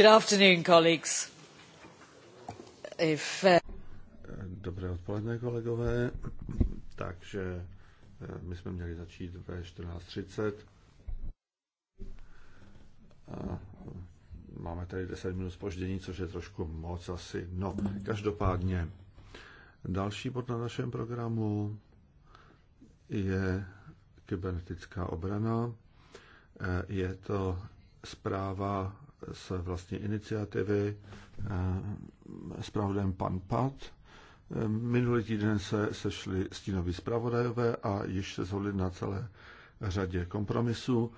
Uh, Dobré odpoledne, kolegové. Takže eh, my jsme měli začít ve 14.30. A eh, máme tady 10 minut spoždění, což je trošku moc asi. No, každopádně. Další bod na našem programu je kybernetická obrana. Eh, je to zpráva z vlastní iniciativy eh, s pravdem Pan Pat. Minulý týden se sešli stínoví zpravodajové a již se zhodli na celé řadě kompromisů,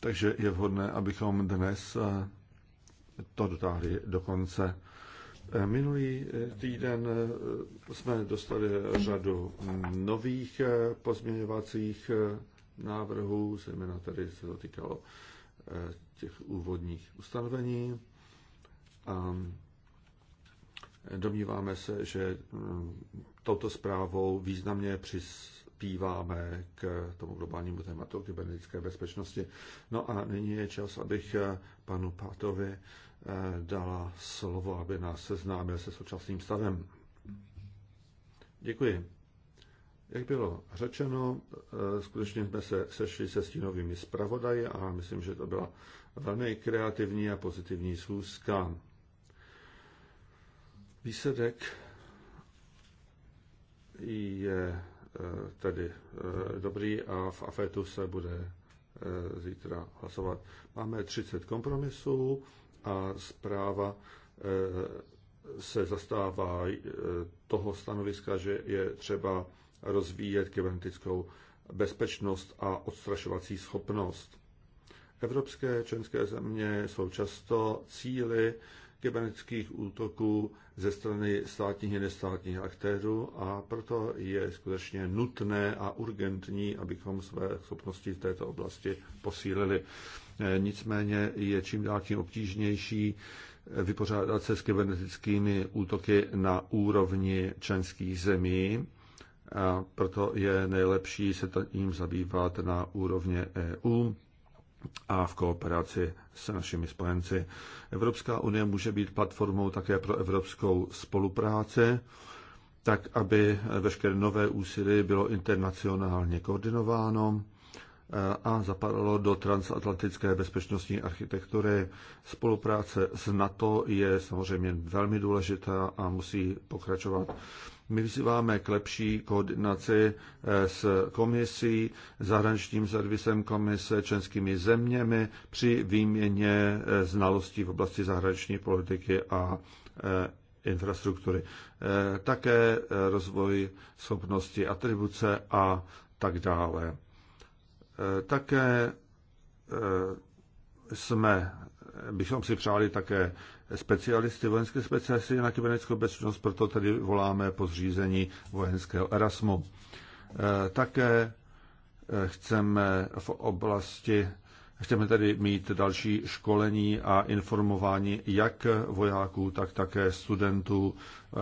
takže je vhodné, abychom dnes eh, to dotáhli do konce. Eh, minulý týden jsme dostali řadu nových pozměňovacích návrhů, zejména tady se to týkalo Eh, těch úvodních ustanovení a eh, domníváme se, že mm, touto zprávou významně přispíváme k tomu globálnímu tématu kybernetické bezpečnosti. No a nyní je čas, abych eh, panu Pátovi dala slovo, aby nás seznámil se současným stavem. Děkuji. Jak bylo řečeno, eh, skutečně jsme se sešli se stínovými zpravodaji a myslím, že to byla velmi kreativní a pozitivní schůzka. Výsledek je eh, tedy eh, dobrý a v AFETu se bude zítra hlasovat. Máme 30 kompromisů a zpráva se zastává toho stanoviska, že je třeba rozvíjet kybernetickou bezpečnost a odstrašovací schopnost. Evropské členské země jsou často cíly kybernetických útoků ze strany státních i nestátních aktérů a proto je skutečně nutné a urgentní, abychom své schopnosti v této oblasti posílili. Nicméně je čím dál tím obtížnější vypořádat se s kybernetickými útoky na úrovni členských zemí a proto je nejlepší se tím zabývat na úrovně EU a v kooperaci s našimi spojenci. Evropská unie může být platformou také pro evropskou spolupráci, tak aby veškeré nové úsilí bylo internacionálně koordinováno eh, a zapadalo do transatlantické bezpečnostní architektury. Spolupráce s NATO je samozřejmě velmi důležitá a musí pokračovat. My vyzýváme k lepší koordinaci eh, s komisí, zahraničním servisem komise, členskými zeměmi při výměně eh, znalostí v oblasti zahraniční politiky a eh, infrastruktury. Také rozvoj schopnosti atribuce a tak dále. Také jsme, bychom si přáli také specialisty, vojenské specialisty na kybernetickou bezpečnost, proto tedy voláme po zřízení vojenského Erasmu. E, také e, chceme v oblasti Chceme tedy mít další školení a informování jak vojáků, tak také studentů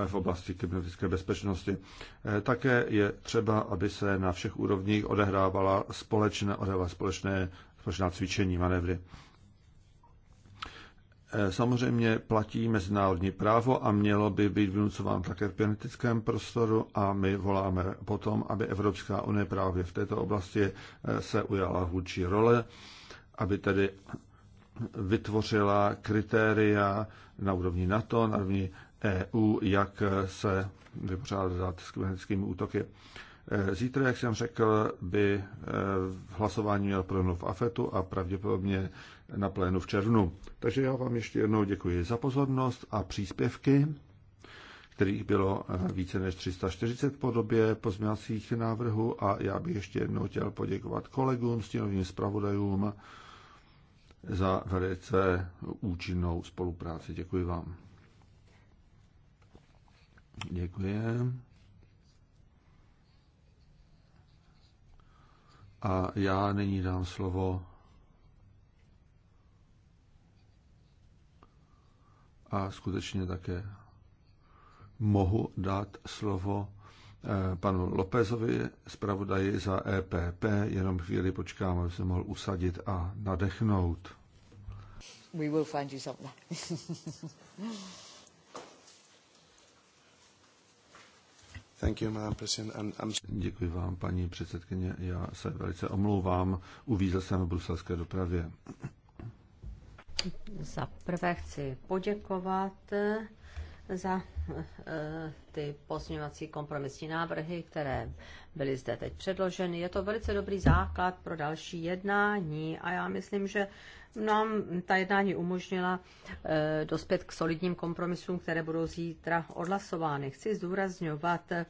e, v oblasti kybernetické bezpečnosti. Také je třeba, aby se na všech úrovních odehrávala společné, odehrávala společné, společná cvičení, manévry. Eh, samozřejmě platí mezinárodní právo a mělo by být vnucován také v genetickém prostoru a my voláme potom, aby Evropská unie právě v této oblasti eh, se ujala vůči role, aby tedy vytvořila kritéria na úrovni NATO, na úrovni EU, jak eh, se vypořádat s kybernetickými útoky. Zítra, jak jsem řekl, by hlasování měl proběhnout v AFETu a pravděpodobně na plénu v červnu. Takže já vám ještě jednou děkuji za pozornost a příspěvky, kterých bylo eh, více než 340 v podobě pozměňovacích návrhů a já bych ještě jednou chtěl poděkovat kolegům, stínovým zpravodajům za velice účinnou spolupráci. Děkuji vám. Děkuji. A já nyní dám slovo a skutečně také mohu dát slovo eh, panu Lopezovi, zpravodaji za EPP, jenom chvíli počkám, aby se mohl usadit a nadechnout. We will find you something. Thank you, Madam President. And I'm... Děkuji vám, paní předsedkyně. Já se velice omlouvám. Uvízl jsem v bruselské dopravě. Za prvé chci poděkovat za eh, ty pozměňovací kompromisní návrhy, které byly zde teď předloženy. Je to velice dobrý základ pro další jednání a já myslím, že nám ta jednání umožnila eh, dospět k solidním kompromisům, které budou zítra odhlasovány. Chci zdůrazňovat eh,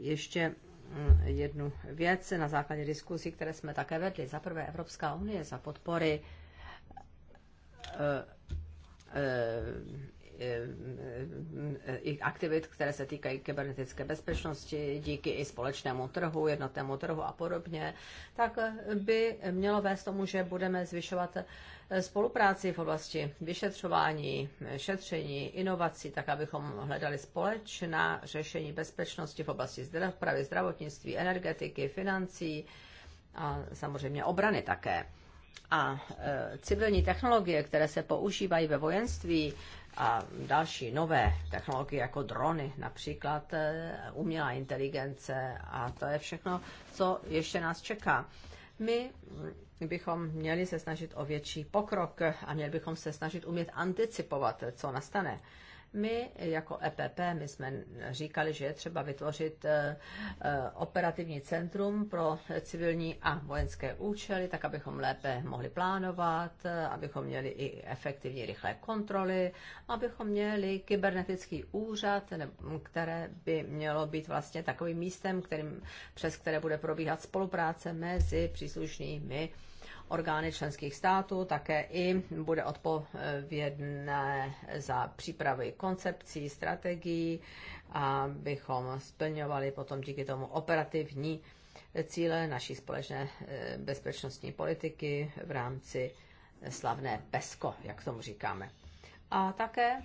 ještě mm, jednu věc na základě diskuzí, které jsme také vedli. Za prvé Evropská unie za podpory Eh, eh, eh, i aktivit, které se týkají kybernetické bezpečnosti, díky i společnému trhu, jednotnému trhu a podobně, tak by mělo vést tomu, že budeme zvyšovat spolupráci v oblasti vyšetřování, šetření, inovací, tak abychom hledali společná řešení bezpečnosti v oblasti zdravotnictví, energetiky, financí a samozřejmě obrany také a e, civilní technologie, které se používají ve vojenství a další nové technologie jako drony, například e, umělá inteligence a to je všechno, co ještě nás čeká. My bychom měli se snažit o větší pokrok a měli bychom se snažit umět anticipovat, co nastane. My jako EPP, my jsme říkali, že je třeba vytvořit eh, eh, operativní centrum pro civilní a vojenské účely, tak abychom lépe mohli plánovat, eh, abychom měli i efektivní rychlé kontroly, abychom měli kybernetický úřad, které by mělo být vlastně takovým místem, kterým, přes které bude probíhat spolupráce mezi příslušnými orgány členských států, také i bude odpovědné za přípravy koncepcí, strategií, abychom splňovali potom díky tomu operativní cíle naší společné eh, bezpečnostní politiky v rámci slavné PESCO, jak tomu říkáme. A také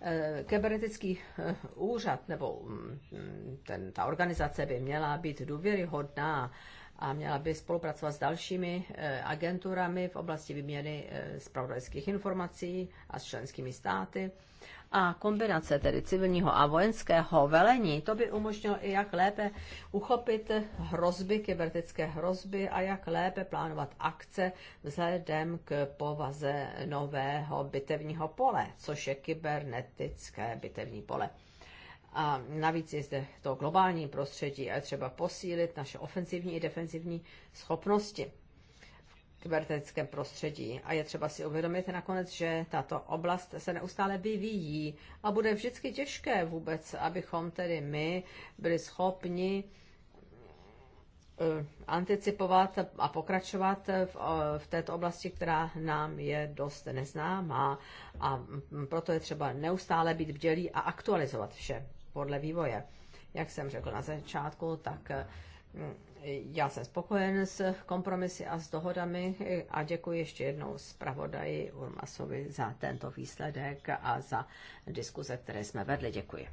eh, kybernetický eh, úřad nebo mm, ten, ta organizace by měla být důvěryhodná a měla by spolupracovat s dalšími eh, agenturami v oblasti výměny spravodajských eh, informací a s členskými státy. A kombinace tedy civilního a vojenského velení, to by umožnilo i jak lépe uchopit hrozby, kybernetické hrozby a jak lépe plánovat akce vzhledem k povaze nového bitevního pole, což je kybernetické bitevní pole. A navíc je zde to globální prostředí a je třeba posílit naše ofenzivní i defenzivní schopnosti v kybernetickém prostředí. A je třeba si uvědomit nakonec, že tato oblast se neustále vyvíjí a bude vždycky těžké vůbec, abychom tedy my byli schopni eh, anticipovat a pokračovat v, v této oblasti, která nám je dost neznámá a mm, proto je třeba neustále být bdělí a aktualizovat vše podle vývoje. Jak jsem řekl na začátku, tak eh, já jsem spokojen s kompromisy a s dohodami a děkuji ještě jednou zpravodaji Urmasovi za tento výsledek a za diskuze, které jsme vedli. Děkuji.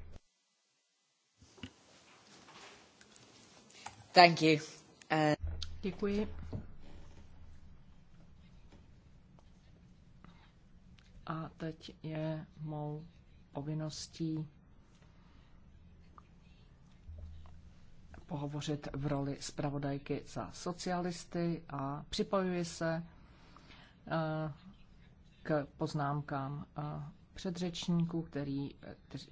Thank you. Uh... Děkuji. A teď je mou povinností pohovořit v roli zpravodajky za socialisty a připojuji se eh, k poznámkám eh, předřečníku, který,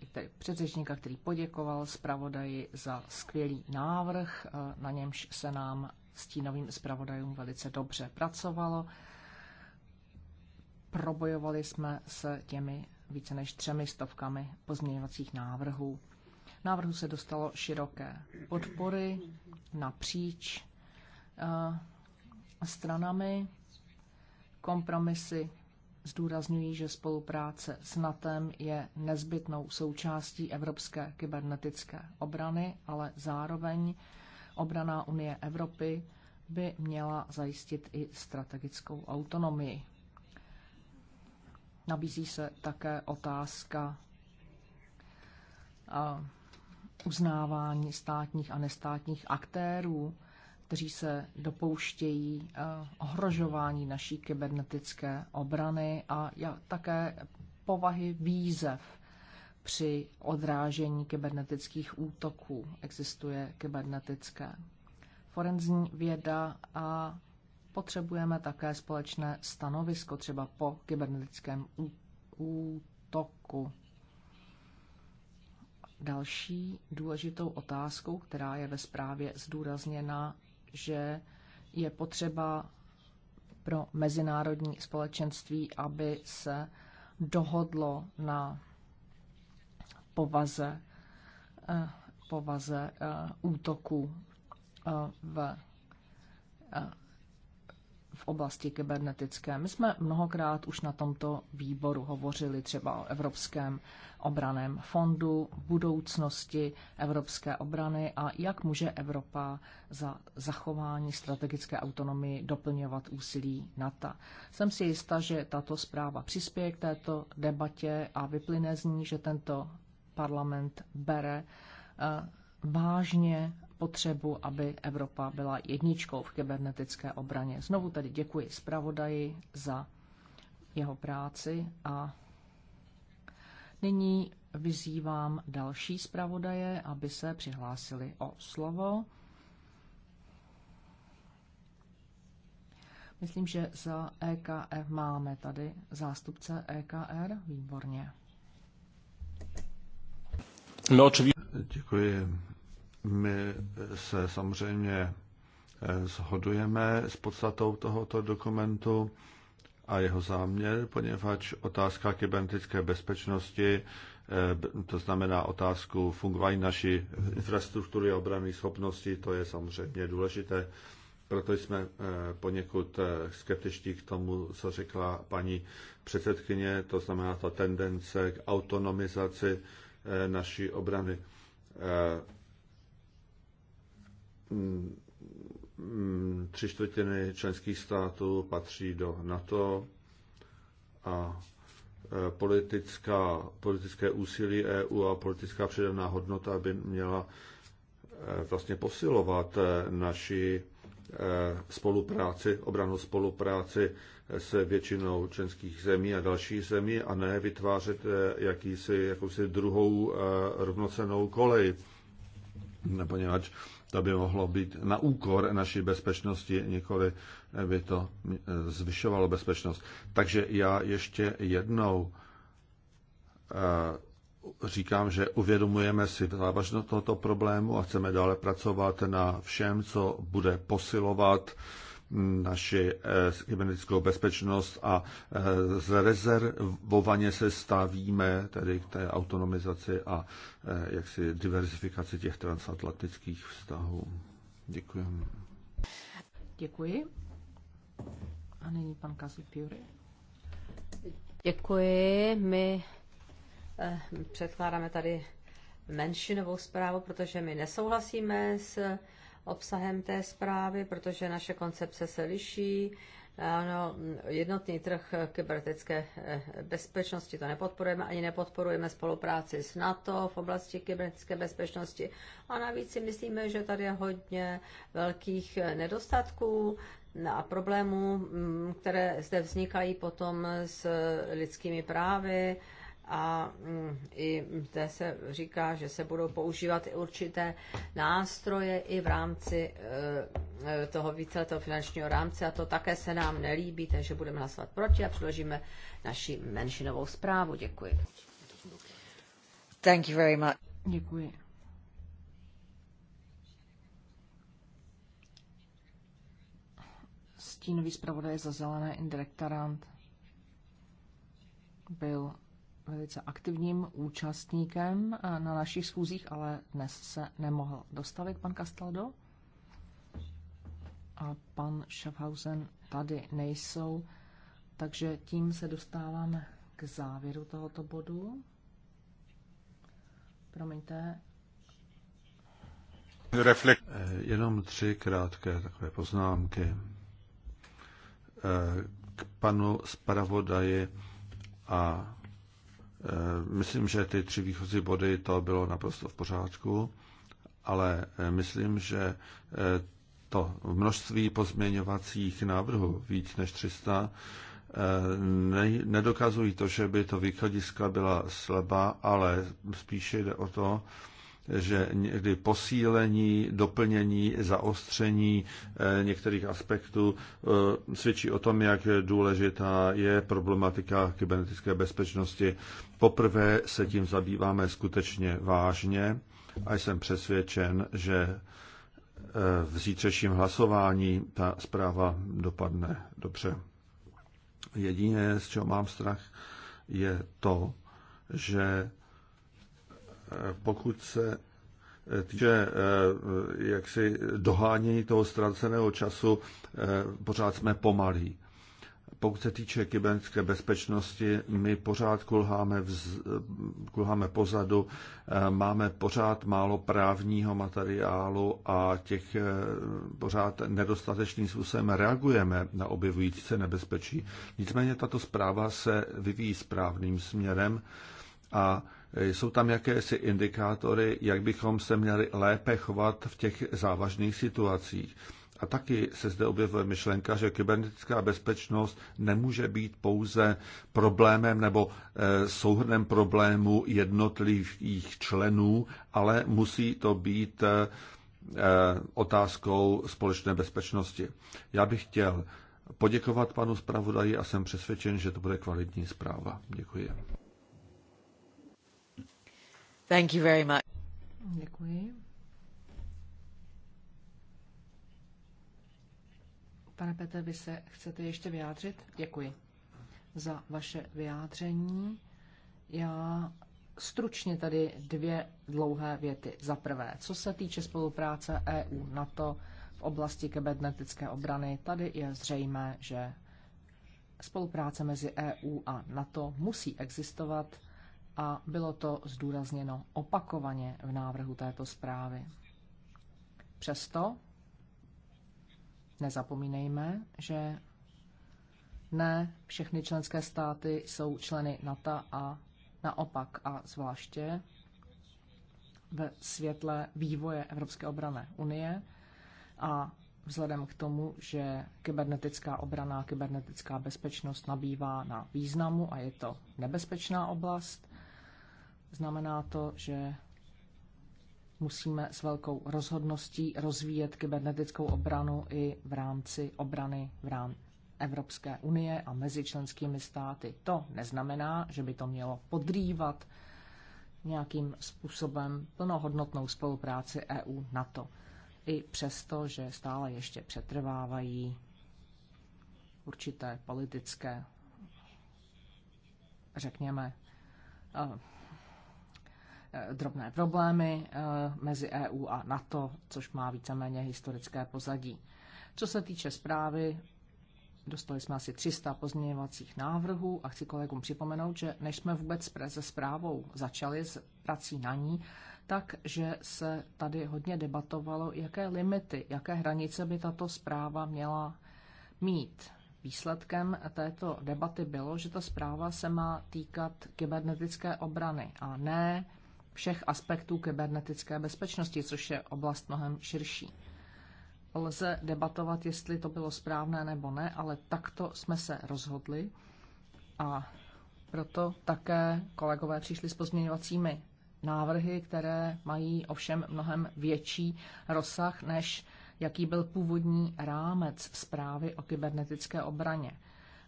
který, předřečníka, který poděkoval zpravodaji za skvělý návrh, eh, na němž se nám stínovým zpravodajům velice dobře pracovalo. Probojovali jsme se těmi více než třemi stovkami pozměňovacích návrhů. Návrhu se dostalo široké podpory napříč eh, stranami. Kompromisy zdůrazňují, že spolupráce s NATEM je nezbytnou součástí evropské kybernetické obrany, ale zároveň obraná unie Evropy by měla zajistit i strategickou autonomii. Nabízí se také otázka eh, uznávání státních a nestátních aktérů, kteří se dopouštějí eh, ohrožování naší kybernetické obrany a také povahy výzev při odrážení kybernetických útoků. Existuje kybernetické forenzní věda a potřebujeme také společné stanovisko třeba po kybernetickém útoku. Další důležitou otázkou, která je ve zprávě zdůrazněna, že je potřeba pro mezinárodní společenství, aby se dohodlo na povaze, eh, povaze eh, útoku eh, v v oblasti kybernetické. My jsme mnohokrát už na tomto výboru hovořili třeba o Evropském obraném fondu, budoucnosti evropské obrany a jak může Evropa za zachování strategické autonomii doplňovat úsilí NATO. Jsem si jista, že tato zpráva přispěje k této debatě a vyplyne z ní, že tento parlament bere eh, vážně potřebu, aby Evropa byla jedničkou v kybernetické obraně. Znovu tedy děkuji zpravodaji za jeho práci a nyní vyzývám další zpravodaje, aby se přihlásili o slovo. Myslím, že za EKR máme tady zástupce EKR. Výborně. No, či... Děkuji. My se samozřejmě eh, shodujeme s podstatou tohoto dokumentu a jeho záměr, poněvadž otázka kybernetické bezpečnosti, eh, to znamená otázku fungování naší infrastruktury a obrany schopnosti, to je samozřejmě důležité. Proto jsme eh, poněkud skeptičtí k tomu, co řekla paní předsedkyně, to znamená ta tendence k autonomizaci naší obrany. Mm, tři čtvrtiny členských států patří do NATO a e, politická, politické úsilí EU a politická předaná hodnota by měla e, vlastně posilovat e, naši spolupráci, obranou spolupráci s většinou členských zemí a dalších zemí a ne vytvářet jakýsi, jakousi druhou rovnocenou kolej, poněvadž to by mohlo být na úkor naší bezpečnosti, nikoli by to eh, zvyšovalo bezpečnost. Takže já ještě jednou eh, říkám, že uvědomujeme si závažnost tohoto problému a chceme dále pracovat na všem, co bude posilovat naši eh, kybernetickou bezpečnost a eh, zrezervovaně se stavíme tedy k té autonomizaci a eh, jaksi diverzifikaci těch transatlantických vztahů. Děkuji. Děkuji. A nyní pan Kazupiury. Děkuji. My předkládáme tady menšinovou zprávu, protože my nesouhlasíme s obsahem té zprávy, protože naše koncepce se liší. Ano, jednotný trh kybernetické eh, bezpečnosti to nepodporujeme, ani nepodporujeme spolupráci s NATO v oblasti kybernetické bezpečnosti. A navíc si myslíme, že tady je hodně velkých eh, nedostatků a problémů, mm, které zde vznikají potom s lidskými právy, a mm, i zde se říká, že se budou používat i určité nástroje i v rámci eh, eh, toho víceletého finančního rámce a to také se nám nelíbí, takže budeme hlasovat proti a předložíme naši menšinovou zprávu. Děkuji. Thank you very much. Děkuji. Stínový zpravodaj za zelené Indirect byl velice aktivním účastníkem eh, na našich schůzích, ale dnes se nemohl dostavit pan Castaldo. A pan Schaffhausen tady nejsou, takže tím se dostáváme k závěru tohoto bodu. Promiňte. Eh, jenom tři krátké takové poznámky eh, k panu zpravodaji a Eh, myslím, že ty tři výchozí body to bylo naprosto v pořádku, ale eh, myslím, že eh, to množství pozměňovacích návrhů, víc než 300, ne, nedokazují to, že by to východiska byla slabá, ale spíše jde o to, že někdy posílení, doplnění, zaostření eh, některých aspektů eh, svědčí o tom, jak důležitá je problematika kybernetické bezpečnosti. Poprvé se tím zabýváme skutečně vážně a jsem přesvědčen, že eh, v zítřejším hlasování ta zpráva dopadne dobře. Jediné, z čeho mám strach, je to, že pokud se týče eh, jaksi dohánění toho ztraceného času, eh, pořád jsme pomalí. Pokud se týče kybernetické bezpečnosti, my pořád kulháme, vz, kulháme pozadu, eh, máme pořád málo právního materiálu a těch pořád nedostatečným způsobem reagujeme na objevující se nebezpečí. Nicméně tato zpráva se vyvíjí správným směrem a Eh, jsou tam jakési indikátory, jak bychom se měli lépe chovat v těch závažných situacích. A taky se zde objevuje myšlenka, že kybernetická bezpečnost nemůže být pouze problémem nebo eh, souhrnem problému jednotlivých členů, ale musí to být eh, otázkou společné bezpečnosti. Já bych chtěl poděkovat panu zpravodaji a jsem přesvědčen, že to bude kvalitní zpráva. Děkuji. Thank you very much. Děkuji. Pane Petr, vy se chcete ještě vyjádřit? Děkuji za vaše vyjádření. Já stručně tady dvě dlouhé věty. Za prvé, co se týče spolupráce EU-NATO v oblasti kybernetické obrany, tady je zřejmé, že spolupráce mezi EU a NATO musí existovat a bylo to zdůrazněno opakovaně v návrhu této zprávy. Přesto nezapomínejme, že ne všechny členské státy jsou členy NATO a naopak a zvláště ve světle vývoje Evropské obrané unie a vzhledem k tomu, že kybernetická obrana, kybernetická bezpečnost nabývá na významu a je to nebezpečná oblast, Znamená to, že musíme s velkou rozhodností rozvíjet kybernetickou obranu i v rámci obrany v rámci Evropské unie a mezi členskými státy. To neznamená, že by to mělo podrývat nějakým způsobem plnohodnotnou spolupráci EU-NATO. I přesto, že stále ještě přetrvávají určité politické, řekněme, eh, Eh, drobné problémy eh, mezi EU a NATO, což má víceméně historické pozadí. Co se týče zprávy, dostali jsme asi 300 pozměňovacích návrhů a chci kolegům připomenout, že než jsme vůbec se zprávou začali s prací na ní, takže se tady hodně debatovalo, jaké limity, jaké hranice by tato zpráva měla mít. Výsledkem této debaty bylo, že ta zpráva se má týkat kybernetické obrany a ne všech aspektů kybernetické bezpečnosti, což je oblast mnohem širší. Lze debatovat, jestli to bylo správné nebo ne, ale takto jsme se rozhodli a proto také kolegové přišli s pozměňovacími návrhy, které mají ovšem mnohem větší rozsah, než jaký byl původní rámec zprávy o kybernetické obraně.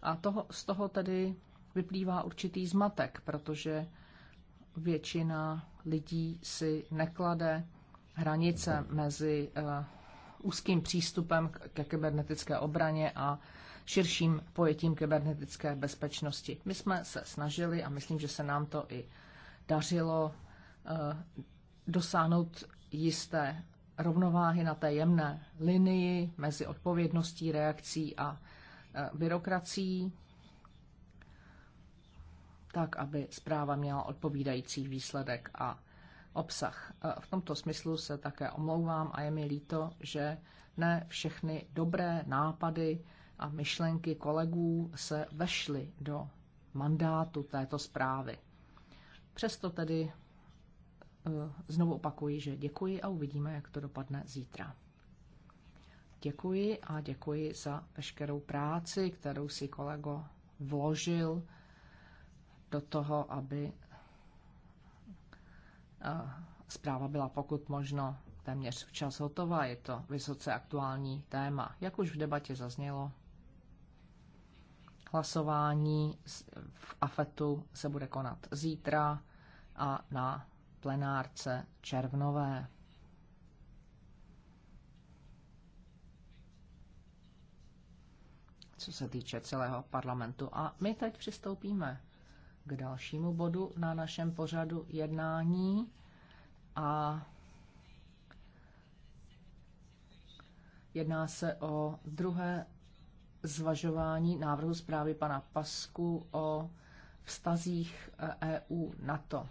A toho, z toho tedy vyplývá určitý zmatek, protože většina lidí si neklade hranice mezi eh, úzkým přístupem ke kybernetické obraně a širším pojetím kybernetické bezpečnosti. My jsme se snažili, a myslím, že se nám to i dařilo, eh, dosáhnout jisté rovnováhy na té jemné linii mezi odpovědností, reakcí a eh, byrokracií tak, aby zpráva měla odpovídající výsledek a obsah. E, v tomto smyslu se také omlouvám a je mi líto, že ne všechny dobré nápady a myšlenky kolegů se vešly do mandátu této zprávy. Přesto tedy e, znovu opakuji, že děkuji a uvidíme, jak to dopadne zítra. Děkuji a děkuji za veškerou práci, kterou si kolego vložil do toho, aby eh, zpráva byla pokud možno téměř včas hotová. Je to vysoce aktuální téma. Jak už v debatě zaznělo, hlasování v AFETu se bude konat zítra a na plenárce červnové. co se týče celého parlamentu. A my teď přistoupíme k dalšímu bodu na našem pořadu jednání a jedná se o druhé zvažování návrhu zprávy pana Pasku o vztazích EU-NATO, eh,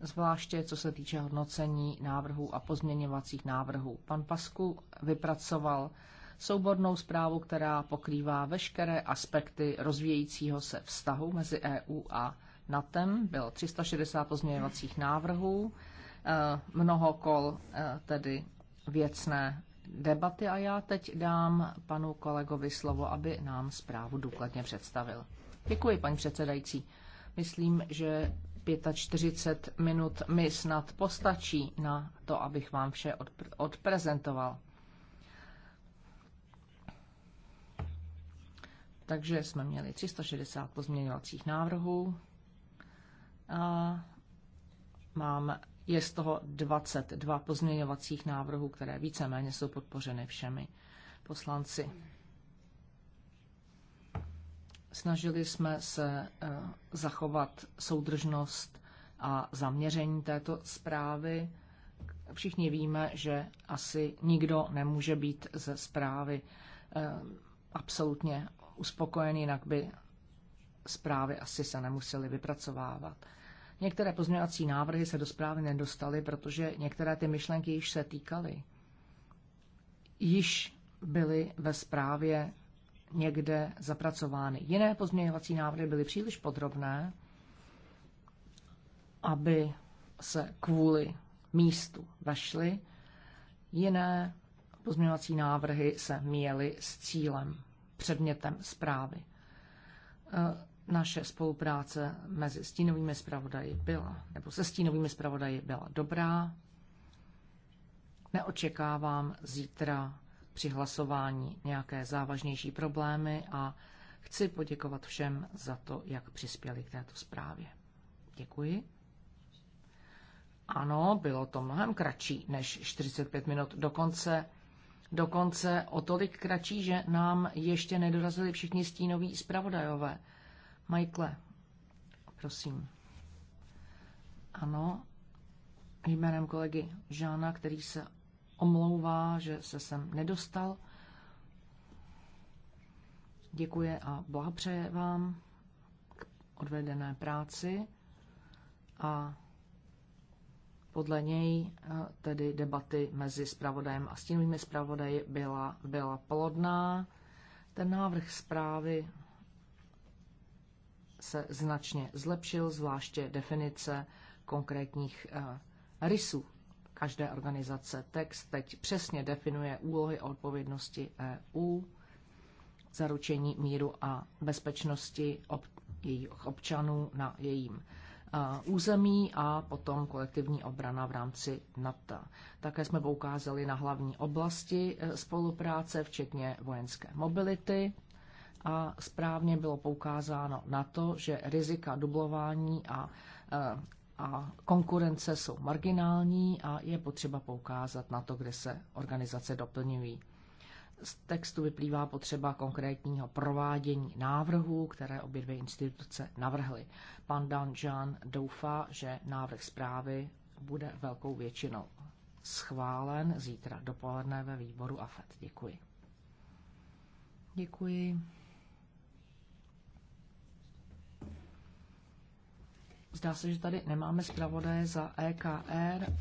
e zvláště co se týče hodnocení návrhů a pozměňovacích návrhů. Pan Pasku vypracoval soubornou zprávu, která pokrývá veškeré aspekty rozvíjejícího se vztahu mezi EU a NATEM. Bylo 360 pozměňovacích návrhů, eh, mnoho kol eh, tedy věcné debaty a já teď dám panu kolegovi slovo, aby nám zprávu důkladně představil. Děkuji, paní předsedající. Myslím, že 45 minut mi snad postačí na to, abych vám vše odprezentoval. Takže jsme měli 360 pozměňovacích návrhů a mám, je z toho 22 pozměňovacích návrhů, které víceméně jsou podpořeny všemi poslanci. Snažili jsme se eh, zachovat soudržnost a zaměření této zprávy. Všichni víme, že asi nikdo nemůže být ze zprávy eh, absolutně uspokojen, jinak by zprávy asi se nemusely vypracovávat. Některé pozměňovací návrhy se do zprávy nedostaly, protože některé ty myšlenky již se týkaly. Již byly ve zprávě někde zapracovány. Jiné pozměňovací návrhy byly příliš podrobné, aby se kvůli místu vešly. Jiné pozměňovací návrhy se míjely s cílem předmětem zprávy. E, naše spolupráce mezi stínovými zpravodaji byla, nebo se stínovými zpravodaji byla dobrá. Neočekávám zítra při hlasování nějaké závažnější problémy a chci poděkovat všem za to, jak přispěli k této zprávě. Děkuji. Ano, bylo to mnohem kratší než 45 minut do konce dokonce o tolik kratší, že nám ještě nedorazili všichni stínoví zpravodajové. Michael, prosím. Ano, jménem kolegy Žána, který se omlouvá, že se sem nedostal. Děkuje a blahopřeje vám k odvedené práci a podle něj eh, tedy debaty mezi spravodajem a stínovými zpravodaji byla, byla plodná. Ten návrh zprávy se značně zlepšil, zvláště definice konkrétních eh, rysů každé organizace. Text teď přesně definuje úlohy a odpovědnosti EU, zaručení míru a bezpečnosti ob- jejich občanů na jejím Eh, území a potom kolektivní obrana v rámci NATO. Také jsme poukázali na hlavní oblasti eh, spolupráce, včetně vojenské mobility. A správně bylo poukázáno na to, že rizika dublování a, eh, a konkurence jsou marginální a je potřeba poukázat na to, kde se organizace doplňují. Z textu vyplývá potřeba konkrétního provádění návrhů, které obě dvě instituce navrhly. Pan Danžan doufá, že návrh zprávy bude velkou většinou schválen zítra dopoledne ve výboru AFET. Děkuji. Děkuji. Zdá se, že tady nemáme zpravodaje za EKR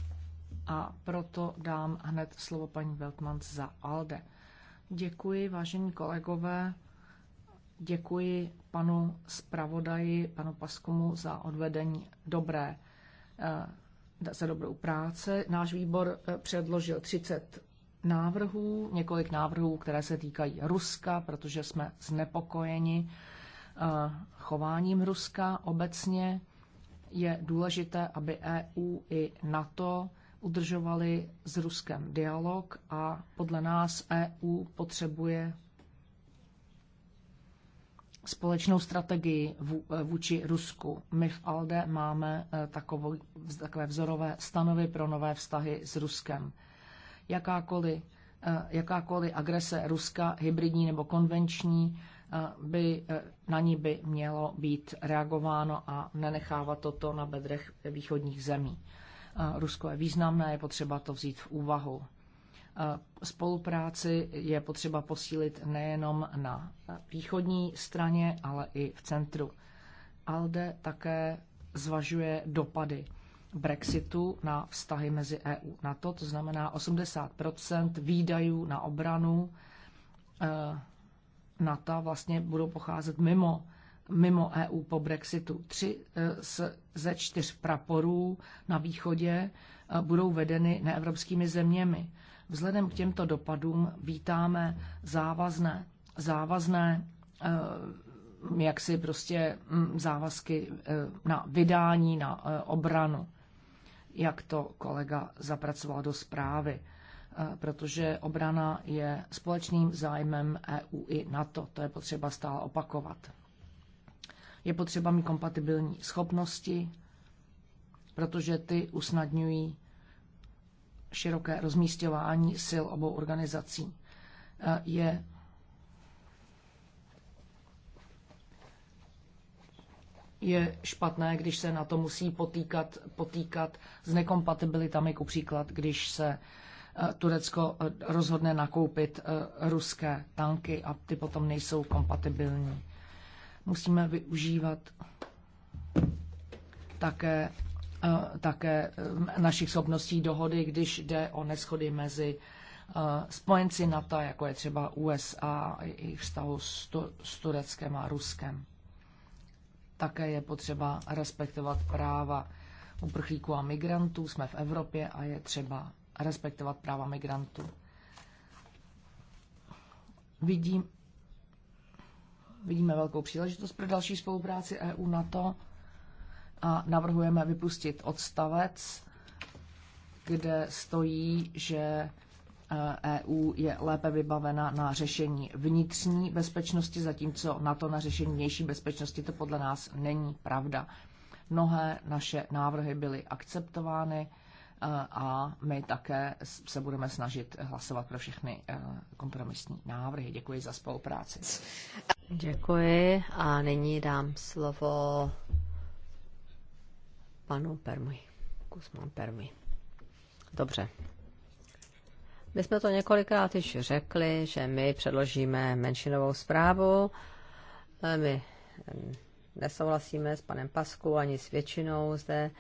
a proto dám hned slovo paní Veltmans za ALDE. Děkuji, vážení kolegové. Děkuji panu zpravodaji, panu Paskomu za odvedení dobré, eh, za dobrou práce. Náš výbor eh, předložil 30 návrhů, několik návrhů, které se týkají Ruska, protože jsme znepokojeni eh, chováním Ruska obecně. Je důležité, aby EU i NATO udržovali s Ruskem dialog a podle nás EU potřebuje společnou strategii eh, vůči Rusku. My v ALDE máme eh, takovou, takové vzorové stanovy pro nové vztahy s Ruskem. Jakákoliv, eh, jakákoliv agrese Ruska, hybridní nebo konvenční, by, na ní by mělo být reagováno a nenechávat toto na bedrech východních zemí. Rusko je významné, je potřeba to vzít v úvahu. E, spolupráci je potřeba posílit nejenom na východní straně, ale i v centru. ALDE také zvažuje dopady Brexitu na vztahy mezi EU na to, to znamená 80 výdajů na obranu e, NATO vlastně budou pocházet mimo mimo EU po Brexitu. Tři e, ze čtyř praporů na východě e, budou vedeny neevropskými zeměmi. Vzhledem k těmto dopadům vítáme závazné, závazné e, jak si prostě závazky na vydání, na obranu, jak to kolega zapracoval do zprávy protože obrana je společným zájmem EU i NATO. To je potřeba stále opakovat. Je potřeba mít kompatibilní schopnosti, protože ty usnadňují široké rozmístěvání sil obou organizací. E, je je špatné, když se na to musí potýkat, potýkat s nekompatibilitami, ku příklad, když se e, Turecko e, rozhodne nakoupit ruské tanky a ty potom nejsou kompatibilní. Musíme využívat také, eh, také eh, našich schopností dohody, když jde o neschody mezi eh, spojenci NATO, jako je třeba USA, jejich vztahu s, s Tureckem a Ruskem. Také je potřeba respektovat práva uprchlíků a migrantů. Jsme v Evropě a je třeba respektovat práva migrantů. Vidím, vidíme velkou příležitost pro další spolupráci EU NATO a navrhujeme vypustit odstavec, kde stojí, že EU eh, e je lépe vybavena na řešení vnitřní bezpečnosti, zatímco na to na řešení vnější bezpečnosti to podle nás není pravda. Mnohé naše návrhy byly akceptovány eh, a my také se budeme snažit hlasovat pro všechny eh, kompromisní návrhy. Děkuji za spolupráci. Děkuji a nyní dám slovo panu Permi, Kusman Permi. Dobře. My jsme to několikrát již řekli, že my předložíme menšinovou zprávu. E, my nesouhlasíme s panem Pasku ani s většinou zde,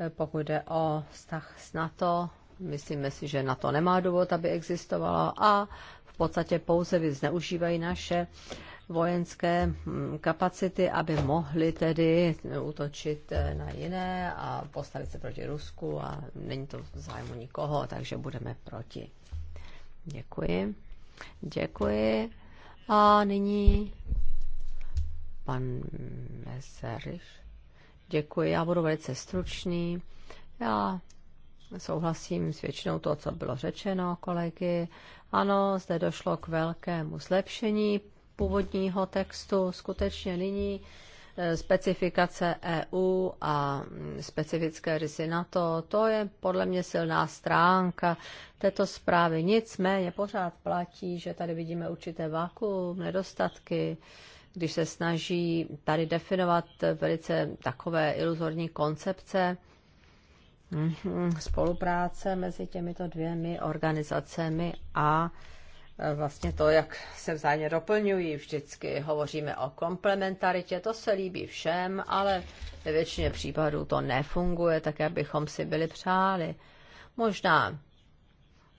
e, pokud jde o vztah s NATO. Myslíme si, že NATO nemá důvod, aby existovalo a v podstatě pouze zneužívají naše uh, vojenské hm, kapacity, aby mohli tedy útočit eh, na jiné a postavit se proti Rusku a není to v zájmu nikoho, takže budeme proti. Děkuji. Děkuji. A nyní pan Meseriš. Děkuji, já budu velice stručný. Já souhlasím s většinou toho, co bylo řečeno kolegy. Ano, zde došlo k velkému zlepšení původního textu. Skutečně nyní eh, specifikace EU a mm, specifické rysy NATO, to je podle mě silná stránka této zprávy. Nicméně pořád platí, že tady vidíme určité vakuum, nedostatky, když se snaží tady definovat velice takové iluzorní koncepce mm, mm, spolupráce mezi těmito dvěmi organizacemi a E, vlastně to, jak se vzájemně doplňují vždycky. Hovoříme o komplementaritě, to se líbí všem, ale ve většině případů to nefunguje tak, jak bychom si byli přáli. Možná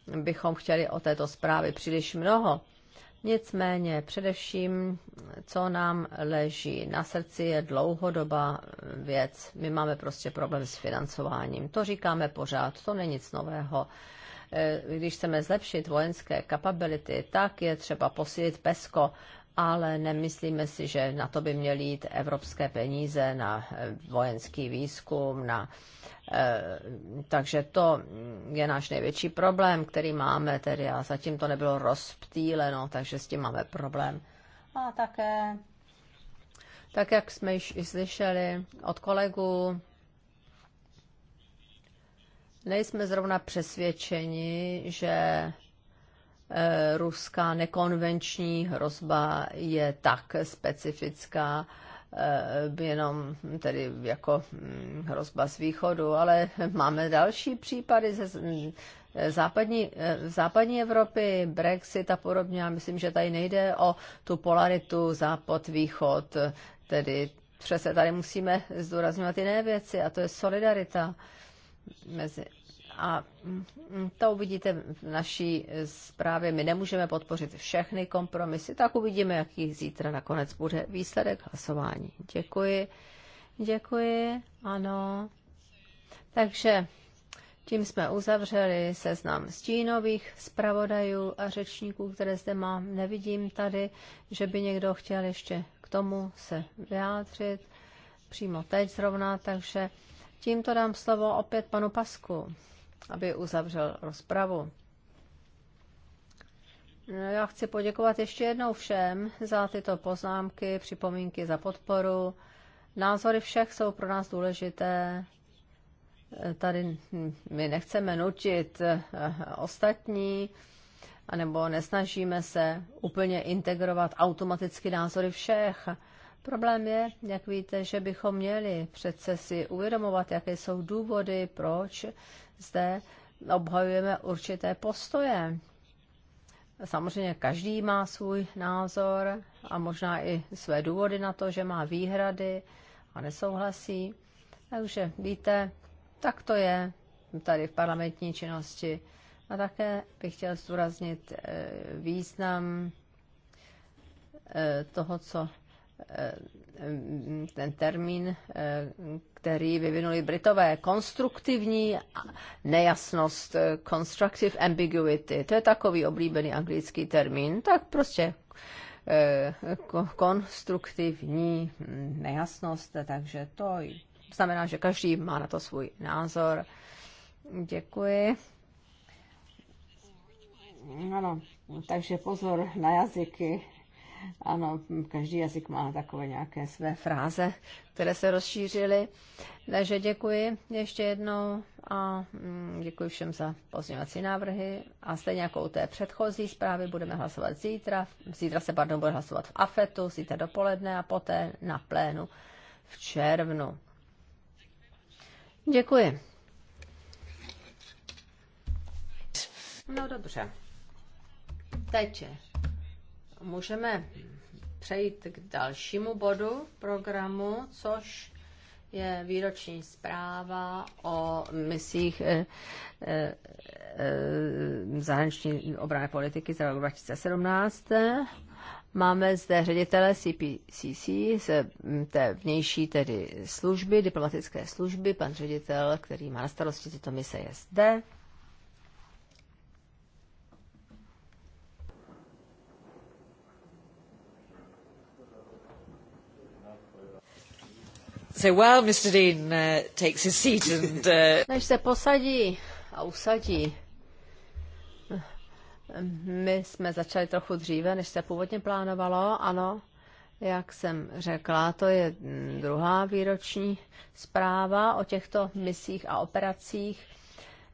bychom chtěli o této zprávy příliš mnoho. Nicméně především, co nám leží na srdci, je dlouhodobá věc. My máme prostě problém s financováním. To říkáme pořád, to není nic nového. Eh, když chceme zlepšit vojenské kapability, tak je třeba posílit PESCO, ale nemyslíme si, že na to by měly jít evropské peníze, na eh, vojenský výzkum, na eh, takže to je náš největší problém, který máme tedy a zatím to nebylo rozptýleno, takže s tím máme problém. A také, tak jak jsme již i slyšeli od kolegů, nejsme zrovna přesvědčeni, že eh, ruská nekonvenční hrozba je tak specifická, eh, jenom tedy jako hm, hrozba z východu, ale máme další případy ze západní, eh, západní Evropy, Brexit a podobně. Já myslím, že tady nejde o tu polaritu západ-východ, tedy přece tady musíme zdůrazňovat jiné věci a to je solidarita mezi a mm, to uvidíte v naší zprávě. My nemůžeme podpořit všechny kompromisy, tak uvidíme, jaký zítra nakonec bude výsledek hlasování. Děkuji. Děkuji, ano. Takže tím jsme uzavřeli seznam stínových zpravodajů a řečníků, které zde mám. Nevidím tady, že by někdo chtěl ještě k tomu se vyjádřit přímo teď zrovna, takže Tímto dám slovo opět panu Pasku, aby uzavřel rozpravu. Já chci poděkovat ještě jednou všem za tyto poznámky, připomínky, za podporu. Názory všech jsou pro nás důležité. Tady my nechceme nutit eh, ostatní, anebo nesnažíme se úplně integrovat automaticky názory všech. Problém je, jak víte, že bychom měli přece si uvědomovat, jaké jsou důvody, proč zde obhajujeme určité postoje. Samozřejmě každý má svůj názor a možná i své důvody na to, že má výhrady a nesouhlasí. Takže víte, tak to je tady v parlamentní činnosti. A také bych chtěl zdůraznit eh, význam eh, toho, co ten termín, který vyvinuli Britové, konstruktivní nejasnost, constructive ambiguity, to je takový oblíbený anglický termín, tak prostě eh, konstruktivní nejasnost, takže to znamená, že každý má na to svůj názor. Děkuji. Ano, takže pozor na jazyky. Ano, každý jazyk má takové nějaké své fráze, které se rozšířily. Takže děkuji ještě jednou a mm, děkuji všem za pozměňovací návrhy. A stejně jako u té předchozí zprávy budeme hlasovat zítra. Zítra se, pardon, bude hlasovat v AFETu, zítra dopoledne a poté na plénu v červnu. Děkuji. No dobře. Teď můžeme přejít k dalšímu bodu programu, což je výroční zpráva o misích e, e, zahraniční obrané politiky za rok 2017. Máme zde ředitele CPCC z té vnější tedy služby, diplomatické služby. Pan ředitel, který má na starosti tyto mise, je zde. So while Mr. Dean uh, takes his seat and... Uh... Než se posadí a usadí, my jsme začali trochu dříve, než se původně plánovalo, ano. Jak jsem řekla, to je druhá výroční zpráva o těchto misích a operacích.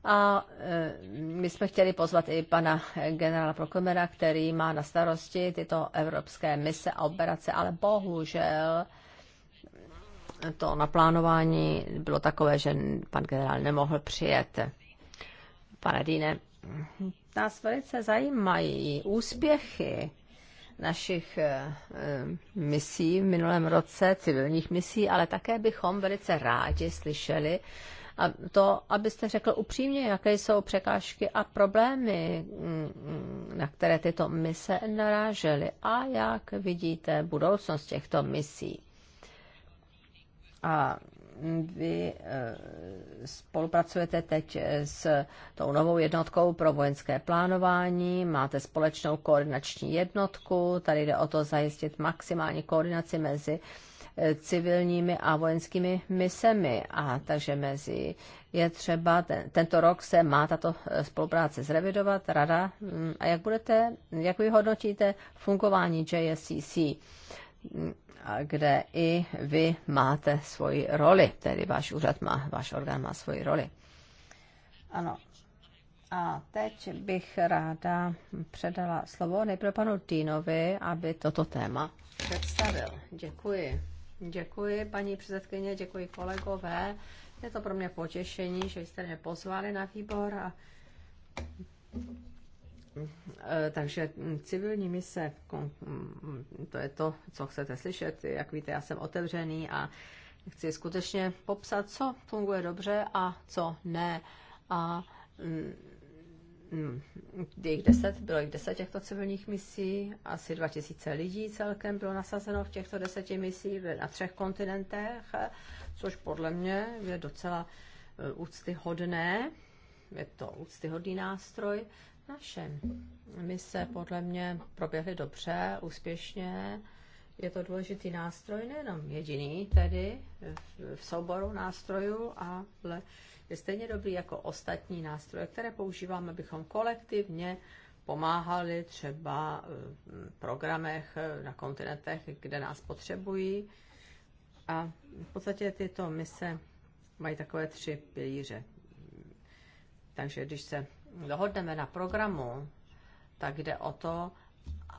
A e, my jsme chtěli pozvat i pana generála Prokomera, který má na starosti tyto evropské mise a operace, ale bohužel to naplánování bylo takové, že pan generál nemohl přijet. Pane Dýne, nás velice zajímají úspěchy našich eh, misí v minulém roce, civilních misí, ale také bychom velice rádi slyšeli a to, abyste řekl upřímně, jaké jsou překážky a problémy, mm, na které tyto mise narážely a jak vidíte budoucnost těchto misí. A vy eh, spolupracujete teď s tou novou jednotkou pro vojenské plánování, máte společnou koordinační jednotku, tady jde o to zajistit maximální koordinaci mezi eh, civilními a vojenskými misemi. A takže mezi je třeba, ten, tento rok se má tato eh, spolupráce zrevidovat, rada. Mm, a jak budete, jak vy hodnotíte fungování JSCC? kde i vy máte svoji roli, tedy váš úřad má, váš orgán má svoji roli. Ano. A teď bych ráda předala slovo nejprve panu Týnovi, aby toto téma představil. Děkuji. Děkuji, paní předsedkyně, děkuji kolegové. Je to pro mě potěšení, že jste mě pozvali na výbor a Eh, takže civilní mise, mm, to je to, co chcete slyšet. Jak víte, já jsem otevřený a chci skutečně popsat, co funguje dobře a co ne. A mm, mm, jich deset, bylo jich deset těchto civilních misí, asi 2000 lidí celkem bylo nasazeno v těchto deseti misích na třech kontinentech, což podle mě je docela eh, úctyhodné, je to úctyhodný nástroj naše mise podle mě proběhly dobře, úspěšně. Je to důležitý nástroj, nejenom jediný tedy v souboru nástrojů, ale je stejně dobrý jako ostatní nástroje, které používáme, abychom kolektivně pomáhali třeba v eh, programech eh, na kontinentech, kde nás potřebují. A v podstatě tyto mise mají takové tři pilíře. Takže když se dohodneme na programu, tak jde o to,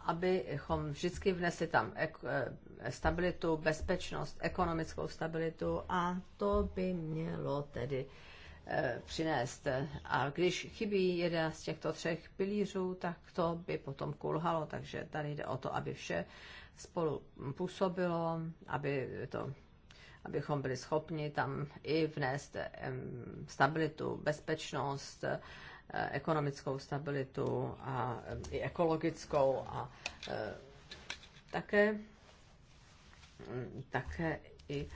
abychom vždycky vnesli tam eh, stabilitu, bezpečnost, ekonomickou stabilitu a to by mělo tedy eh, přinést. A když chybí jeden z těchto třech pilířů, tak to by potom kulhalo, takže tady jde o to, aby vše spolu působilo, aby to abychom byli schopni tam i vnést stabilitu, bezpečnost, Eh, ekonomickou stabilitu a eh, i ekologickou a eh, také, mm, také i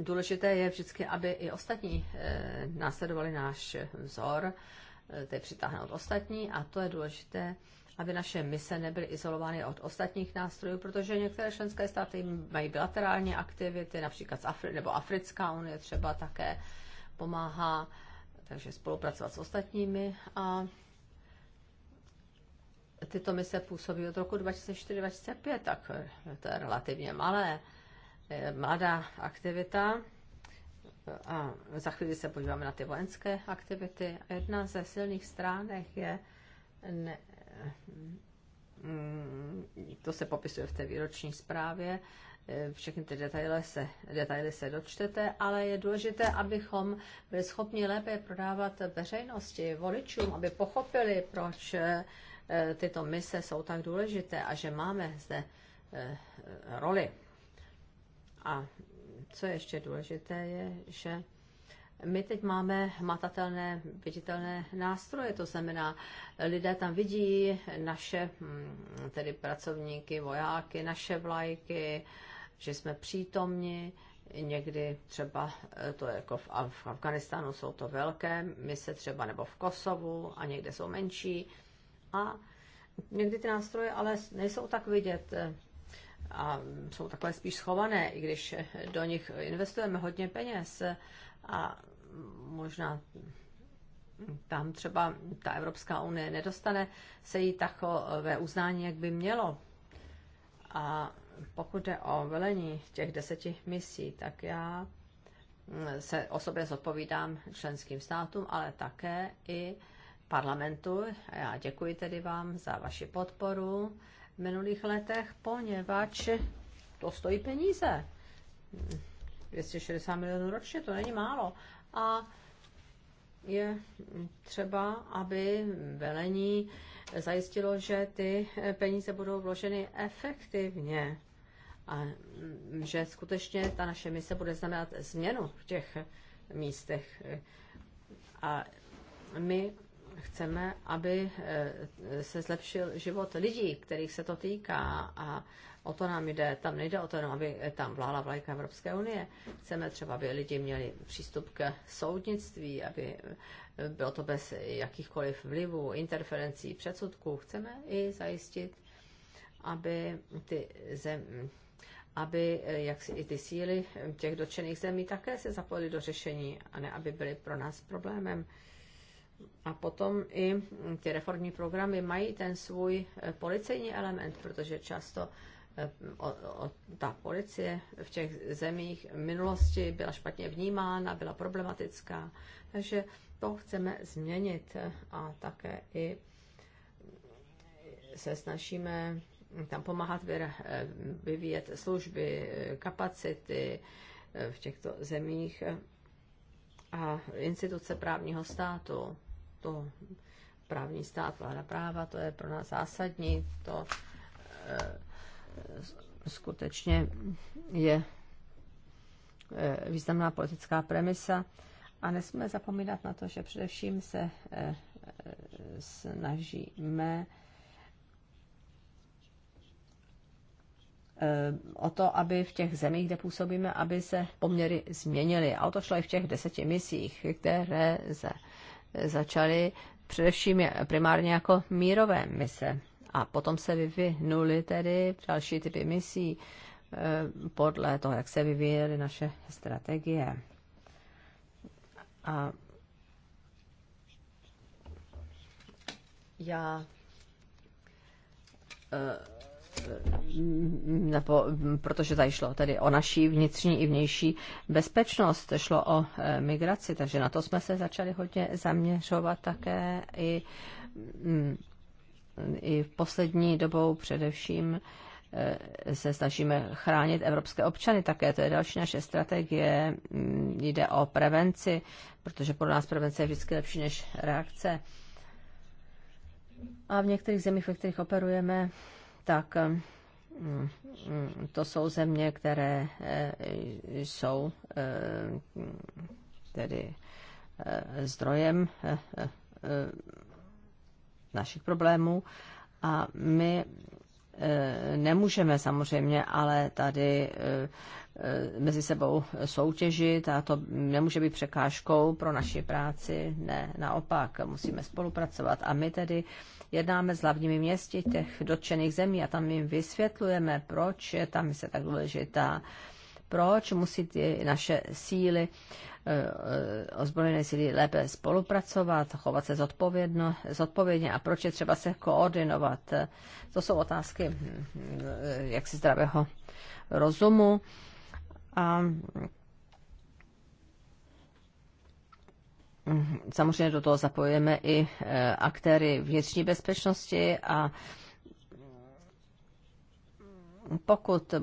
důležité je vždycky, aby i ostatní následovali náš vzor, tedy přitáhnout ostatní a to je důležité, aby naše mise nebyly izolovány od ostatních nástrojů, protože některé členské státy mají bilaterální aktivity, například z Afri- nebo Africká unie třeba také pomáhá takže spolupracovat s ostatními a tyto mise působí od roku 2004-2005, tak to je relativně malé, mladá aktivita. A za chvíli se podíváme na ty vojenské aktivity. Jedna ze silných stránek je, ne, mm, to se popisuje v té výroční zprávě, Eh, všechny ty detaily se, detaily se dočtete, ale je důležité, abychom byli schopni lépe prodávat veřejnosti, voličům, aby pochopili, proč eh, tyto mise jsou tak důležité a že máme zde eh, roli. A co je ještě důležité, je, že my teď máme matatelné, viditelné nástroje, to znamená, lidé tam vidí naše hm, tedy pracovníky, vojáky, naše vlajky, že jsme přítomni, někdy třeba eh, to je jako v, v Afganistánu jsou to velké mise třeba nebo v Kosovu a někde jsou menší a někdy ty nástroje ale nejsou tak vidět eh, a jsou takhle spíš schované, i když eh, do nich investujeme hodně peněz a možná tam třeba ta Evropská unie nedostane se jí takové uznání, jak by mělo. A pokud jde o velení těch deseti misí, tak já mm, se osobně zodpovídám členským státům, ale také i parlamentu. Já děkuji tedy vám za vaši podporu v minulých letech, poněvadž to stojí peníze. 260 milionů ročně, to není málo. A je třeba, aby velení zajistilo, že ty eh, peníze budou vloženy efektivně a mm, že skutečně ta naše mise bude znamenat změnu v těch eh, místech. A my chceme, aby eh, se zlepšil život lidí, kterých se to týká a O to nám jde, tam nejde o to jenom, aby tam vlála vlajka Evropské unie. Chceme třeba, aby lidi měli přístup k soudnictví, aby eh, bylo to bez jakýchkoliv vlivů, interferencí, předsudků. Chceme i zajistit, aby ty zem, aby eh, jak si i ty síly těch dotčených zemí také se zapojily do řešení a ne, aby byly pro nás problémem. A potom i ty reformní programy mají ten svůj eh, policejní element, protože často o, o, ta policie v těch zemích v minulosti byla špatně vnímána, byla problematická. Takže to chceme změnit a také i se snažíme tam pomáhat vyvíjet služby, kapacity v těchto zemích a instituce právního státu. To právní stát, vláda práva, to je pro nás zásadní. To, eh, skutečně je eh, významná politická premisa. A nesmíme zapomínat na to, že především se eh, eh, snažíme o to, aby v těch zemích, kde působíme, aby se poměry změnily. A o to šlo i v těch deseti misích, které se začaly především primárně jako mírové mise. A potom se vyvinuly tedy další typy misí eh, podle toho, jak se vyvíjely naše strategie. A já eh, nebo, protože tady šlo tedy o naší vnitřní i vnější bezpečnost, šlo o eh, migraci, takže na to jsme se začali hodně zaměřovat také i mm, i v poslední dobou především eh, se snažíme chránit evropské občany také. To je další naše strategie. Mm, jde o prevenci, protože pro nás prevence je vždycky lepší než reakce. A v některých zemích, ve kterých operujeme, tak eh, mm, to jsou země, které eh, jsou tedy zdrojem našich problémů a my e, nemůžeme samozřejmě, ale tady e, e, mezi sebou soutěžit a to nemůže být překážkou pro naši práci, ne, naopak, musíme spolupracovat a my tedy jednáme s hlavními městy těch dotčených zemí a tam jim vysvětlujeme, proč je tam se tak důležitá, proč musí ty naše síly Eh, ozbrojené síly lépe spolupracovat, chovat se zodpovědno, zodpovědně a proč je třeba se koordinovat. To jsou otázky hm, eh, jaksi zdravého rozumu. A hm, samozřejmě do toho zapojujeme i eh, aktéry vnitřní bezpečnosti a pokud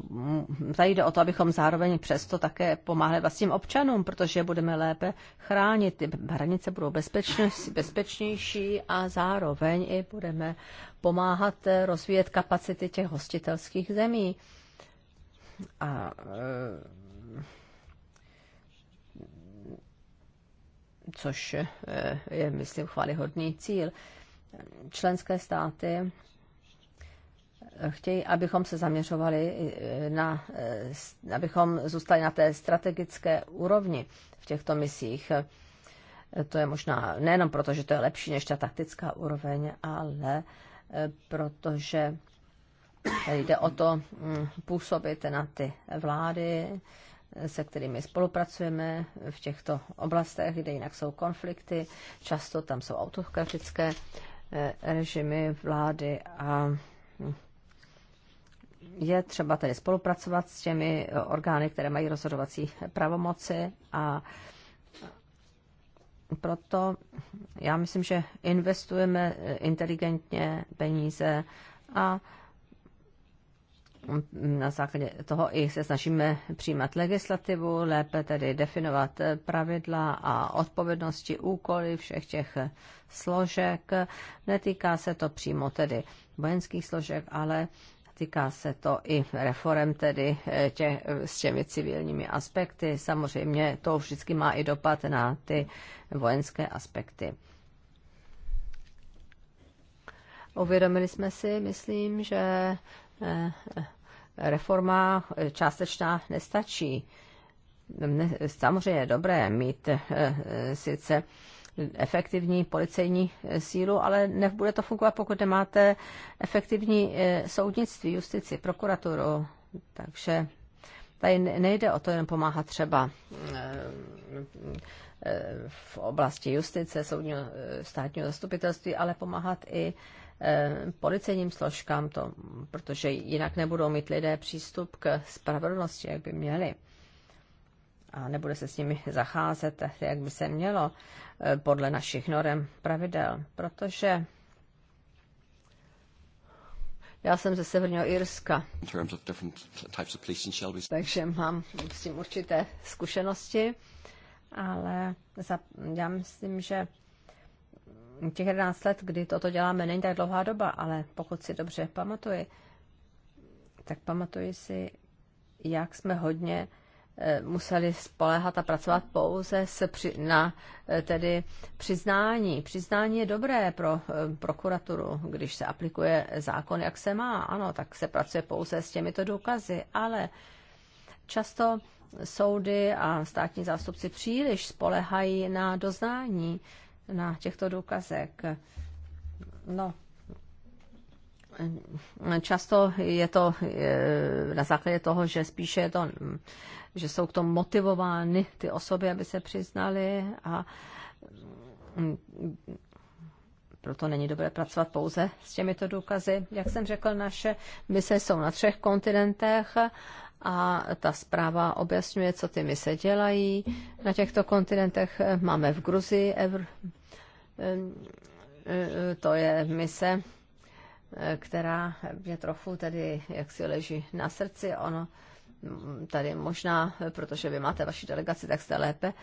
zajde o to, abychom zároveň přesto také pomáhali vlastním občanům, protože budeme lépe chránit, ty hranice budou bezpečnější a zároveň i budeme pomáhat rozvíjet kapacity těch hostitelských zemí. A e, což e, je, myslím, chválihodný cíl. Členské státy chtějí, abychom se zaměřovali eh, na, eh, abychom zůstali na té strategické úrovni v těchto misích. Eh, to je možná nejenom proto, že to je lepší než ta taktická úroveň, ale protože jde o to mm, působit na ty vlády, se kterými spolupracujeme v těchto oblastech, kde jinak jsou konflikty, často tam jsou autokratické režimy vlády a mm, je třeba tedy spolupracovat s těmi eh, orgány, které mají rozhodovací pravomoci a proto já myslím, že investujeme eh, inteligentně peníze a mm, na základě toho i se snažíme přijímat legislativu, lépe tedy definovat eh, pravidla a odpovědnosti, úkoly všech těch složek. Netýká se to přímo tedy vojenských složek, ale Týká se to i reform tedy eh, tě, eh, s těmi civilními aspekty. Samozřejmě to vždycky má i dopad na ty vojenské aspekty. Uvědomili jsme si, myslím, že eh, reforma částečná nestačí. Samozřejmě je dobré mít sice efektivní policejní eh, sílu, ale nebude to fungovat, pokud nemáte eh, efektivní eh, soudnictví, justici, prokuraturu. Takže tady nejde o to jen pomáhat třeba v oblasti justice, soudního státního zastupitelství, ale pomáhat i policejním složkám, to, protože jinak nebudou mít lidé přístup k spravedlnosti, jak by měli a nebude se s nimi zacházet, jak by se mělo, e, podle našich norem pravidel, protože já jsem ze Severního Irska. Takže mám s tím určité zkušenosti, ale za, já myslím, že těch 11 let, kdy toto děláme, není tak dlouhá doba, ale pokud si dobře pamatuji, tak pamatuji si, jak jsme hodně Eh, museli spolehat a pracovat pouze se při, na eh, tedy přiznání. Přiznání je dobré pro eh, prokuraturu, když se aplikuje zákon, jak se má. Ano, tak se pracuje pouze s těmito důkazy, ale často soudy a státní zástupci příliš spolehají na doznání na těchto důkazek. No, často je to na základě toho, že spíše je to, že jsou k tomu motivovány ty osoby, aby se přiznali, a proto není dobré pracovat pouze s těmito důkazy. Jak jsem řekl, naše mise jsou na třech kontinentech a ta zpráva objasňuje, co ty mise dělají. Na těchto kontinentech máme v Gruzii, Evr, to je mise která mě trochu tady jak si leží na srdci. Ono tady možná, protože vy máte vaši delegaci, tak jste lépe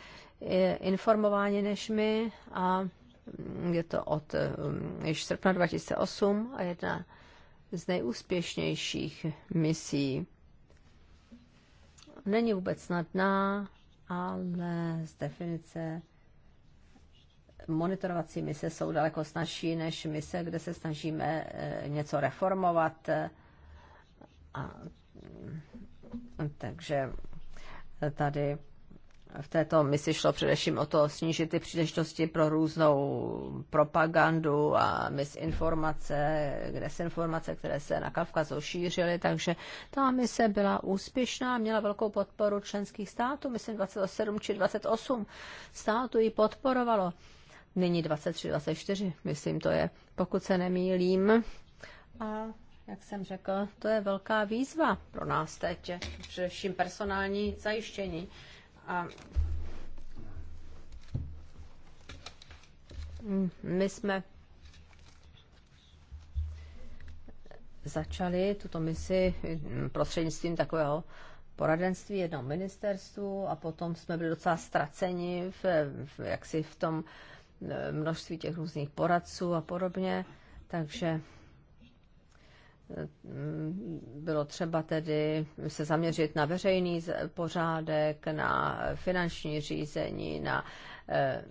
informováni než my a je to od um, již srpna 2008 a jedna z nejúspěšnějších misí. Není vůbec snadná, ale z definice monitorovací mise jsou daleko snažší než mise, kde se snažíme eh, něco reformovat. A, mm, takže tady v této misi šlo především o to snížit ty příležitosti pro různou propagandu a misinformace, desinformace, které se na Kavkazu šířily, takže ta mise byla úspěšná, měla velkou podporu členských států, myslím 27 či 28 států ji podporovalo nyní 23-24, myslím to je, pokud se nemýlím. A jak jsem řekl, to je velká výzva pro nás teď, především personální zajištění. A my jsme začali tuto misi prostřednictvím takového poradenství jednou ministerstvu a potom jsme byli docela ztraceni v, v, jaksi v tom uh, množství těch různých poradců a podobně, takže mm, bylo třeba tedy se zaměřit na veřejný pořádek, na finanční řízení, na eh,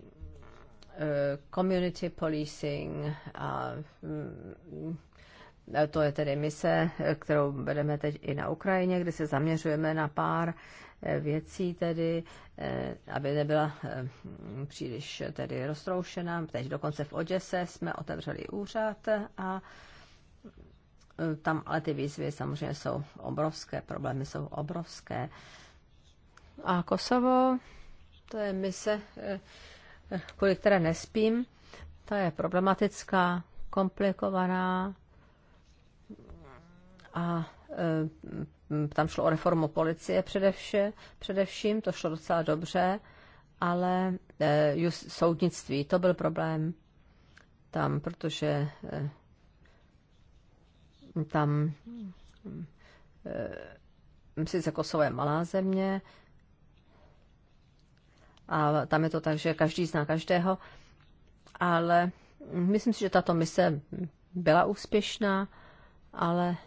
eh, community policing a mm, to je tedy mise, kterou vedeme teď i na Ukrajině, kde se zaměřujeme na pár věcí tedy, eh, aby nebyla eh, příliš tedy roztroušena. Teď dokonce v Oděse jsme otevřeli úřad a eh, tam ale ty výzvy samozřejmě jsou obrovské, problémy jsou obrovské. A Kosovo, to je mise, kvůli které nespím, to je problematická, komplikovaná a Eh, tam šlo o reformu policie především, především to šlo docela dobře, ale eh, just, soudnictví, to byl problém tam, protože eh, tam sice Kosovo je malá země a tam je to tak, že každý zná každého, ale myslím si, že tato mise byla úspěšná, ale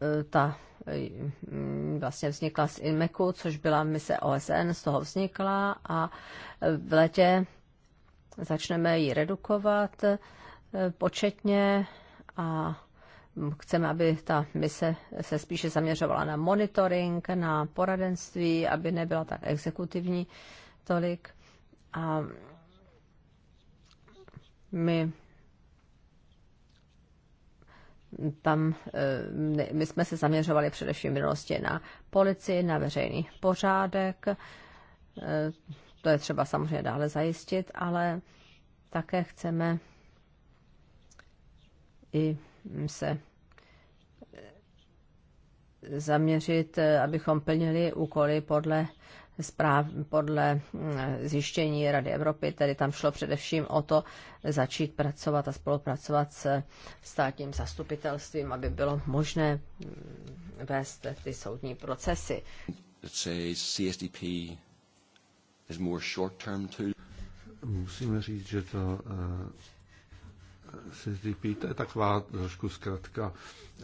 E, ta e, vlastně vznikla z INMECu, což byla mise OSN, z toho vznikla a e, v letě začneme ji redukovat početně a chceme, aby ta mise se spíše zaměřovala na monitoring, na poradenství, aby nebyla tak exekutivní tolik. A my tam eh, my jsme se zaměřovali především v minulosti na policii, na veřejný pořádek. Eh, to je třeba samozřejmě dále zajistit, ale také chceme i se eh, zaměřit, abychom plnili úkoly podle zpráv podle mm, zjištění Rady Evropy, tedy tam šlo především o to začít pracovat a spolupracovat se státním zastupitelstvím, aby bylo možné mm, vést ty soudní procesy. Musíme říct, že to eh, CSDP, to je taková trošku zkratka.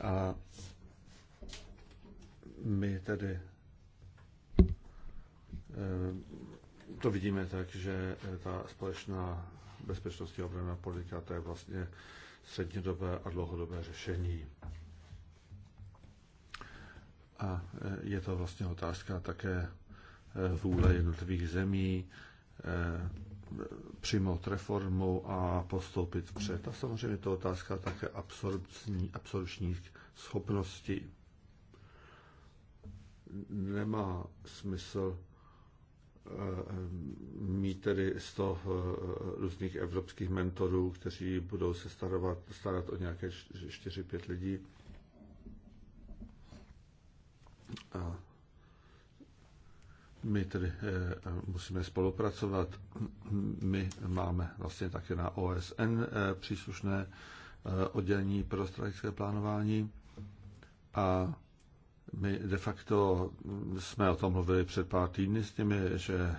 A my tedy Eh, to vidíme tak, že eh, ta společná bezpečnostní obranná politika to je vlastně střednědobé a dlouhodobé řešení. A eh, je to vlastně otázka také vůle jednotlivých zemí přijmout reformu a postoupit před. A samozřejmě to otázka také absorpční, absorpčních schopností. Nemá smysl Eh, mít tedy 100 eh, různých evropských mentorů, kteří budou se starovat, starat o nějaké 4-5 lidí. A my tedy eh, musíme spolupracovat. My máme vlastně také na OSN příslušné oddělení pro strategické plánování a my de facto jsme o tom mluvili před pár týdny s těmi, že eh,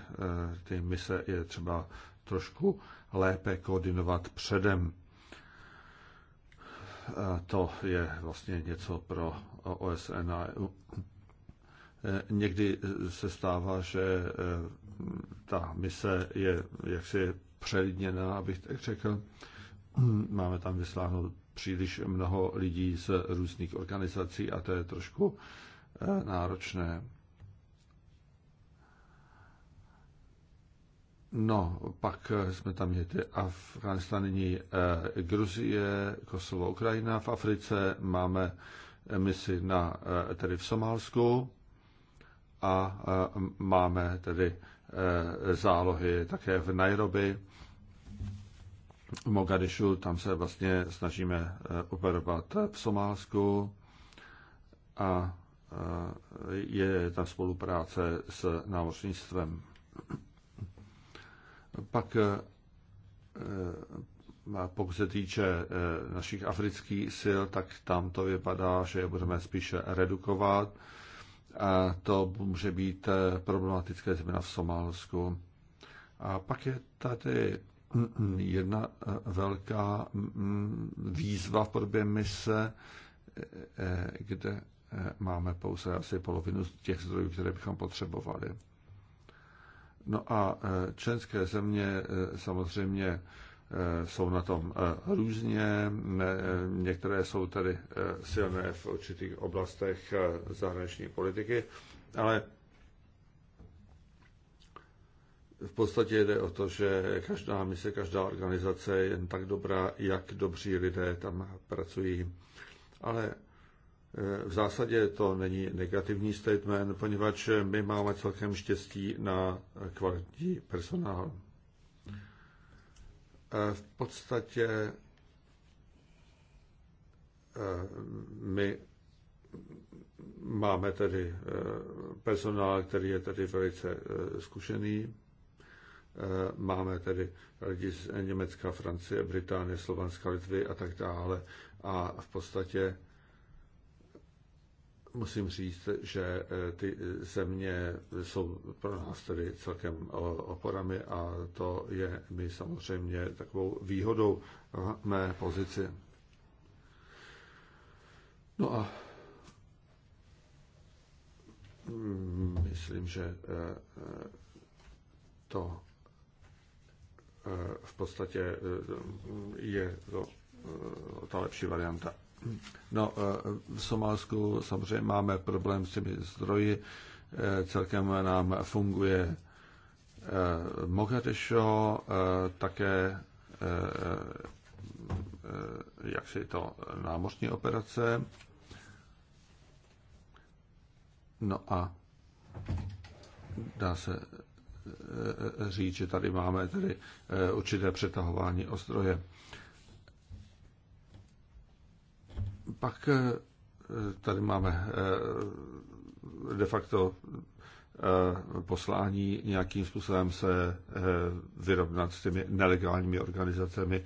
ty mise je třeba trošku lépe koordinovat předem. To je vlastně něco pro OSN a EU. Eh, někdy se stává, že eh, ta mise je jaksi přelidněná, abych tak řekl. Máme tam vysláhnout příliš mnoho lidí z různých organizací a to je trošku náročné. No, pak jsme tam měli Afganistán, nyní eh, Gruzie, Kosovo, Ukrajina. V Africe máme eh, misi na, eh, tedy v Somálsku a máme tedy zálohy také v Nairobi, v Mogadishu, tam se vlastně snažíme operovat v Somálsku a je ta spolupráce s námořnictvem. Pak eh, pokud se týče eh, našich afrických sil, tak tam to vypadá, že je budeme spíše redukovat. A to může být eh, problematické změna v Somálsku. A pak je tady jedna velká mm, mm, výzva v podobě mise, kde máme pouze asi polovinu z těch zdrojů, které bychom potřebovali. No a e, členské země e, samozřejmě e, jsou na tom různě. Některé jsou tedy silné v určitých oblastech zahraniční politiky, ale v podstatě jde o to, že každá mise, každá organizace je jen tak dobrá, jak dobří lidé tam pracují. Ale v zásadě to není negativní statement, poněvadž my máme celkem štěstí na kvalitní personál. Eh, v podstatě eh, my máme tedy eh, personál, který je tedy velice zkušený. Máme tedy lidi z Německa, Francie, Británie, Slovenska, Litvy a tak dále. A v podstatě musím říct, že eh, ty země jsou pro nás tedy celkem oporami a to je mi samozřejmě takovou výhodou mé pozici. No a mm, myslím, že eh, to eh, v podstatě je to ta lepší varianta. No, eh, v Somálsku samozřejmě máme problém s těmi zdroji. Eh, celkem nám funguje eh, Mogadešo, také jak si to námořní operace. No a dá se říct, že tady máme tedy určité přetahování o zdroje. Pak eh, tady máme eh, de facto eh, poslání nějakým způsobem se vyrovnat s těmi nelegálními organizacemi.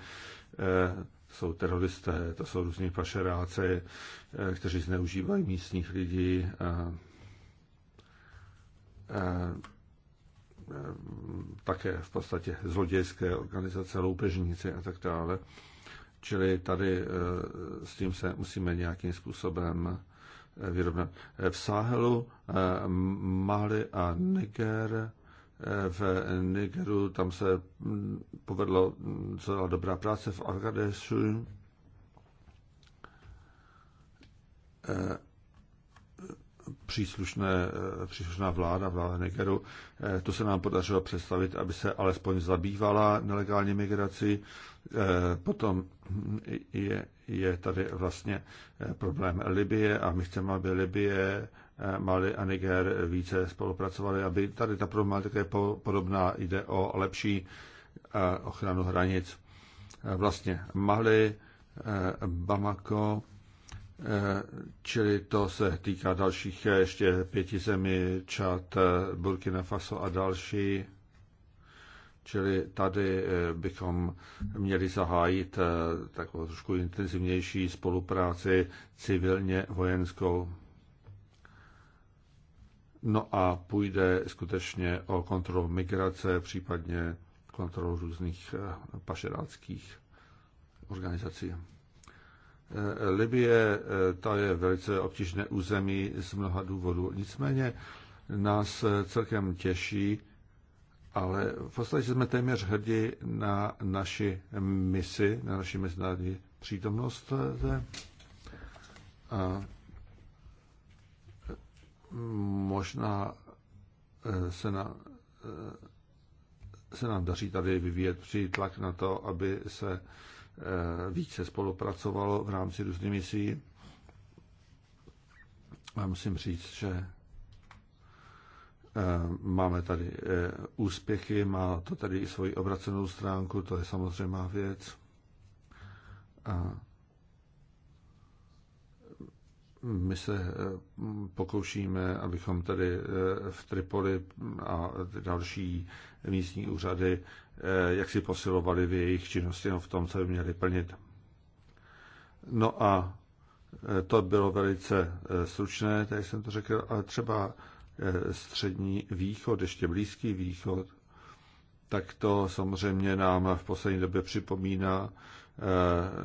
Jsou teroristé, to jsou různí pašeráci, kteří zneužívají místních lidí. Také v podstatě zlodějské organizace, loupežníci a tak dále. Čili tady eh, s tím se musíme nějakým způsobem eh, vyrovnat. V Sáhelu, eh, Mali a Niger, v Nigeru tam se hm, povedlo hm, celá dobrá práce v Agadešu příslušné, eh, příslušná vláda, vláda Nigeru, eh, to se nám podařilo představit, aby se alespoň zabývala nelegální migrací. Eh, potom je, je tady vlastně problém Libie a my chceme, aby Libie, Mali a Niger více spolupracovali, aby tady ta problematika je podobná, jde o lepší ochranu hranic. Vlastně Mali, Bamako, Čili to se týká dalších ještě pěti zemí, Čad, Burkina Faso a další. Čili tady eh, bychom měli zahájit eh, takovou trošku intenzivnější spolupráci civilně vojenskou. No a půjde skutečně o kontrolu migrace, případně kontrolu různých eh, pašeráckých organizací. Libie, eh, ta je velice obtížné území z mnoha důvodů. Nicméně nás eh, celkem těší, ale v podstatě jsme téměř hrdí na naši misi, na naši mezinárodní přítomnost. Eh, A možná se, na, se nám daří tady vyvíjet tlak na to, aby se Eh, více spolupracovalo v rámci různých misí. A musím říct, že eh, máme tady eh, úspěchy, má to tady i svoji obracenou stránku, to je samozřejmá věc. A my se pokoušíme, abychom tady v Tripoli a další místní úřady Eh, jak si posilovali v jejich činnosti, no v tom, co by měli plnit. No a eh, to bylo velice eh, stručné, tady jsem to řekl, ale třeba střední východ, ještě blízký východ, tak to samozřejmě nám v poslední době připomíná,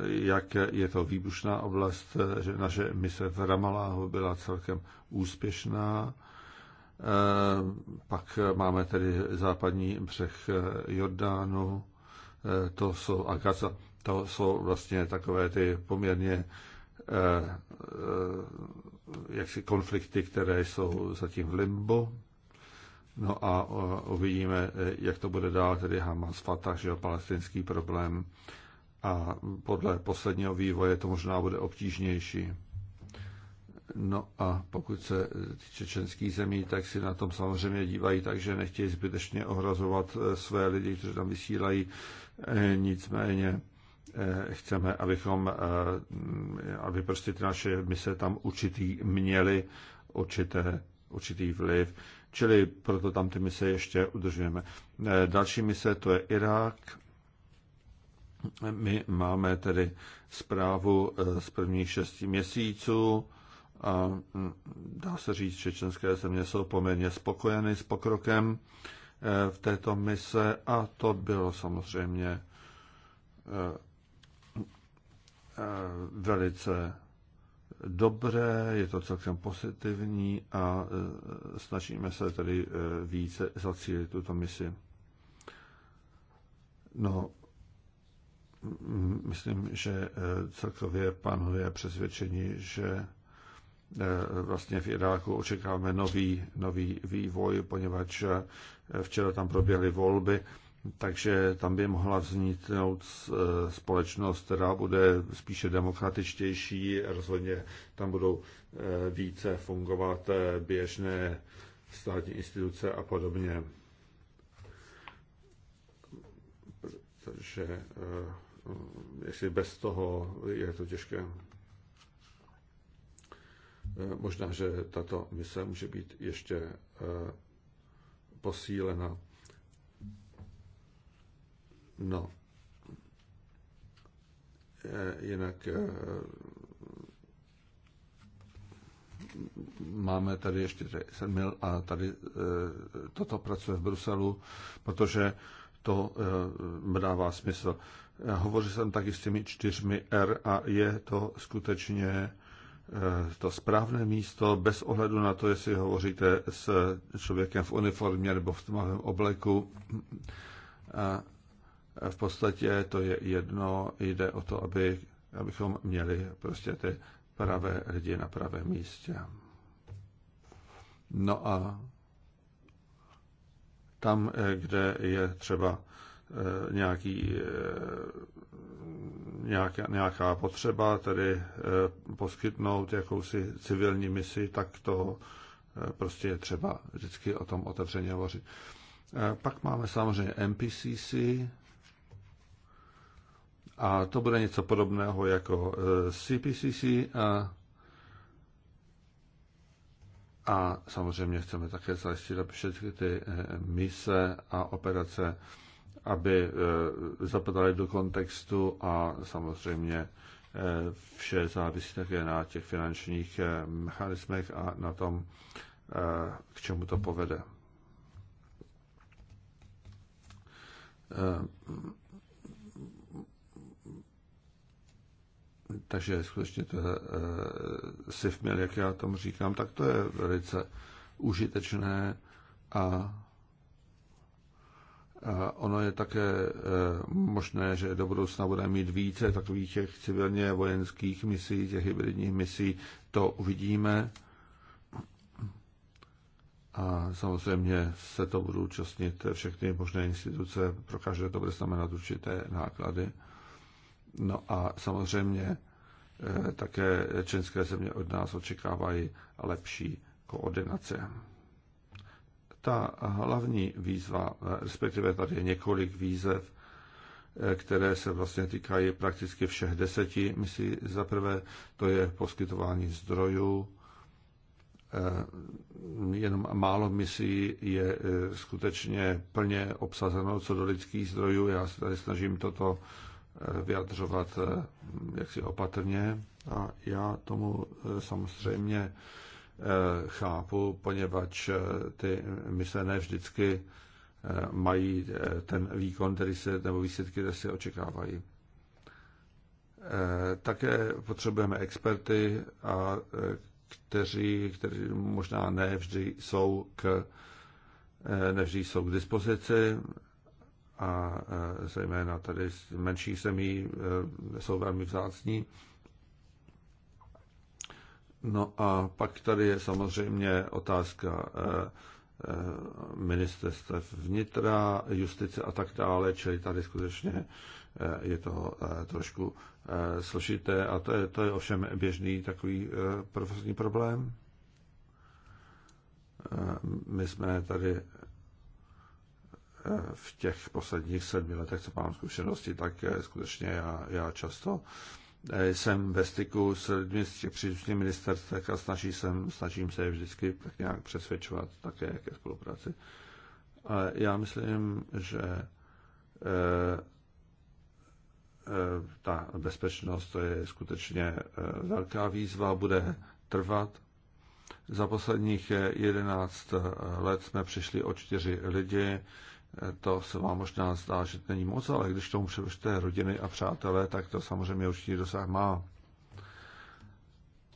jak je to výbušná oblast, že naše mise v Ramaláhu byla celkem úspěšná Eh, pak máme tedy západní břeh eh, Jordánu, eh, to jsou Agaza, to jsou vlastně takové ty poměrně jaksi konflikty, které jsou zatím v limbo. No a uvidíme, jak to bude dál, tedy Hamas, Fatah, že palestinský problém. A podle posledního vývoje to možná bude obtížnější. No a pokud se týče členských zemí, tak si na tom samozřejmě dívají tak, že nechtějí zbytečně ohrazovat eh, své lidi, kteří tam vysílají. Eh, nicméně eh, chceme, abychom, mm, aby prostě ty naše mise tam určitý měly určité, určitý vliv. Čili proto tam ty mise ještě udržujeme. Další mise to je Irák. My máme tedy zprávu z prvních šesti měsíců a hm, dá se říct, že členské země jsou poměrně spokojeny s pokrokem eh, v této mise a to bylo samozřejmě eh, eh, velice dobré, je to celkem pozitivní a snažíme se tedy více zacílit tuto misi. No, hm, myslím, že celkově panuje přesvědčení, že E, vlastně v Iráku očekáváme nový, nový vývoj, poněvadž e, včera tam proběhly volby, takže tam by mohla vzniknout e, společnost, která bude spíše demokratičtější, rozhodně tam budou více fungovat běžné státní instituce a podobně. Takže jestli bez toho je to těžké. Eh, možná, že tato mise může být ještě eh, posílena. No. Eh, jinak máme tady ještě 7 mil a tady toto pracuje v Bruselu, protože to dává smysl. Hovořil jsem taky s těmi čtyřmi R a je to skutečně Eh, to správné místo bez ohledu na to, jestli hovoříte s člověkem v uniformě nebo v tmavém obleku. Eh, v podstatě to je jedno, jde o to, aby, abychom měli prostě ty pravé lidi na pravém místě. No a tam, eh, kde je třeba nějaký nějaká, nějaká potřeba, tedy eh, poskytnout jakousi civilní misi, tak to eh, prostě je třeba vždycky o tom otevřeně hovořit. Eh, pak máme samozřejmě MPCC a to bude něco podobného jako CPCC a, a samozřejmě chceme také zajistit, aby všechny ty mise a operace aby eh, zapadaly do kontextu a samozřejmě eh, vše závisí také na těch finančních eh, mechanismech a na tom, k čemu to povede. Takže skutečně to SIF jak já tomu říkám, tak to je velice užitečné a Ono je také e, možné, že do budoucna budeme mít více takových těch civilně vojenských misí, těch hybridních misí. To uvidíme. A samozřejmě se to budou účastnit všechny možné instituce, pro každé to bude znamenat určité náklady. No a samozřejmě e, také členské země od nás očekávají lepší koordinace ta hlavní výzva, respektive tady je několik výzev, které se vlastně týkají prakticky všech deseti misí. Za prvé to je poskytování zdrojů. Eh, jenom málo misí je eh, skutečně plně obsazeno co do lidských zdrojů. Já se tady snažím toto eh, vyjadřovat jaksi opatrně a já tomu samozřejmě Eh, chápu, poněvadž eh, ty mise ne vždycky eh, mají ten výkon, který se, nebo výsledky, které se očekávají. Také potřebujeme experty, a kteří, kteří možná ne vždy jsou k, nevždy jsou k dispozici a zejména tady z menších zemí jsou velmi vzácní No a pak tady je samozřejmě otázka eh, eh, ministerstev vnitra, justice a tak dále, čili tady skutečně eh, je to trošku složité a to je, to je ovšem běžný takový profesní problém. My jsme tady v těch posledních sedmi letech, co mám zkušenosti, tak skutečně já, já často jsem ve styku s lidmi z těch příslušných ministerstv a snaží sem, snažím se je vždycky tak nějak přesvědčovat také ke spolupráci. A já myslím, že e, e, ta bezpečnost to je skutečně e, velká výzva, bude trvat. Za posledních 11 let jsme přišli o čtyři lidi to se vám možná zdá, že to není moc, ale když tomu převežte rodiny a přátelé, tak to samozřejmě určitě dosah má.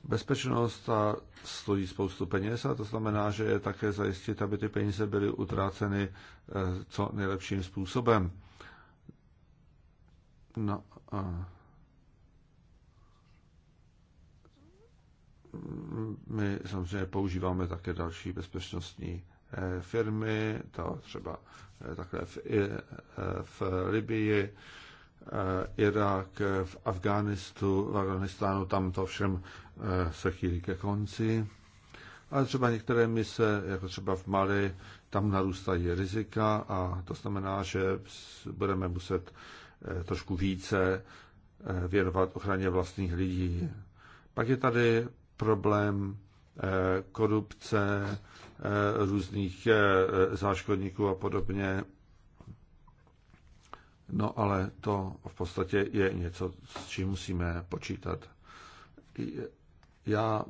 Bezpečnost ta stojí spoustu peněz a to znamená, že je také zajistit, aby ty peníze byly utráceny eh, co nejlepším způsobem. No a my samozřejmě používáme také další bezpečnostní Eh, firmy, to třeba eh, takhle v, eh, v Libii, Irák, v Afganistu, v Afganistánu, tam to všem se chýlí ke konci. Ale třeba některé mise, jako třeba v Mali, tam narůstají rizika a to znamená, že budeme muset trošku více věnovat ochraně vlastních lidí. Pak je tady problém Eh, korupce, eh, různých eh, záškodníků a podobně. No ale to v podstatě je něco, s čím musíme počítat. Já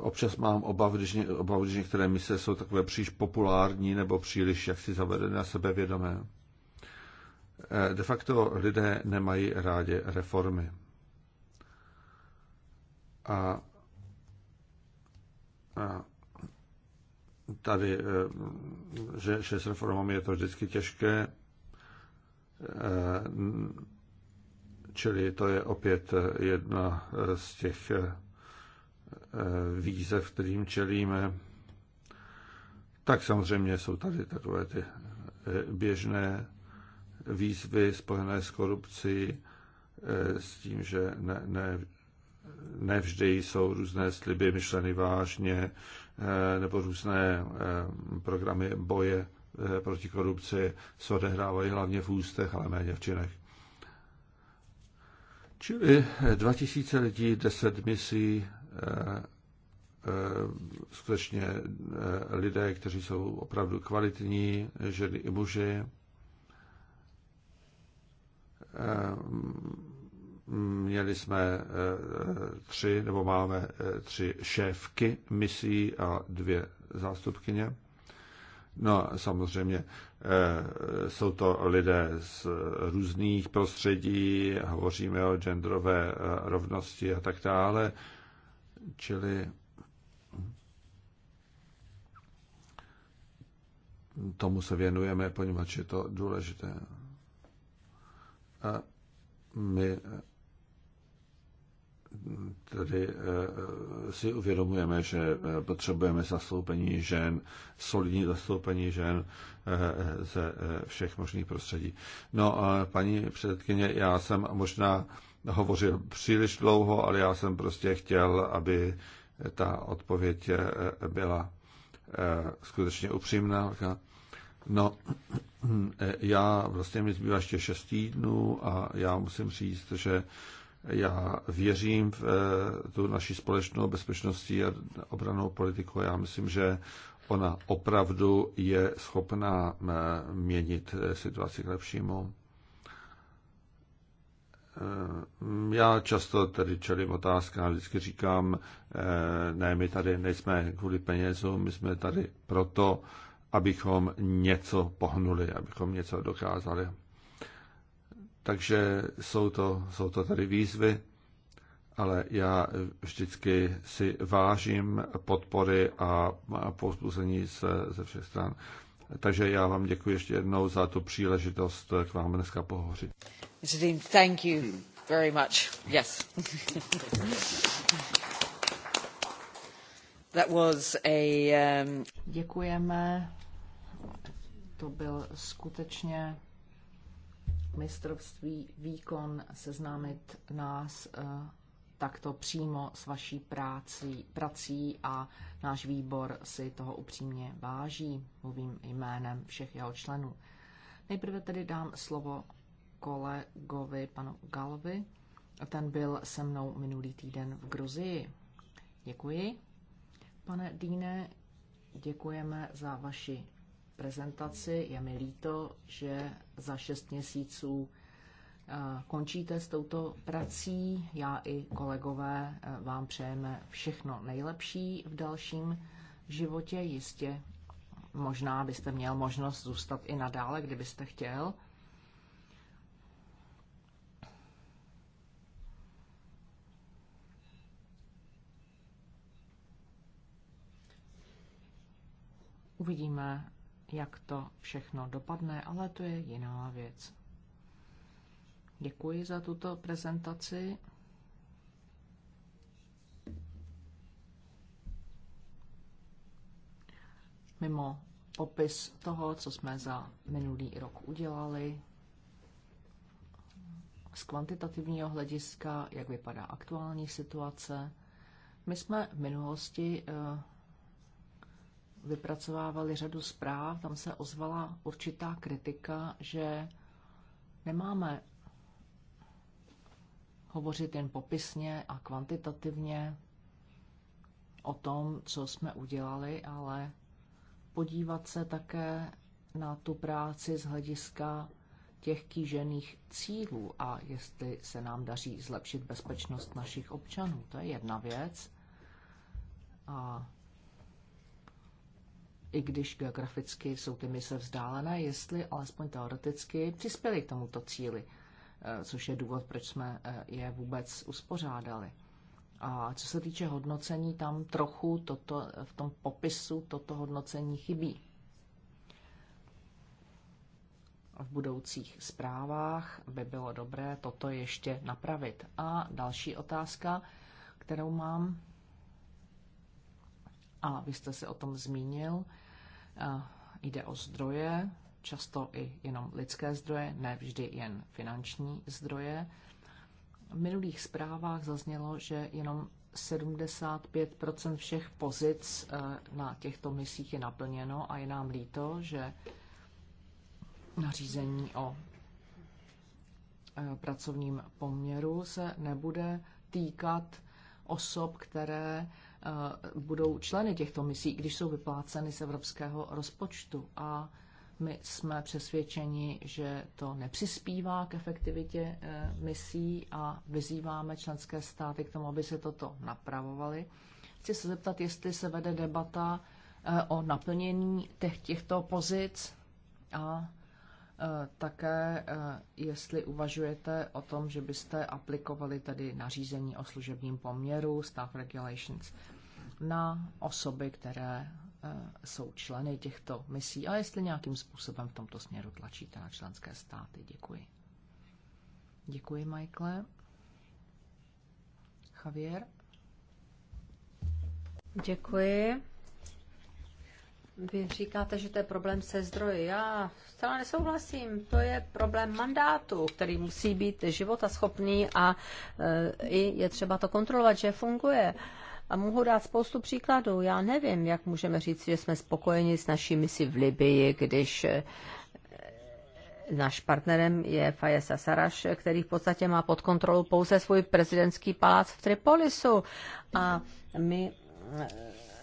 občas mám obav, když, obav, když některé mise jsou takové příliš populární nebo příliš jaksi zavedené a sebevědomé. De facto lidé nemají rádi reformy. A tady, eh, že, že s reformami je to vždycky těžké, eh, čili to je opět eh, jedna z těch výzev, kterým čelíme. Tak samozřejmě jsou tady takové ty běžné výzvy spojené s korupcí, s tím, že ne, ne nevždy jsou různé sliby myšleny vážně eh, nebo různé eh, programy boje eh, proti korupci se odehrávají hlavně v ústech, ale méně v činech. Čili 2000 lidí, 10 misí, skutečně lidé, kteří jsou opravdu kvalitní, ženy i muži Měli jsme eh, eh, tři, nebo máme eh, tři šéfky misí a dvě zástupkyně. No samozřejmě jsou to lidé z různých prostředí, hovoříme o genderové rovnosti a tak dále, čili tomu se věnujeme, poněvadž je to důležité. A my tedy eh, si uvědomujeme, že eh, potřebujeme zastoupení žen, solidní zastoupení žen eh, ze všech možných prostředí. No, paní předsedkyně, já jsem možná hovořil příliš dlouho, ale já jsem prostě chtěl, aby ta odpověď byla skutečně upřímná. No, já vlastně mi zbývá ještě šest týdnů a já musím říct, že já věřím v eh, tu naši společnou bezpečnostní a obranou politiku. Já myslím, že ona opravdu je schopná eh, měnit eh, situaci k lepšímu. Já často tedy čelím otázka, vždycky říkám, ne, my tady nejsme kvůli penězům, my jsme tady proto, abychom něco pohnuli, abychom něco dokázali. Takže jsou to, jsou to tady výzvy, ale já vždycky si vážím podpory a povzbuzení se, ze všech stran. Takže já vám děkuji ještě jednou za tu příležitost k vám dneska pohořit. Thank you very much. Yes. That was a, um... Děkujeme. To byl skutečně mistrovství výkon seznámit nás eh, takto přímo s vaší práci, prací a náš výbor si toho upřímně váží. Mluvím jménem všech jeho členů. Nejprve tedy dám slovo kolegovi panu Galvi. Ten byl se mnou minulý týden v Gruzii. Děkuji. Pane Dýne, děkujeme za vaši prezentaci. Je mi líto, že za šest měsíců eh, končíte s touto prací. Já i kolegové eh, vám přejeme všechno nejlepší v dalším životě. Jistě možná byste měl možnost zůstat i nadále, kdybyste chtěl. Uvidíme, jak to všechno dopadne, ale to je jiná věc. Děkuji za tuto prezentaci. Mimo popis toho, co jsme za minulý rok udělali, z kvantitativního hlediska, jak vypadá aktuální situace, my jsme v minulosti eh, vypracovávali řadu zpráv, tam se ozvala určitá kritika, že nemáme hovořit jen popisně a kvantitativně o tom, co jsme udělali, ale podívat se také na tu práci z hlediska těch kýžených cílů a jestli se nám daří zlepšit bezpečnost našich občanů. To je jedna věc. A i když geograficky jsou ty mise vzdálené, jestli alespoň teoreticky přispěli k tomuto cíli, eh, což je důvod, proč jsme eh, je vůbec uspořádali. A co se týče hodnocení, tam trochu toto, eh, v tom popisu toto hodnocení chybí. V budoucích zprávách by bylo dobré toto ještě napravit. A další otázka, kterou mám, a vy jste se o tom zmínil, eh, jde o zdroje, často i jenom lidské zdroje, ne vždy jen finanční zdroje. V minulých zprávách zaznělo, že jenom 75 všech pozic eh, na těchto misích je naplněno a je nám líto, že nařízení o eh, pracovním poměru se nebude týkat osob, které Eh, budou členy těchto misí, když jsou vypláceny z evropského rozpočtu. A my jsme přesvědčeni, že to nepřispívá k efektivitě eh, misí a vyzýváme členské státy k tomu, aby se toto napravovali. Chci se zeptat, jestli se vede debata eh, o naplnění těch, těchto pozic a Eh, také, eh, jestli uvažujete o tom, že byste aplikovali tedy nařízení o služebním poměru, staff regulations, na osoby, které eh, jsou členy těchto misí a jestli nějakým způsobem v tomto směru tlačíte na členské státy. Děkuji. Děkuji, Michael. Javier. Děkuji. Vy říkáte, že to je problém se zdroji. Já zcela nesouhlasím. To je problém mandátu, který musí být životaschopný a e, i je třeba to kontrolovat, že funguje. A mohu dát spoustu příkladů. Já nevím, jak můžeme říct, že jsme spokojeni s naší misi v Libii, když e, náš partnerem je Fayez Asaraš, který v podstatě má pod kontrolou pouze svůj prezidentský palác v Tripolisu. A my e,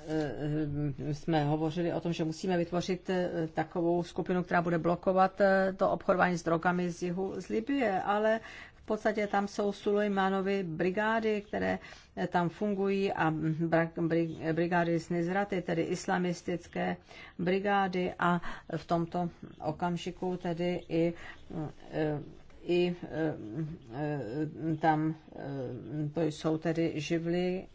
Eh, jsme hovořili o tom, že musíme vytvořit eh, takovou skupinu, která bude blokovat eh, to obchodování s drogami z jihu z Libie, ale v podstatě tam jsou Sulejmanovi brigády, které tam fungují a brigády z Nizraty, tedy islamistické brigády a v tomto okamžiku tedy i i e, e, tam e, to jsou tedy živly,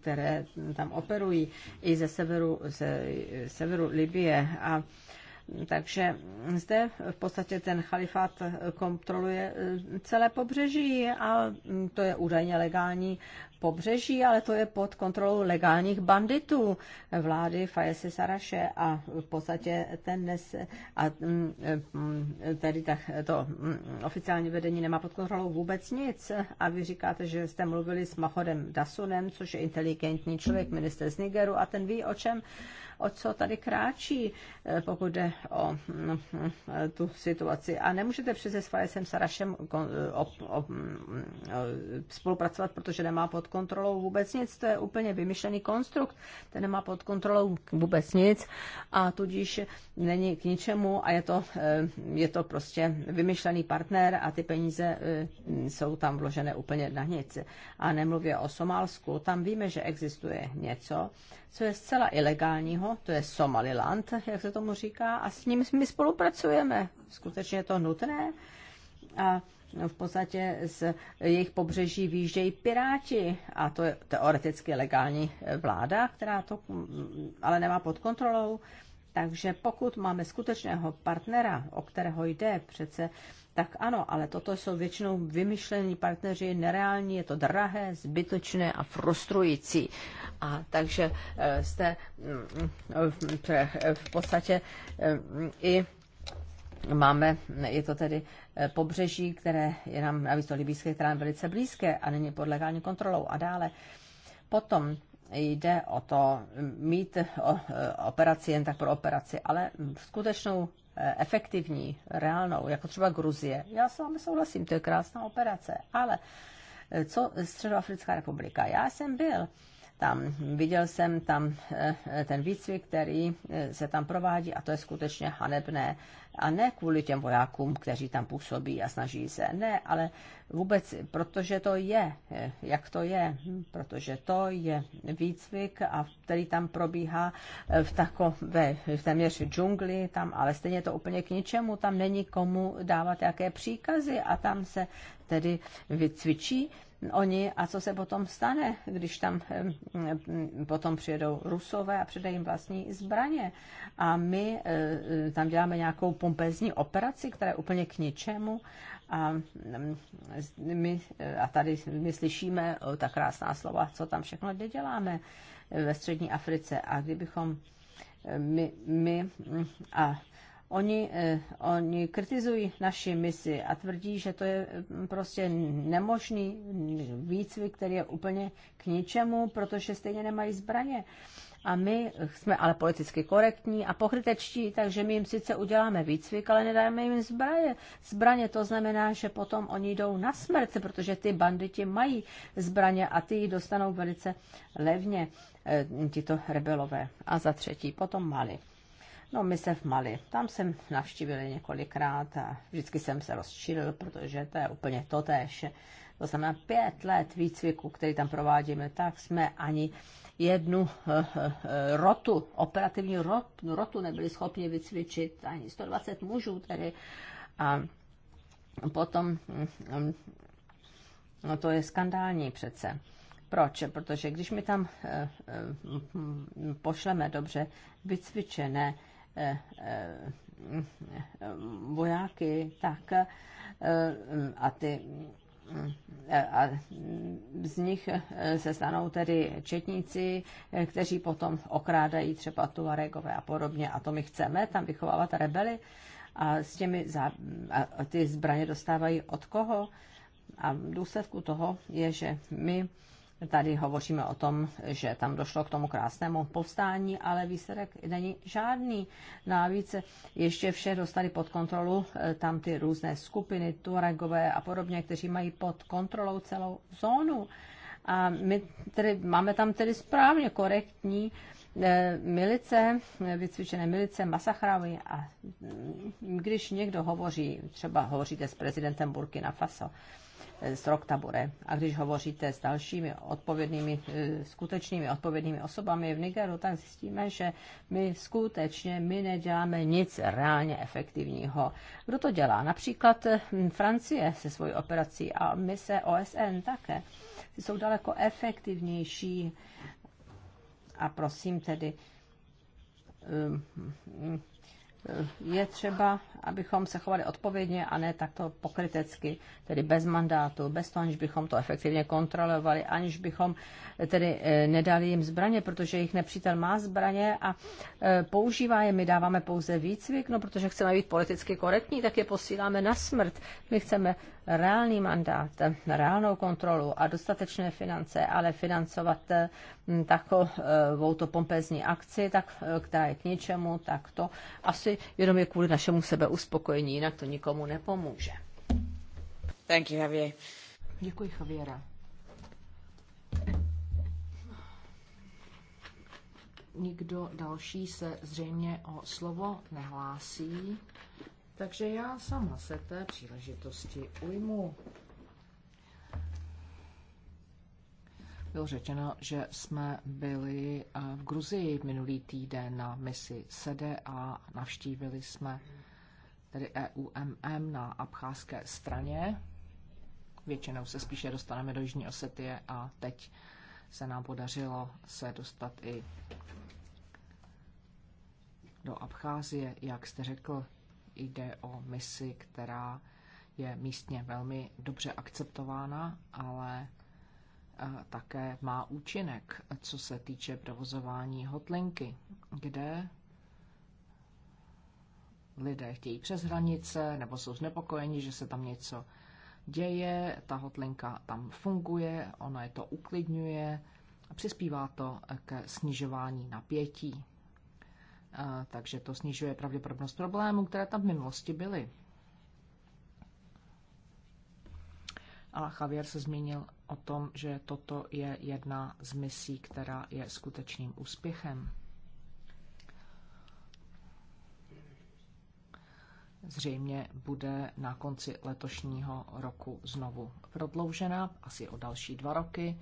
které tam operují i ze severu, ze severu Libie. A takže zde v podstatě ten chalifát kontroluje celé pobřeží a to je údajně legální pobřeží, ale to je pod kontrolou legálních banditů vlády Fajese Saraše a v podstatě ten dnes a mm, mm, tedy tak to mm, oficiální vedení nemá pod kontrolou vůbec nic a vy říkáte, že jste mluvili s Machodem Dasunem, což je inteligentní člověk, minister z Nigeru a ten ví, o čem o co tady kráčí, eh, pokud jde o tu situaci. A nemůžete přece s Fajesem Sarašem eh, eh, spolupracovat, protože nemá pod pod kontrolou vůbec nic, to je úplně vymyšlený konstrukt, ten nemá pod kontrolou vůbec nic a tudíž není k ničemu a je to, eh, je to prostě vymyšlený partner a ty peníze eh, jsou tam vložené úplně na nic. A nemluvě o Somálsku, tam víme, že existuje něco, co je zcela ilegálního, to je Somaliland, jak se tomu říká, a s ním my spolupracujeme. Skutečně je to nutné. A v podstatě z jejich pobřeží výjíždějí piráti a to je teoreticky legální vláda, která to mm, ale nemá pod kontrolou. Takže pokud máme skutečného partnera, o kterého jde přece, tak ano, ale toto jsou většinou vymyšlení partneři, nereální, je to drahé, zbytočné a frustrující. A takže eh, jste mm, v podstatě eh, mm, i máme, je to tedy eh, pobřeží, které je nám, navíc to libijské, které nám velice blízké a není pod legální kontrolou a dále. Potom jde o to mm, mít o, eh, operaci jen tak pro operaci, ale skutečnou eh, efektivní, reálnou, jako třeba Gruzie. Já s vámi souhlasím, to je krásná operace, ale co Středoafrická republika? Já jsem byl tam. Viděl jsem tam eh, eh, ten výcvik, který eh, se tam provádí a to je skutečně hanebné. A ne kvůli těm vojákům, kteří tam působí a snaží se. Ne, ale vůbec, protože to je, jak to je, hm, protože to je výcvik, a který tam probíhá v takové, v téměř džungli, tam, ale stejně to úplně k ničemu, tam není komu dávat jaké příkazy a tam se tedy vycvičí oni a co se potom stane, když tam potom přijedou rusové a předají jim vlastní zbraně. A my eh, eh, tam děláme nějakou pompezní operaci, která je úplně k ničemu. A, my, eh, a tady my slyšíme ta krásná slova, co tam všechno děláme ve střední Africe. A kdybychom my, my mm, a Oni, eh, oni kritizují naši misi a tvrdí, že to je mm, prostě nemožný výcvik, který je úplně k ničemu, protože stejně nemají zbraně. A my jsme ale politicky korektní a pokrytečtí, takže my jim sice uděláme výcvik, ale nedáme jim zbraně. Zbraně to znamená, že potom oni jdou na smrt, protože ty banditi mají zbraně a ty ji dostanou velice levně, eh, tito rebelové. A za třetí, potom Mali. No, my se v Mali. Tam jsem navštívil několikrát a vždycky jsem se rozčílil, protože to je úplně totéž. To znamená pět let výcviku, který tam provádíme, tak jsme ani jednu eh, eh, eh, rotu, operativní rotu, rotu nebyli schopni vycvičit, ani 120 mužů tedy. A potom, mm, mm, no to je skandální přece. Proč? Protože když my tam pošleme dobře vycvičené Eh, eh, vojáky, tak eh, a ty a z nich se stanou tedy četníci, kteří potom okrádají třeba Tuaregové a podobně. A to my chceme, tam vychovávat rebely. A, s těmi za, a ty zbraně dostávají od koho? A v důsledku toho je, že my Tady hovoříme o tom, že tam došlo k tomu krásnému povstání, ale výsledek není žádný. Navíc ještě vše dostali pod kontrolu eh, tam ty různé skupiny, Tuaregové a podobně, kteří mají pod kontrolou celou zónu. A my tedy, máme tam tedy správně korektní eh, milice, vycvičené milice, masachrávy. a mm, když někdo hovoří, třeba hovoříte s prezidentem Burkina Faso, z Roktabure. A když hovoříte s dalšími odpovědnými, eh, skutečnými odpovědnými osobami v Nigeru, tak zjistíme, že my skutečně my neděláme nic reálně efektivního. Kdo to dělá? Například eh, Francie se svojí operací a mise OSN také. Ty jsou daleko efektivnější. A prosím tedy, eh, je třeba, abychom se chovali odpovědně a ne takto pokrytecky, tedy bez mandátu, bez toho, aniž bychom to efektivně kontrolovali, aniž bychom eh, tedy eh, nedali jim zbraně, protože jejich nepřítel má zbraně a eh, používá je. My dáváme pouze výcvik, no protože chceme být politicky korektní, tak je posíláme na smrt. My chceme reálný mandát, reálnou kontrolu a dostatečné finance, ale financovat takovou to pompezní akci, tak, která je k ničemu, tak to asi jenom je kvůli našemu sebeuspokojení, jinak to nikomu nepomůže. Thank you, Javier. Děkuji, Javiera. Nikdo další se zřejmě o slovo nehlásí, takže já sama se té příležitosti ujmu. bylo řečeno, že jsme byli eh, v Gruzii minulý týden na misi SEDE a navštívili jsme tedy EUMM na abcházské straně. Většinou se spíše dostaneme do Jižní Osetie a teď se nám podařilo se dostat i do Abcházie. Jak jste řekl, jde o misi, která je místně velmi dobře akceptována, ale také má účinek, co se týče provozování hotlinky, kde lidé chtějí přes hranice nebo jsou znepokojeni, že se tam něco děje, ta hotlinka tam funguje, ona je to uklidňuje a přispívá to k snižování napětí. Takže to snižuje pravděpodobnost problémů, které tam v minulosti byly. A Javier se zmínil o tom, že toto je jedna z misí, která je skutečným úspěchem. Zřejmě bude na konci letošního roku znovu prodloužena, asi o další dva roky.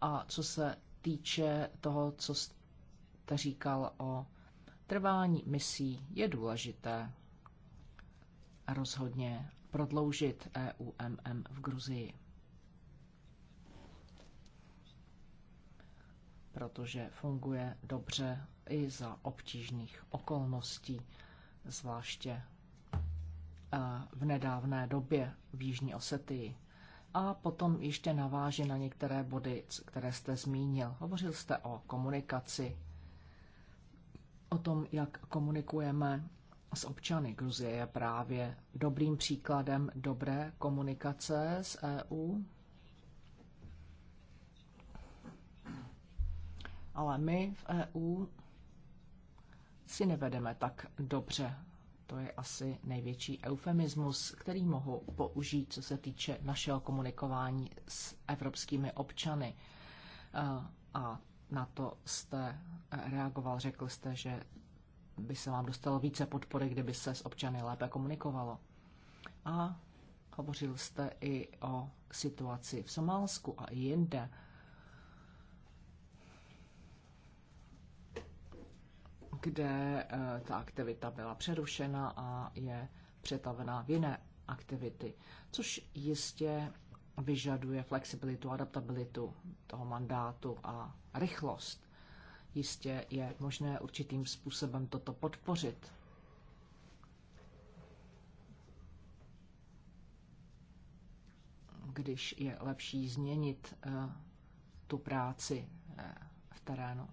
A co se týče toho, co jste říkal o trvání misí, je důležité rozhodně prodloužit EUMM v Gruzii. protože funguje dobře i za obtížných okolností, zvláště eh, v nedávné době v Jižní Osetii. A potom ještě naváže na některé body, které jste zmínil. Hovořil jste o komunikaci, o tom, jak komunikujeme s občany. Gruzie je právě dobrým příkladem dobré komunikace s EU, ale my v EU si nevedeme tak dobře. To je asi největší eufemismus, který mohu použít, co se týče našeho komunikování s evropskými občany. E, a na to jste reagoval, řekl jste, že by se vám dostalo více podpory, kdyby se s občany lépe komunikovalo. A hovořil jste i o situaci v Somálsku a i jinde. kde eh, ta aktivita byla přerušena a je přetavená v jiné aktivity, což jistě vyžaduje flexibilitu, adaptabilitu toho mandátu a rychlost. Jistě je možné určitým způsobem toto podpořit. Když je lepší změnit eh, tu práci eh, v terénu.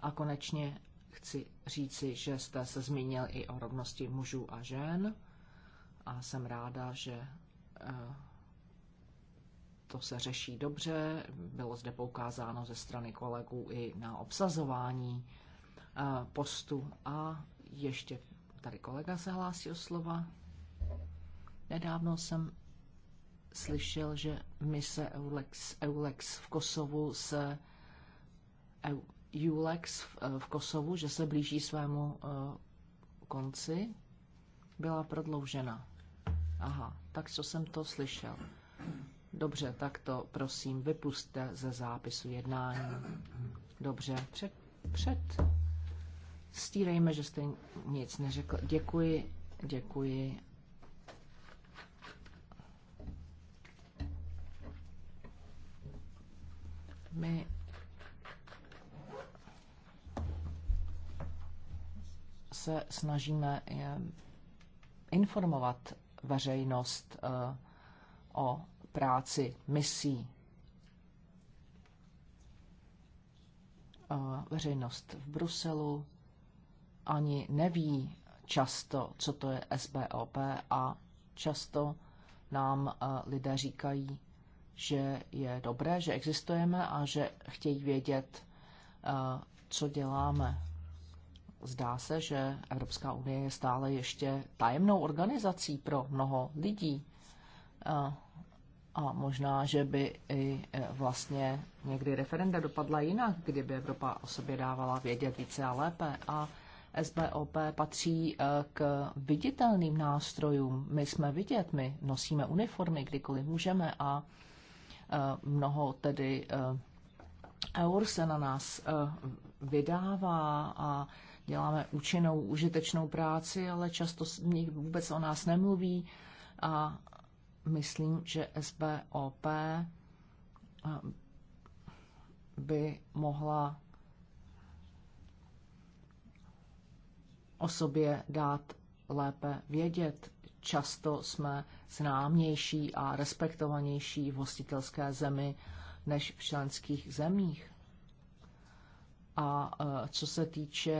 A konečně chci říci, že jste se zmínil i o rovnosti mužů a žen a jsem ráda, že eh, to se řeší dobře. Bylo zde poukázáno ze strany kolegů i na obsazování eh, postu. A ještě tady kolega se hlásí o slova. Nedávno jsem slyšel, že mise Eulex, Eulex v Kosovu se Julex v, eh, v Kosovu, že se blíží svému eh, konci, byla prodloužena. Aha, tak co jsem to slyšel. Dobře, tak to prosím vypuste ze zápisu jednání. Dobře, před, před stírejme, že jste nic neřekl. Děkuji, děkuji. My se snažíme eh, informovat veřejnost eh, o práci misí. Eh, veřejnost v Bruselu ani neví často, co to je SBOP a často nám lidé říkají, že je dobré, že existujeme a že chtějí vědět, co děláme. Zdá se, že Evropská unie je stále ještě tajemnou organizací pro mnoho lidí. A, a možná, že by i e, vlastně někdy referenda dopadla jinak, kdyby Evropa o sobě dávala vědět více a lépe. A SBOP patří e, k viditelným nástrojům. My jsme vidět, my nosíme uniformy kdykoliv můžeme a e, mnoho tedy eur se na nás vydává a děláme účinnou, užitečnou práci, ale často nikdo vůbec o nás nemluví a myslím, že SBOP eh, by mohla o sobě dát lépe vědět. Často jsme známější a respektovanější v hostitelské zemi než v členských zemích. A e, co se týče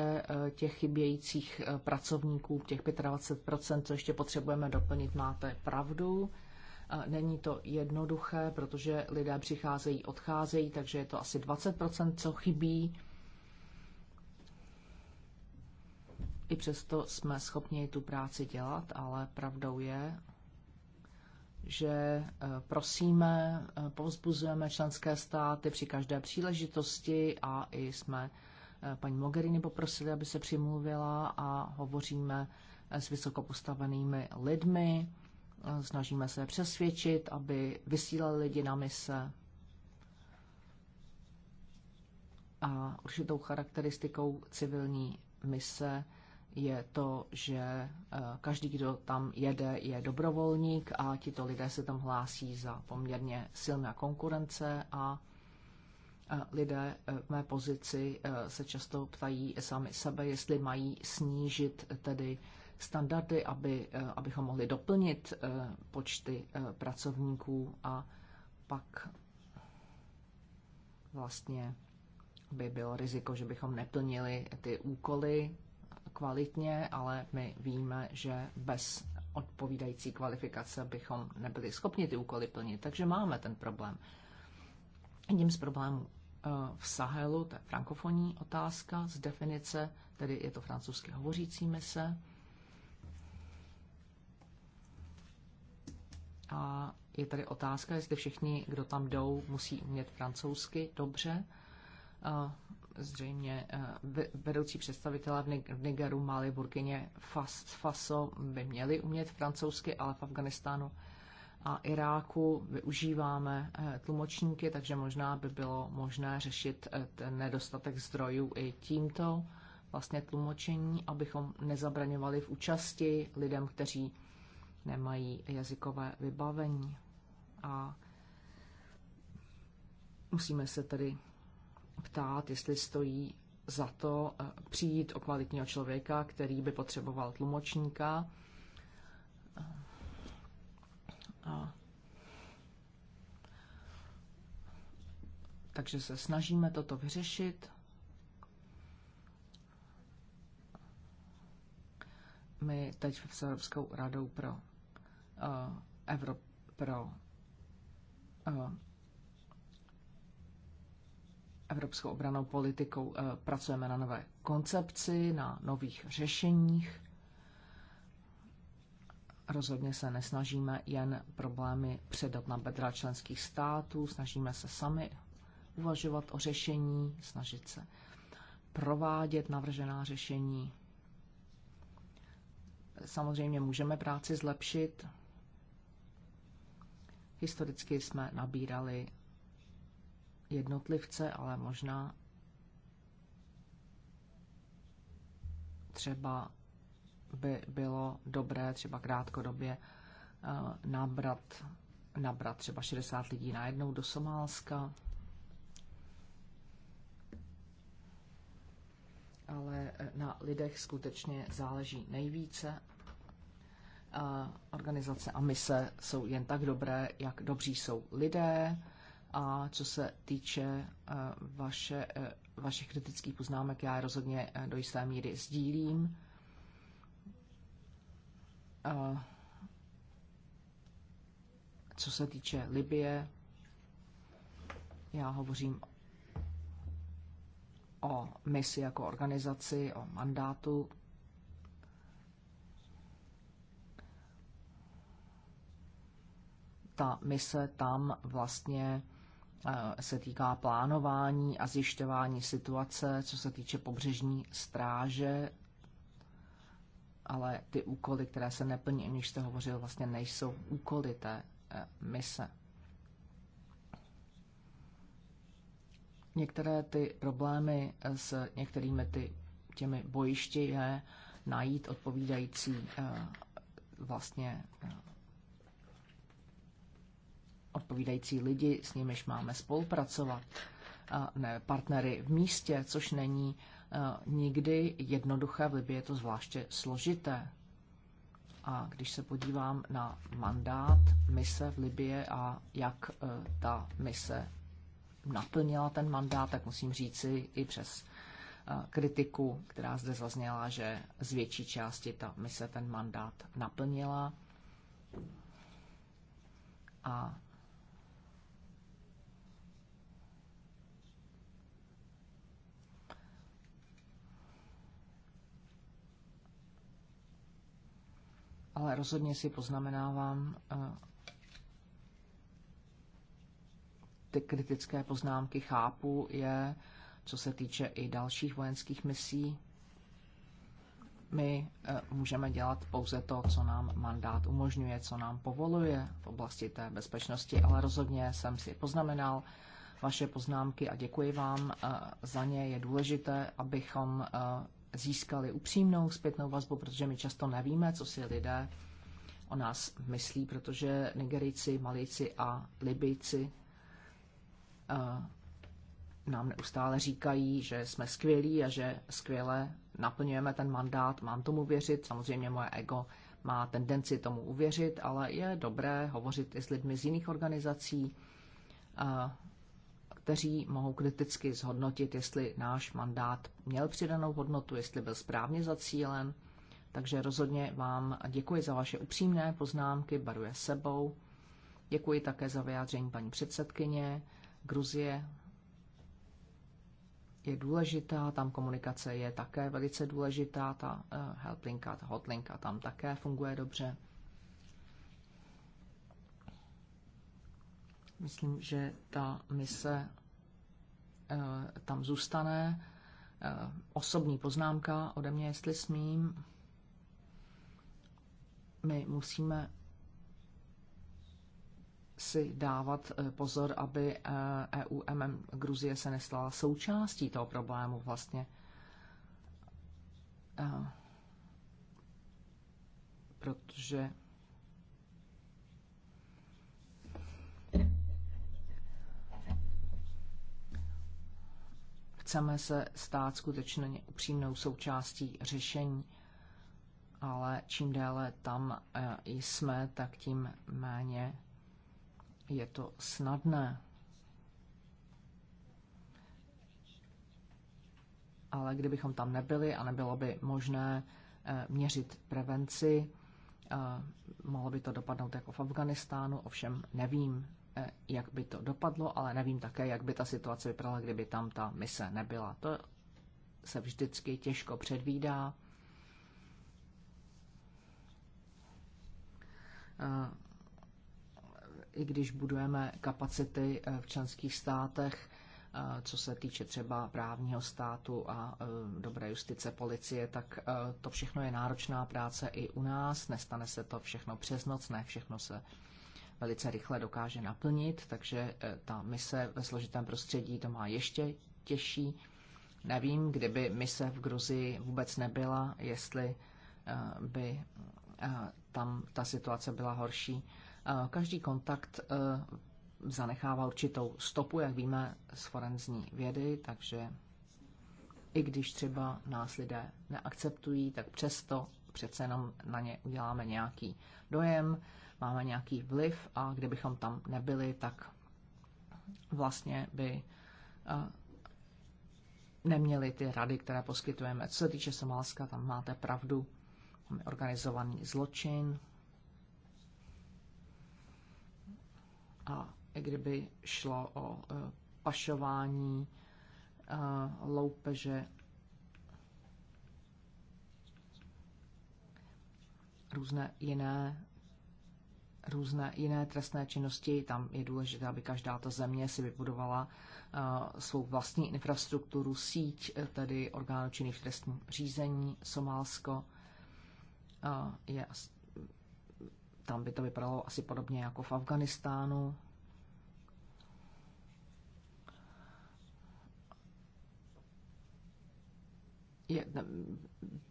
e, těch chybějících e, pracovníků, těch 25%, co ještě potřebujeme doplnit, máte pravdu. Není to jednoduché, protože lidé přicházejí, odcházejí, takže je to asi 20%, co chybí. I přesto jsme schopni tu práci dělat, ale pravdou je, že eh, prosíme, eh, povzbuzujeme členské státy při každé příležitosti a i jsme eh, paní Mogherini poprosili, aby se přimluvila a hovoříme s vysokopostavenými lidmi, snažíme se přesvědčit, aby vysílali lidi na mise. A určitou charakteristikou civilní mise je to, že eh, každý, kdo tam jede, je dobrovolník a tito lidé se tam hlásí za poměrně silná konkurence a eh, lidé eh, v mé pozici se často ptají sami sebe, jestli mají snížit tedy standardy, aby, abychom mohli doplnit počty pracovníků a pak vlastně by bylo riziko, že bychom neplnili ty úkoly, kvalitně, ale my víme, že bez odpovídající kvalifikace bychom nebyli schopni ty úkoly plnit. Takže máme ten problém. Jedním z problémů eh, v Sahelu, to je frankofonní otázka z definice, tedy je to francouzsky hovořící mise. A je tady otázka, jestli všichni, kdo tam jdou, musí umět francouzsky dobře. Eh, zřejmě eh, vedoucí představitelé v Nigeru, Mali, Burkině, Faso by měli umět francouzsky, ale v Afganistánu a Iráku využíváme eh, tlumočníky, takže možná by bylo možné řešit eh, ten nedostatek zdrojů i tímto vlastně tlumočení, abychom nezabraňovali v účasti lidem, kteří nemají jazykové vybavení. A musíme se tedy ptát, jestli stojí za to eh, přijít o kvalitního člověka, který by potřeboval tlumočníka. Eh, a takže se snažíme toto vyřešit. My teď s Evropskou radou pro, uh, Evrop, pro uh, evropskou obranou politikou. Eh, pracujeme na nové koncepci, na nových řešeních. Rozhodně se nesnažíme jen problémy předat na bedra členských států, snažíme se sami uvažovat o řešení, snažit se provádět navržená řešení. Samozřejmě můžeme práci zlepšit. Historicky jsme nabírali jednotlivce, ale možná třeba by bylo dobré třeba krátkodobě eh, nabrat, nabrat třeba 60 lidí najednou do Somálska. Ale eh, na lidech skutečně záleží nejvíce. Eh, organizace a mise jsou jen tak dobré, jak dobří jsou lidé a co se týče eh, vaše, eh, vašich kritických poznámek, já rozhodně eh, do jisté míry sdílím. Co se týče Libie, já hovořím o misi jako organizaci, o mandátu. Ta mise tam vlastně Eh, se týká plánování a zjišťování situace, co se týče pobřežní stráže, ale ty úkoly, které se neplní, o jste hovořil, vlastně nejsou úkoly té eh, mise. Některé ty problémy eh, s některými ty, těmi bojišti je najít odpovídající vlastně odpovídající lidi, s nimiž máme spolupracovat, ne, partnery v místě, což není e, nikdy jednoduché, v Libii je to zvláště složité. A když se podívám na mandát mise v Libě a jak e, ta mise naplnila ten mandát, tak musím říci i přes e, kritiku, která zde zazněla, že z větší části ta mise ten mandát naplnila. A ale rozhodně si poznamenávám eh, ty kritické poznámky, chápu je, co se týče i dalších vojenských misí. My eh, můžeme dělat pouze to, co nám mandát umožňuje, co nám povoluje v oblasti té bezpečnosti, ale rozhodně jsem si poznamenal, vaše poznámky a děkuji vám eh, za ně. Je důležité, abychom získali upřímnou zpětnou vazbu, protože my často nevíme, co si lidé o nás myslí, protože Nigerici, Malíci a Libijci eh, nám neustále říkají, že jsme skvělí a že skvěle naplňujeme ten mandát. Mám tomu věřit, samozřejmě moje ego má tendenci tomu uvěřit, ale je dobré hovořit i s lidmi z jiných organizací, eh, kteří mohou kriticky zhodnotit, jestli náš mandát měl přidanou hodnotu, jestli byl správně zacílen. Takže rozhodně vám děkuji za vaše upřímné poznámky, baruje sebou. Děkuji také za vyjádření paní předsedkyně. Gruzie je důležitá, tam komunikace je také velice důležitá, ta eh, helplinka, ta hotlinka tam také funguje dobře. Myslím, že ta mise eh, tam zůstane. Eh, osobní poznámka ode mě, jestli smím. My musíme si dávat eh, pozor, aby EU e MM Gruzie se nestala součástí toho problému vlastně. Protože chceme se stát skutečně upřímnou součástí řešení, ale čím déle tam eh, jsme, tak tím méně je to snadné. Ale kdybychom tam nebyli a nebylo by možné eh, měřit prevenci, eh, mohlo by to dopadnout jako v Afganistánu, ovšem nevím, Eh, jak by to dopadlo, ale nevím také, jak by ta situace vypadala, kdyby tam ta mise nebyla. To se vždycky těžko předvídá. Eh, I když budujeme kapacity eh, v členských státech, co se týče třeba právního státu a dobré justice policie, tak to všechno je náročná práce i u nás. Nestane se to všechno přes noc, ne všechno se velice rychle dokáže naplnit, takže eh, ta mise ve složitém prostředí to má ještě těžší. Nevím, kdyby mise v Gruzii vůbec nebyla, jestli eh, by eh, tam ta situace byla horší. Každý kontakt zanechává určitou stopu, jak víme z forenzní vědy, takže i když třeba nás lidé neakceptují, tak přesto přece jenom na ně uděláme nějaký dojem máme nějaký vliv a kdybychom tam nebyli, tak vlastně by neměli ty rady, které poskytujeme. Co se týče Somálska, tam máte pravdu, tam je organizovaný zločin. A i kdyby šlo o e, pašování, e, loupeže, různé jiné různé jiné trestné činnosti. Tam je důležité, aby každá ta země si vybudovala eh, svou vlastní infrastrukturu, síť, eh, tedy orgánů činných v trestním řízení. Somálsko eh, je, tam by to vypadalo asi podobně jako v Afganistánu. Je,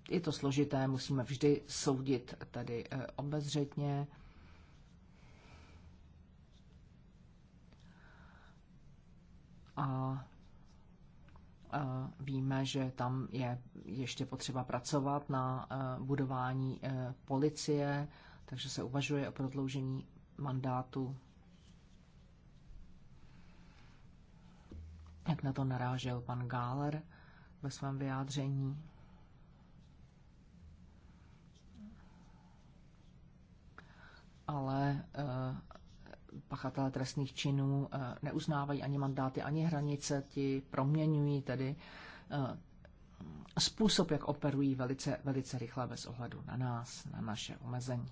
je to složité, musíme vždy soudit tady obezřetně. a Víme, že tam je ještě potřeba pracovat na e, budování e, policie, takže se uvažuje o prodloužení mandátu. Jak na to narážel pan Gáler ve svém vyjádření. Ale e, pachatelé trestných činů eh, neuznávají ani mandáty, ani hranice, ti proměňují tedy eh, způsob, jak operují velice, velice rychle bez ohledu na nás, na naše omezení.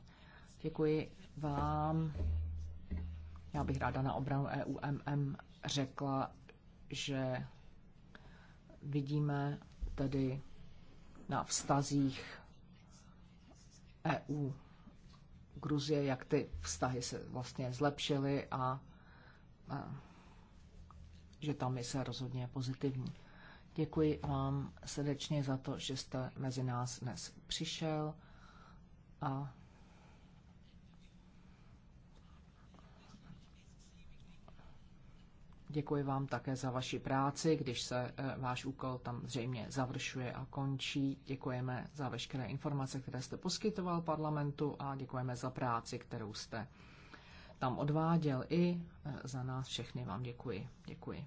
Děkuji vám. Já bych ráda na obranu EUMM řekla, že vidíme tedy na vztazích EU Gruzie, jak ty vztahy se vlastně zlepšily a, a že tam je se rozhodně pozitivní. Děkuji vám srdečně za to, že jste mezi nás dnes přišel a Děkuji vám také za vaši práci, když se e, váš úkol tam zřejmě završuje a končí. Děkujeme za veškeré informace, které jste poskytoval parlamentu a děkujeme za práci, kterou jste tam odváděl i e, za nás všechny vám děkuji. Děkuji.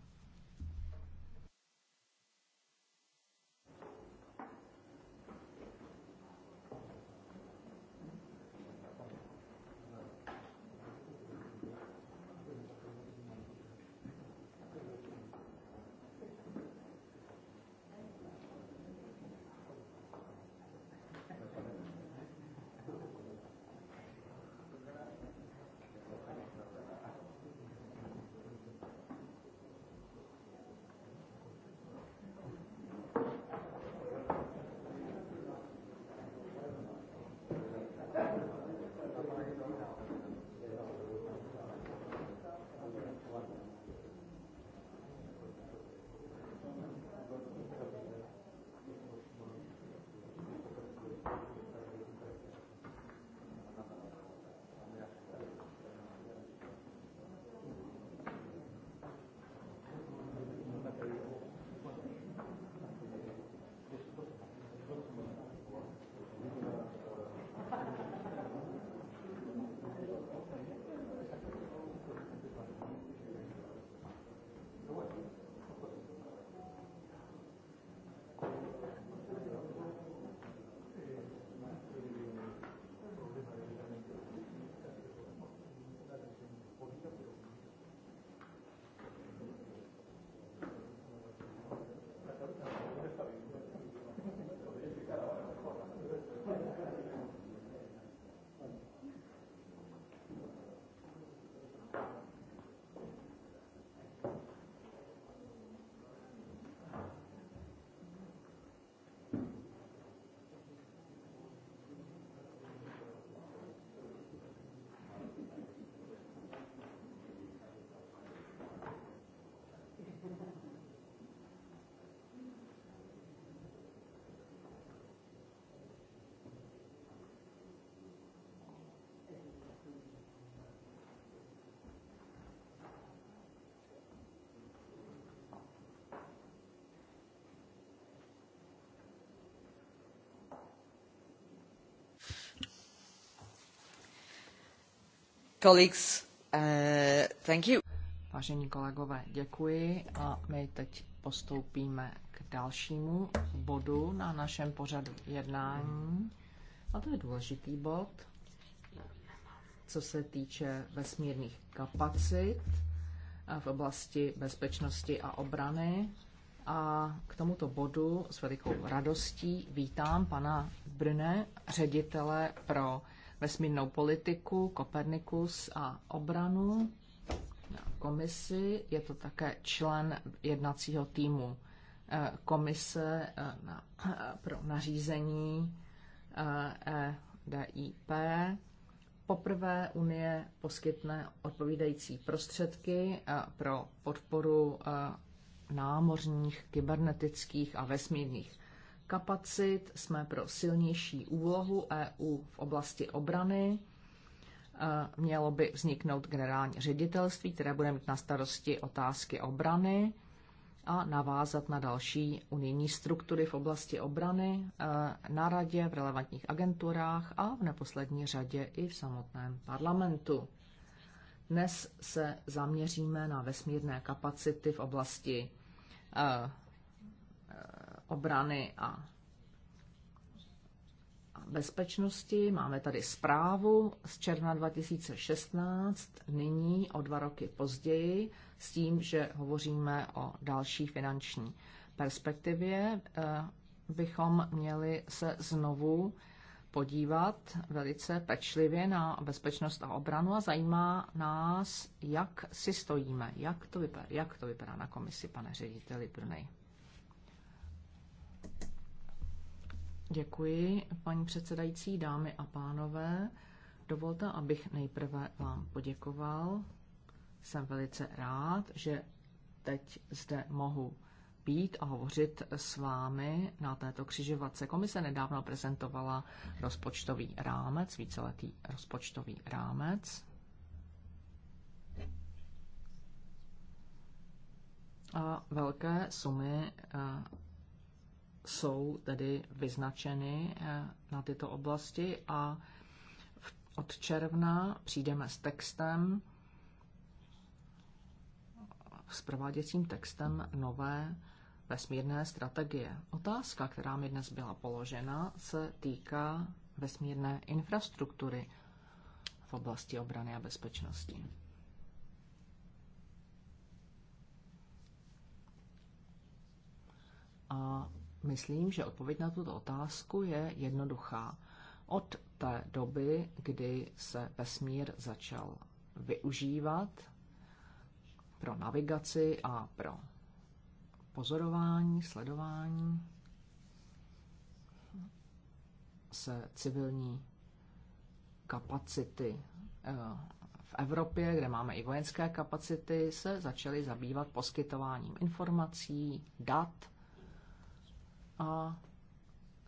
Colleagues, uh, thank you. Vážení kolegové, děkuji a my teď postoupíme k dalšímu bodu na našem pořadu jednání. A to je důležitý bod, co se týče vesmírných kapacit v oblasti bezpečnosti a obrany. A k tomuto bodu s velikou radostí vítám pana Brne, ředitele pro vesmírnou politiku, Kopernikus a obranu komisi. Je to také člen jednacího týmu eh, komise eh, na, eh, pro nařízení e DIP. Poprvé Unie poskytne odpovídající prostředky pro podporu námořních, kybernetických a vesmírných kapacit, jsme pro silnější úlohu EU v oblasti obrany. Eh, mělo by vzniknout generální ředitelství, které bude mít na starosti otázky obrany a navázat na další unijní struktury v oblasti obrany eh, na radě, v relevantních agenturách a v neposlední řadě i v samotném parlamentu. Dnes se zaměříme na vesmírné kapacity v oblasti eh, obrany a bezpečnosti. Máme tady zprávu z června 2016, nyní o dva roky později, s tím, že hovoříme o další finanční perspektivě, eh, bychom měli se znovu podívat velice pečlivě na bezpečnost a obranu a zajímá nás, jak si stojíme, jak to vypadá, jak to vypadá na komisi, pane řediteli Brnej. Děkuji, paní předsedající, dámy a pánové. Dovolte, abych nejprve vám poděkoval. Jsem velice rád, že teď zde mohu být a hovořit s vámi na této křižovatce. Komise nedávno prezentovala rozpočtový rámec, víceletý rozpočtový rámec. A velké sumy eh, jsou tedy vyznačeny eh, na tyto oblasti a od června přijdeme s textem, s prováděcím textem nové vesmírné strategie. Otázka, která mi dnes byla položena, se týká vesmírné infrastruktury v oblasti obrany a bezpečnosti. A Myslím, že odpověď na tuto otázku je jednoduchá. Od té doby, kdy se vesmír začal využívat pro navigaci a pro pozorování, sledování, se civilní kapacity eh, v Evropě, kde máme i vojenské kapacity, se začaly zabývat poskytováním informací, dat a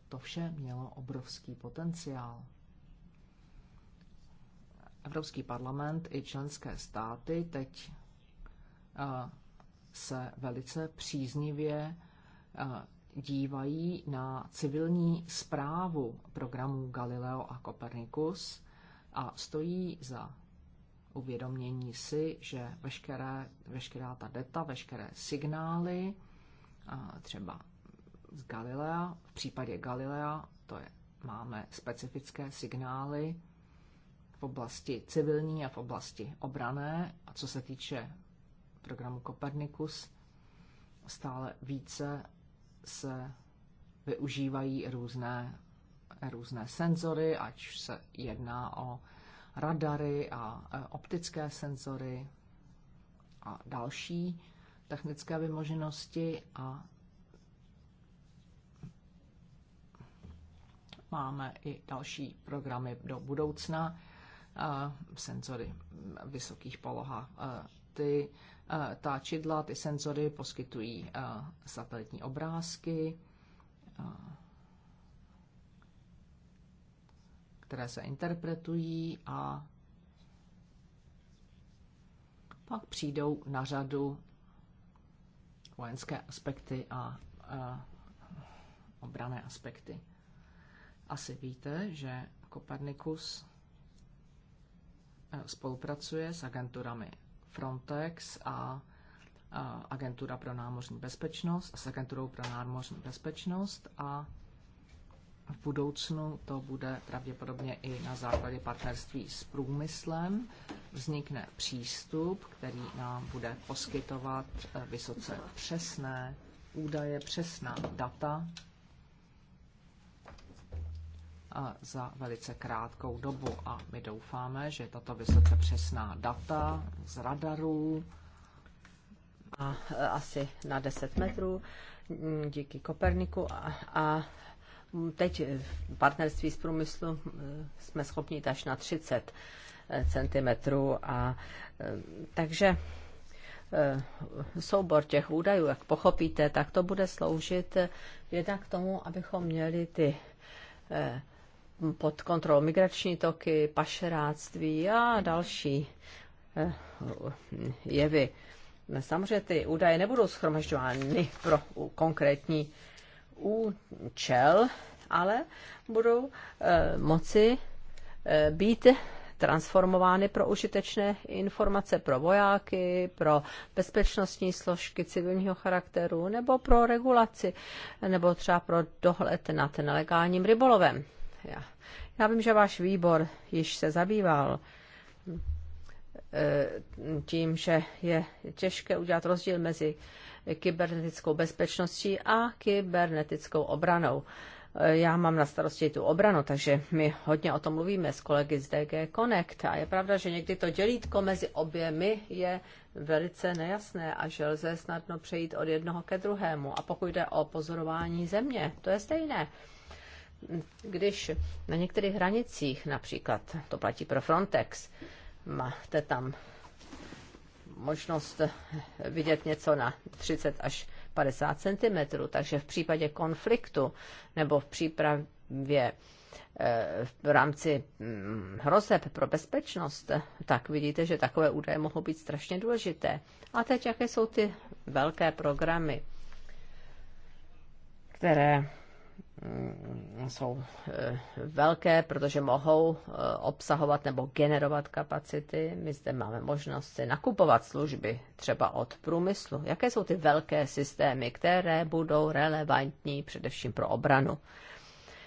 to vše mělo obrovský potenciál. Evropský parlament i členské státy teď eh, se velice příznivě eh, dívají na civilní zprávu programů Galileo a Copernicus a stojí za uvědomění si, že veškeré, veškerá ta data, veškeré signály, třeba z Galilea. V případě Galilea to je, máme specifické signály v oblasti civilní a v oblasti obrané. A co se týče programu Copernicus, stále více se využívají různé, různé senzory, ať se jedná o radary a e, optické senzory a další technické vymoženosti a máme i další programy do budoucna, eh, senzory vysokých polohách. Eh, ty eh, ta čidla, ty senzory poskytují satelitní obrázky, které se interpretují a pak přijdou na řadu vojenské aspekty a, a obrané aspekty. Asi víte, že Kopernikus eh, spolupracuje s agenturami Frontex a eh, Agentura pro námořní bezpečnost a s Agenturou pro námořní bezpečnost a v budoucnu to bude pravděpodobně i na základě partnerství s průmyslem. Vznikne přístup, který nám bude poskytovat eh, vysoce přesné údaje, přesná data za velice krátkou dobu a my doufáme, že tato vysoce přesná data z radarů a e, asi na 10 metrů díky Koperniku a, a teď v partnerství s průmyslu jsme schopni jít až na 30 e, cm a e, takže soubor těch údajů, jak pochopíte, tak to bude sloužit jednak k tomu, abychom měli ty pod kontrolou migrační toky, pašeráctví a další eh, jevy. Samozřejmě ty údaje nebudou schromažďovány pro konkrétní účel, ale budou eh, moci eh, být transformovány pro užitečné informace pro vojáky, pro bezpečnostní složky civilního charakteru nebo pro regulaci, nebo třeba pro dohled nad nelegálním rybolovem. Já, já vím, že váš výbor již se zabýval eh, tím, že je těžké udělat rozdíl mezi kybernetickou bezpečností a kybernetickou obranou. Eh, já mám na starosti tu obranu, takže my hodně o tom mluvíme s kolegy z DG Connect a je pravda, že někdy to dělítko mezi oběmi je velice nejasné a že lze snadno přejít od jednoho ke druhému. A pokud jde o pozorování země, to je stejné když na některých hranicích, například to platí pro Frontex, máte tam možnost vidět něco na 30 až 50 cm, takže v případě konfliktu nebo v přípravě eh, v rámci mm, hrozeb pro bezpečnost, tak vidíte, že takové údaje mohou být strašně důležité. A teď, jaké jsou ty velké programy, které Mm, jsou eh, velké, protože mohou eh, obsahovat nebo generovat kapacity. My zde máme možnost si nakupovat služby třeba od průmyslu. Jaké jsou ty velké systémy, které budou relevantní především pro obranu?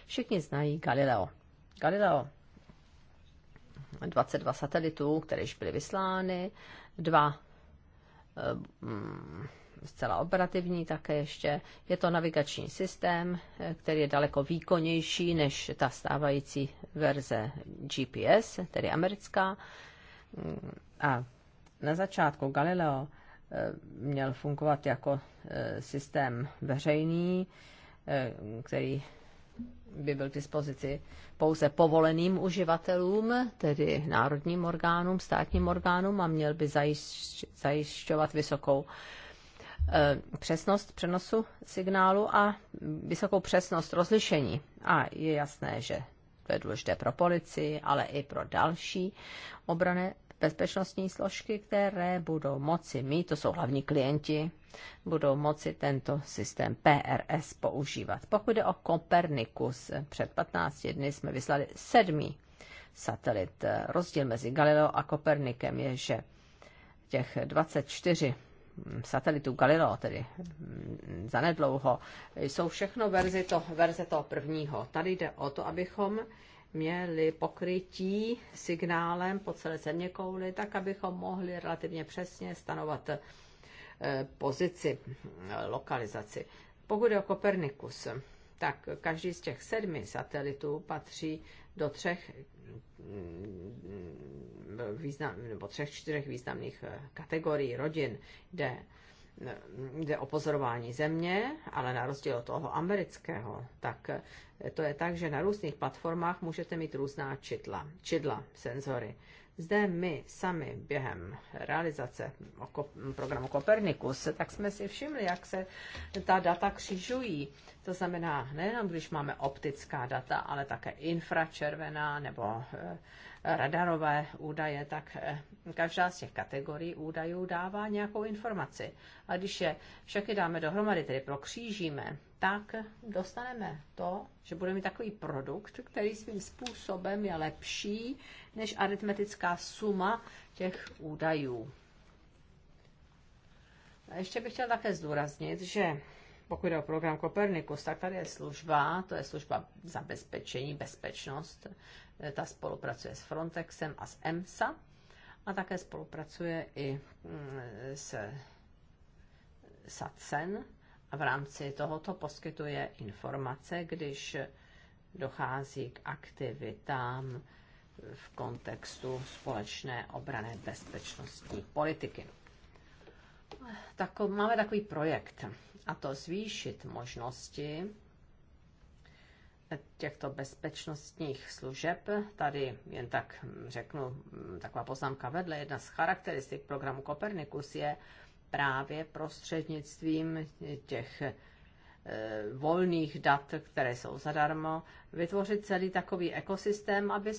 Všichni znají Galileo. Galileo 22 satelitů, které již byly vyslány, dva eh, mm, zcela operativní také ještě. Je to navigační systém, eh, který je daleko výkonnější než ta stávající verze GPS, tedy americká. Mm, a na začátku Galileo eh, měl fungovat jako eh, systém veřejný, který by byl k dispozici pouze povoleným uživatelům, tedy národním orgánům, státním orgánům a měl by zajišť, zajišťovat vysokou Eh, přesnost přenosu signálu a vysokou přesnost rozlišení. A je jasné, že to je důležité pro policii, ale i pro další obrané bezpečnostní složky, které budou moci mít, to jsou hlavní klienti, budou moci tento systém PRS používat. Pokud jde o Kopernikus, před 15 dny jsme vyslali sedmý satelit. Rozdíl mezi Galileo a Kopernikem je, že těch 24 satelitu Galileo, tedy mm, zanedlouho, jsou všechno verzi to, verze toho prvního. Tady jde o to, abychom měli pokrytí signálem po celé země kouly, tak abychom mohli relativně přesně stanovat eh, pozici, eh, lokalizaci. Pokud je o Kopernikus, tak každý z těch sedmi satelitů patří do třech význam, nebo třech, čtyřech významných eh, kategorií rodin kde eh, jde o pozorování země, ale na rozdíl od toho amerického, tak eh, to je tak, že na různých platformách můžete mít různá čidla, čidla, senzory. Zde my sami během realizace programu Kopernikus, tak jsme si všimli, jak se ta data křižují. To znamená, nejenom když máme optická data, ale také infračervená nebo eh, radarové údaje, tak eh, každá z těch kategorií údajů dává nějakou informaci. A když je všechny dáme dohromady, tedy prokřížíme, tak dostaneme to, že budeme mít takový produkt, který svým způsobem je lepší než aritmetická suma těch údajů. A ještě bych chtěl také zdůraznit, že pokud je o program Kopernikus, tak tady je služba, to je služba zabezpečení, bezpečnost. Eh, ta spolupracuje s Frontexem a s EMSA a také spolupracuje i mm, s SACEN a v rámci tohoto poskytuje informace, když dochází k aktivitám v kontextu společné obrané bezpečnostní politiky. Tak, máme takový projekt a to zvýšit možnosti těchto bezpečnostních služeb. Tady jen tak řeknu, taková poznámka vedle, jedna z charakteristik programu Kopernikus je právě prostřednictvím těch eh, volných dat, které jsou zadarmo, vytvořit celý takový ekosystém, aby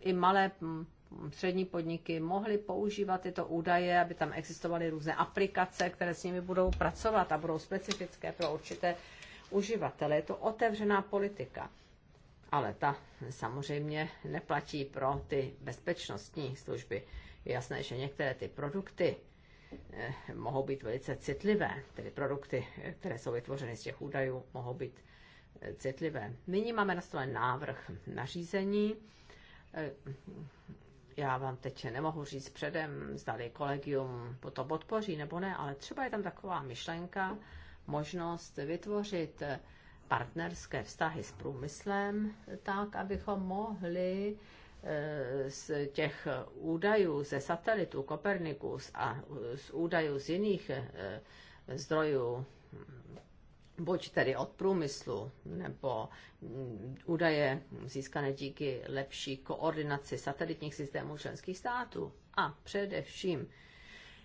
i malé střední podniky mohly používat tyto údaje, aby tam existovaly různé aplikace, které s nimi budou pracovat a budou specifické pro určité uživatele. Je to otevřená politika. Ale ta samozřejmě neplatí pro ty bezpečnostní služby. Je jasné, že některé ty produkty eh, mohou být velice citlivé, tedy produkty, které jsou vytvořeny z těch údajů, mohou být eh, citlivé. Nyní máme na stole návrh nařízení, eh, já vám teď nemohu říct předem, zdali kolegium to podpoří nebo ne, ale třeba je tam taková myšlenka, možnost vytvořit partnerské vztahy s průmyslem, tak abychom mohli e, z těch údajů ze satelitu Copernicus a z údajů z jiných e, zdrojů buď tedy od průmyslu, nebo mm, údaje získané díky lepší koordinaci satelitních systémů členských států a především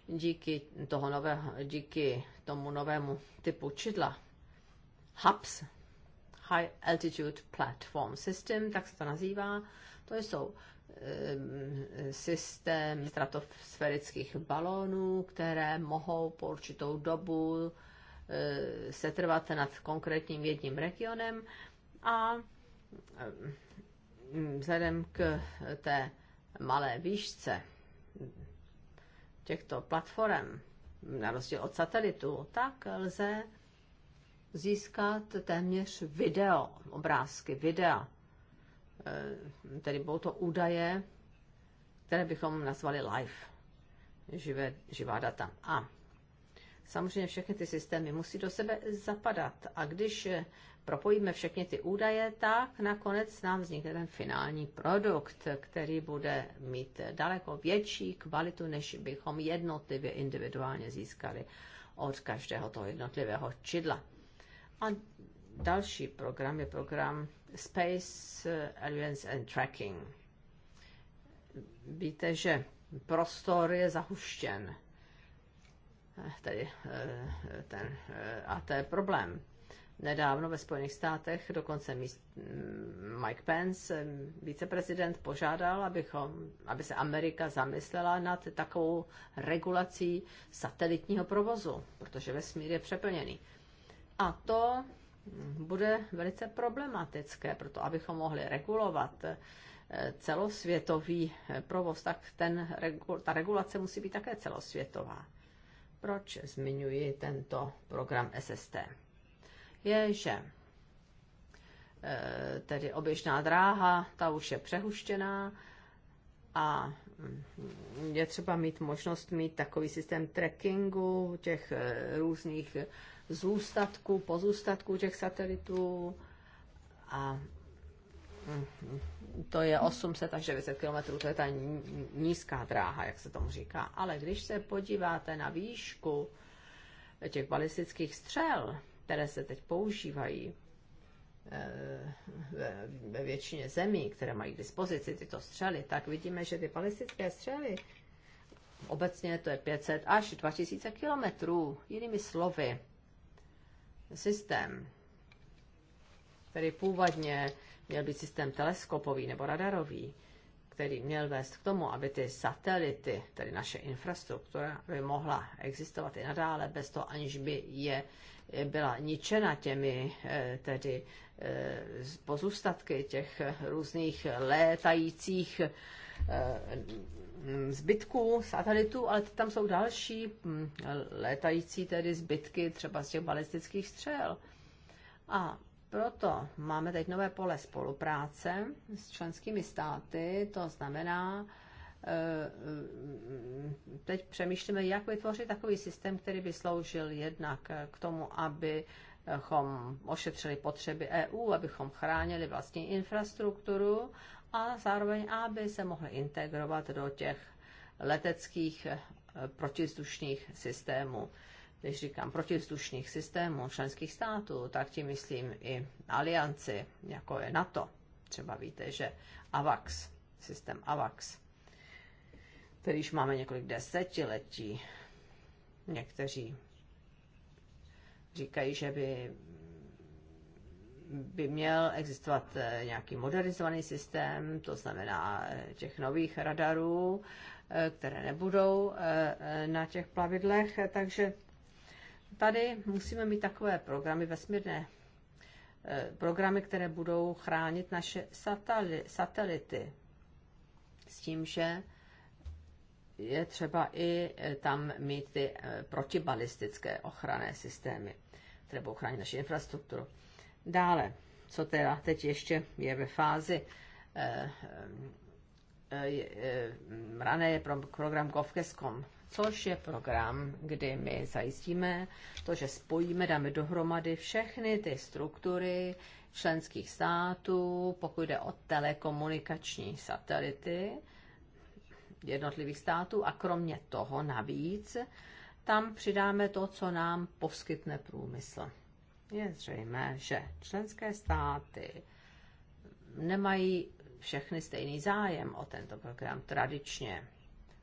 díky, toho nového, díky tomu novému typu čidla HAPS, High Altitude Platform System, tak se to nazývá, to jsou ehm, systém stratosférických balónů, které mohou po určitou dobu Eh, setrvat nad konkrétním jedním regionem a eh, vzhledem k té malé výšce těchto platform, na rozdíl od satelitu, tak lze získat téměř video, obrázky, videa. Eh, tedy budou to údaje, které bychom nazvali live, živé, živá data. A Samozřejmě všechny ty systémy musí do sebe zapadat a když eh, propojíme všechny ty údaje, tak nakonec nám vznikne ten finální produkt, který bude mít daleko větší kvalitu, než bychom jednotlivě individuálně získali od každého toho jednotlivého čidla. A další program je program Space eh, Alliance and Tracking. Víte, že prostor je zahuštěn Eh, tedy eh, ten, eh, a to je problém. Nedávno ve Spojených státech dokonce mm, Mike Pence, viceprezident, požádal, abychom, aby se Amerika zamyslela nad takovou regulací satelitního provozu, protože vesmír je přeplněný. A to bude velice problematické, proto abychom mohli regulovat celosvětový provoz, tak ten, ta regulace musí být také celosvětová. Proč zmiňuji tento program SST? Je, že e, tedy oběžná dráha, ta už je přehuštěná a mm, je třeba mít možnost mít takový systém trackingu těch e, různých zůstatků, pozůstatků těch satelitů a mm, to je 800 až 900 km, to je ta nízká dráha, jak se tomu říká. Ale když se podíváte na výšku těch balistických střel, které se teď používají eh, ve většině zemí, které mají k dispozici tyto střely, tak vidíme, že ty balistické střely obecně to je 500 až 2000 kilometrů. Jinými slovy, systém, který původně měl být systém teleskopový nebo radarový, který měl vést k tomu, aby ty satelity, tedy naše infrastruktura, by mohla existovat i nadále, bez toho, aniž by je byla ničena těmi eh, tedy eh, pozůstatky těch různých létajících eh, zbytků satelitů, ale tam jsou další hm, létající tedy zbytky třeba z těch balistických střel. A proto máme teď nové pole spolupráce s členskými státy, to znamená, e, e, teď přemýšlíme, jak vytvořit takový systém, který by sloužil jednak k tomu, abychom ošetřili potřeby EU, abychom chránili vlastní infrastrukturu a zároveň, aby se mohli integrovat do těch leteckých e, protizdušných systémů když říkám protivzdušných systémů členských států, tak tím myslím i alianci, jako je NATO. Třeba víte, že AVAX, systém AVAX, který už máme několik desetiletí, někteří říkají, že by, by měl existovat eh, nějaký modernizovaný systém, to znamená eh, těch nových radarů, eh, které nebudou na těch plavidlech, takže Tady musíme mít takové programy vesmírné, eh, programy, které budou chránit naše satelity. S tím, že je třeba i eh, tam mít ty eh, protibalistické ochranné systémy, které budou chránit naši infrastrukturu. Dále, co teda teď ještě je ve fázi rané je program Govkeskom, což je program, kdy my zajistíme to, že spojíme, dáme dohromady všechny ty struktury členských států, pokud jde o telekomunikační satelity jednotlivých států a kromě toho navíc tam přidáme to, co nám poskytne průmysl. Je zřejmé, že členské státy nemají všechny stejný zájem o tento program tradičně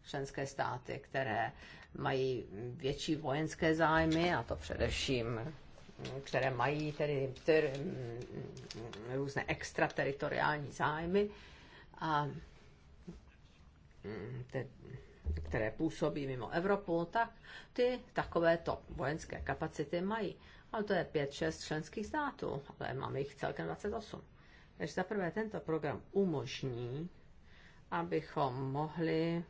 členské státy, které mají větší vojenské zájmy, a to především, které mají tedy ter, různé extrateritoriální zájmy, a te, které působí mimo Evropu, tak ty takovéto vojenské kapacity mají. Ale to je 5-6 členských států, ale máme jich celkem 28. Takže zaprvé tento program umožní, abychom mohli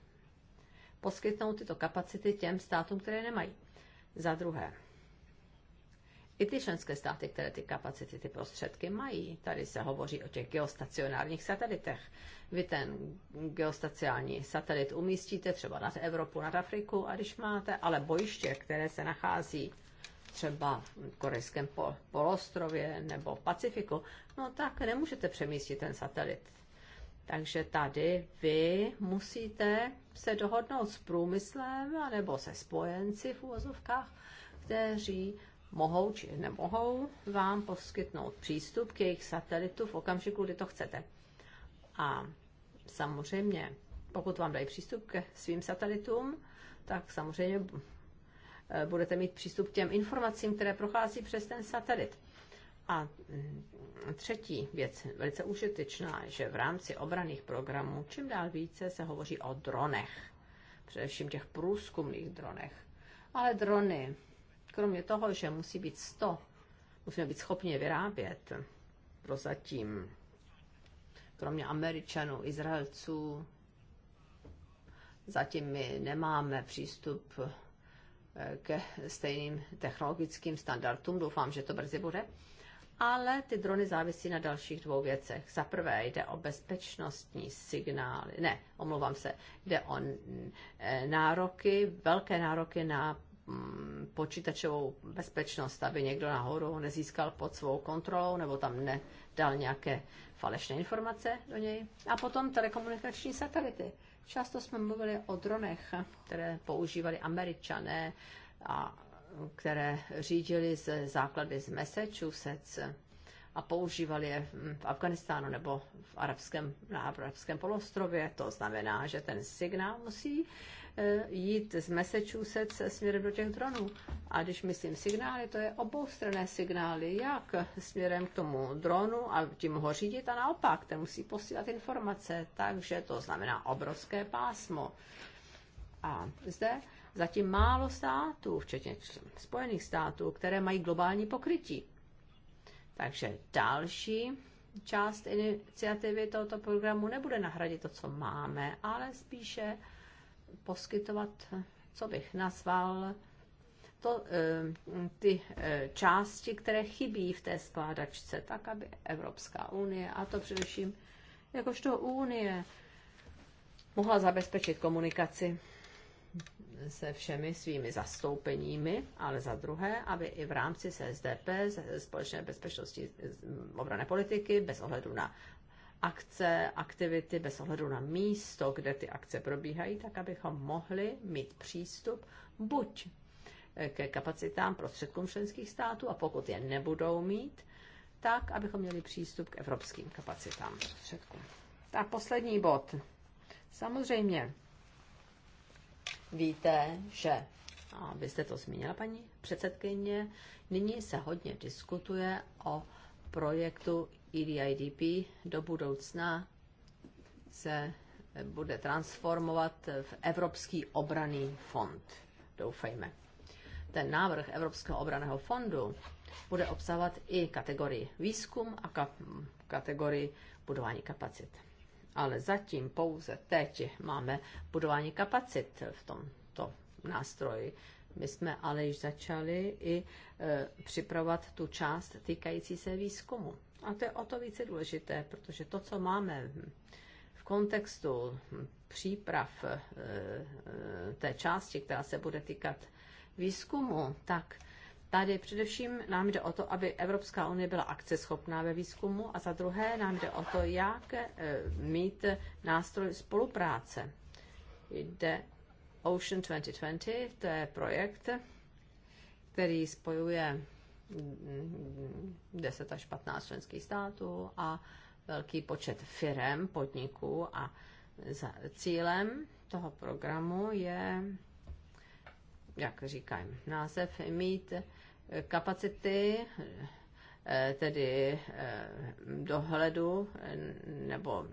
poskytnout tyto kapacity těm státům, které nemají. Za druhé, i ty členské státy, které ty kapacity, ty prostředky mají. Tady se hovoří o těch geostacionárních satelitech. Vy ten geostaciální satelit umístíte třeba nad Evropu, nad Afriku a když máte ale bojiště, které se nachází třeba v korejském polostrově nebo v Pacifiku, no tak nemůžete přemístit ten satelit takže tady vy musíte se dohodnout s průmyslem nebo se spojenci v úvozovkách, kteří mohou či nemohou vám poskytnout přístup k jejich satelitu v okamžiku, kdy to chcete. A samozřejmě, pokud vám dají přístup ke svým satelitům, tak samozřejmě budete mít přístup k těm informacím, které prochází přes ten satelit. A mm, třetí věc, velice užitečná, že v rámci obraných programů čím dál více se hovoří o dronech, především těch průzkumných dronech. Ale drony, kromě toho, že musí být 100, musíme být schopni vyrábět prozatím, kromě Američanů, Izraelců, zatím my nemáme přístup eh, ke stejným technologickým standardům. Doufám, že to brzy bude ale ty drony závisí na dalších dvou věcech. Za prvé jde o bezpečnostní signály, ne, omlouvám se, jde o mm, e, nároky, velké nároky na mm, počítačovou bezpečnost, aby někdo nahoru nezískal pod svou kontrolou nebo tam nedal nějaké falešné informace do něj. A potom telekomunikační satelity. Často jsme mluvili o dronech, které používali američané a které řídili z základy z Massachusetts a používali je v Afganistánu nebo v arabském, na arabském polostrově. To znamená, že ten signál musí eh, jít z Massachusetts směrem do těch dronů. A když myslím signály, to je oboustranné signály, jak směrem k tomu dronu a tím ho řídit a naopak, ten musí posílat informace, takže to znamená obrovské pásmo. A zde zatím málo států, včetně Spojených států, které mají globální pokrytí. Takže další část iniciativy tohoto programu nebude nahradit to, co máme, ale spíše poskytovat, co bych nazval, to, eh, ty eh, části, které chybí v té skládačce, tak aby Evropská unie, a to především jakožto unie, mohla zabezpečit komunikaci se všemi svými zastoupeními, ale za druhé, aby i v rámci SDP, společné bezpečnosti obrané politiky, bez ohledu na akce, aktivity, bez ohledu na místo, kde ty akce probíhají, tak abychom mohli mít přístup buď ke kapacitám prostředkům členských států a pokud je nebudou mít, tak, abychom měli přístup k evropským kapacitám prostředkům. Tak poslední bod. Samozřejmě víte, že, a vy jste to zmínila, paní předsedkyně, nyní se hodně diskutuje o projektu EDIDP do budoucna se bude transformovat v Evropský obraný fond, doufejme. Ten návrh Evropského obraného fondu bude obsahovat i kategorii výzkum a ka- kategorii budování kapacit ale zatím pouze teď máme budování kapacit v tomto nástroji. My jsme ale již začali i e, připravovat tu část týkající se výzkumu. A to je o to více důležité, protože to, co máme v kontextu příprav e, e té části, která se bude týkat výzkumu, tak Tady především nám jde o to, aby Evropská unie byla akceschopná ve výzkumu a za druhé nám jde o to, jak eh, mít nástroj spolupráce. Jde Ocean 2020, to je projekt, který spojuje 10 mm, až 15 členských států a velký počet firm, podniků a cílem toho programu je jak říkám, název, mít eh, kapacity, eh, tedy eh, dohledu nebo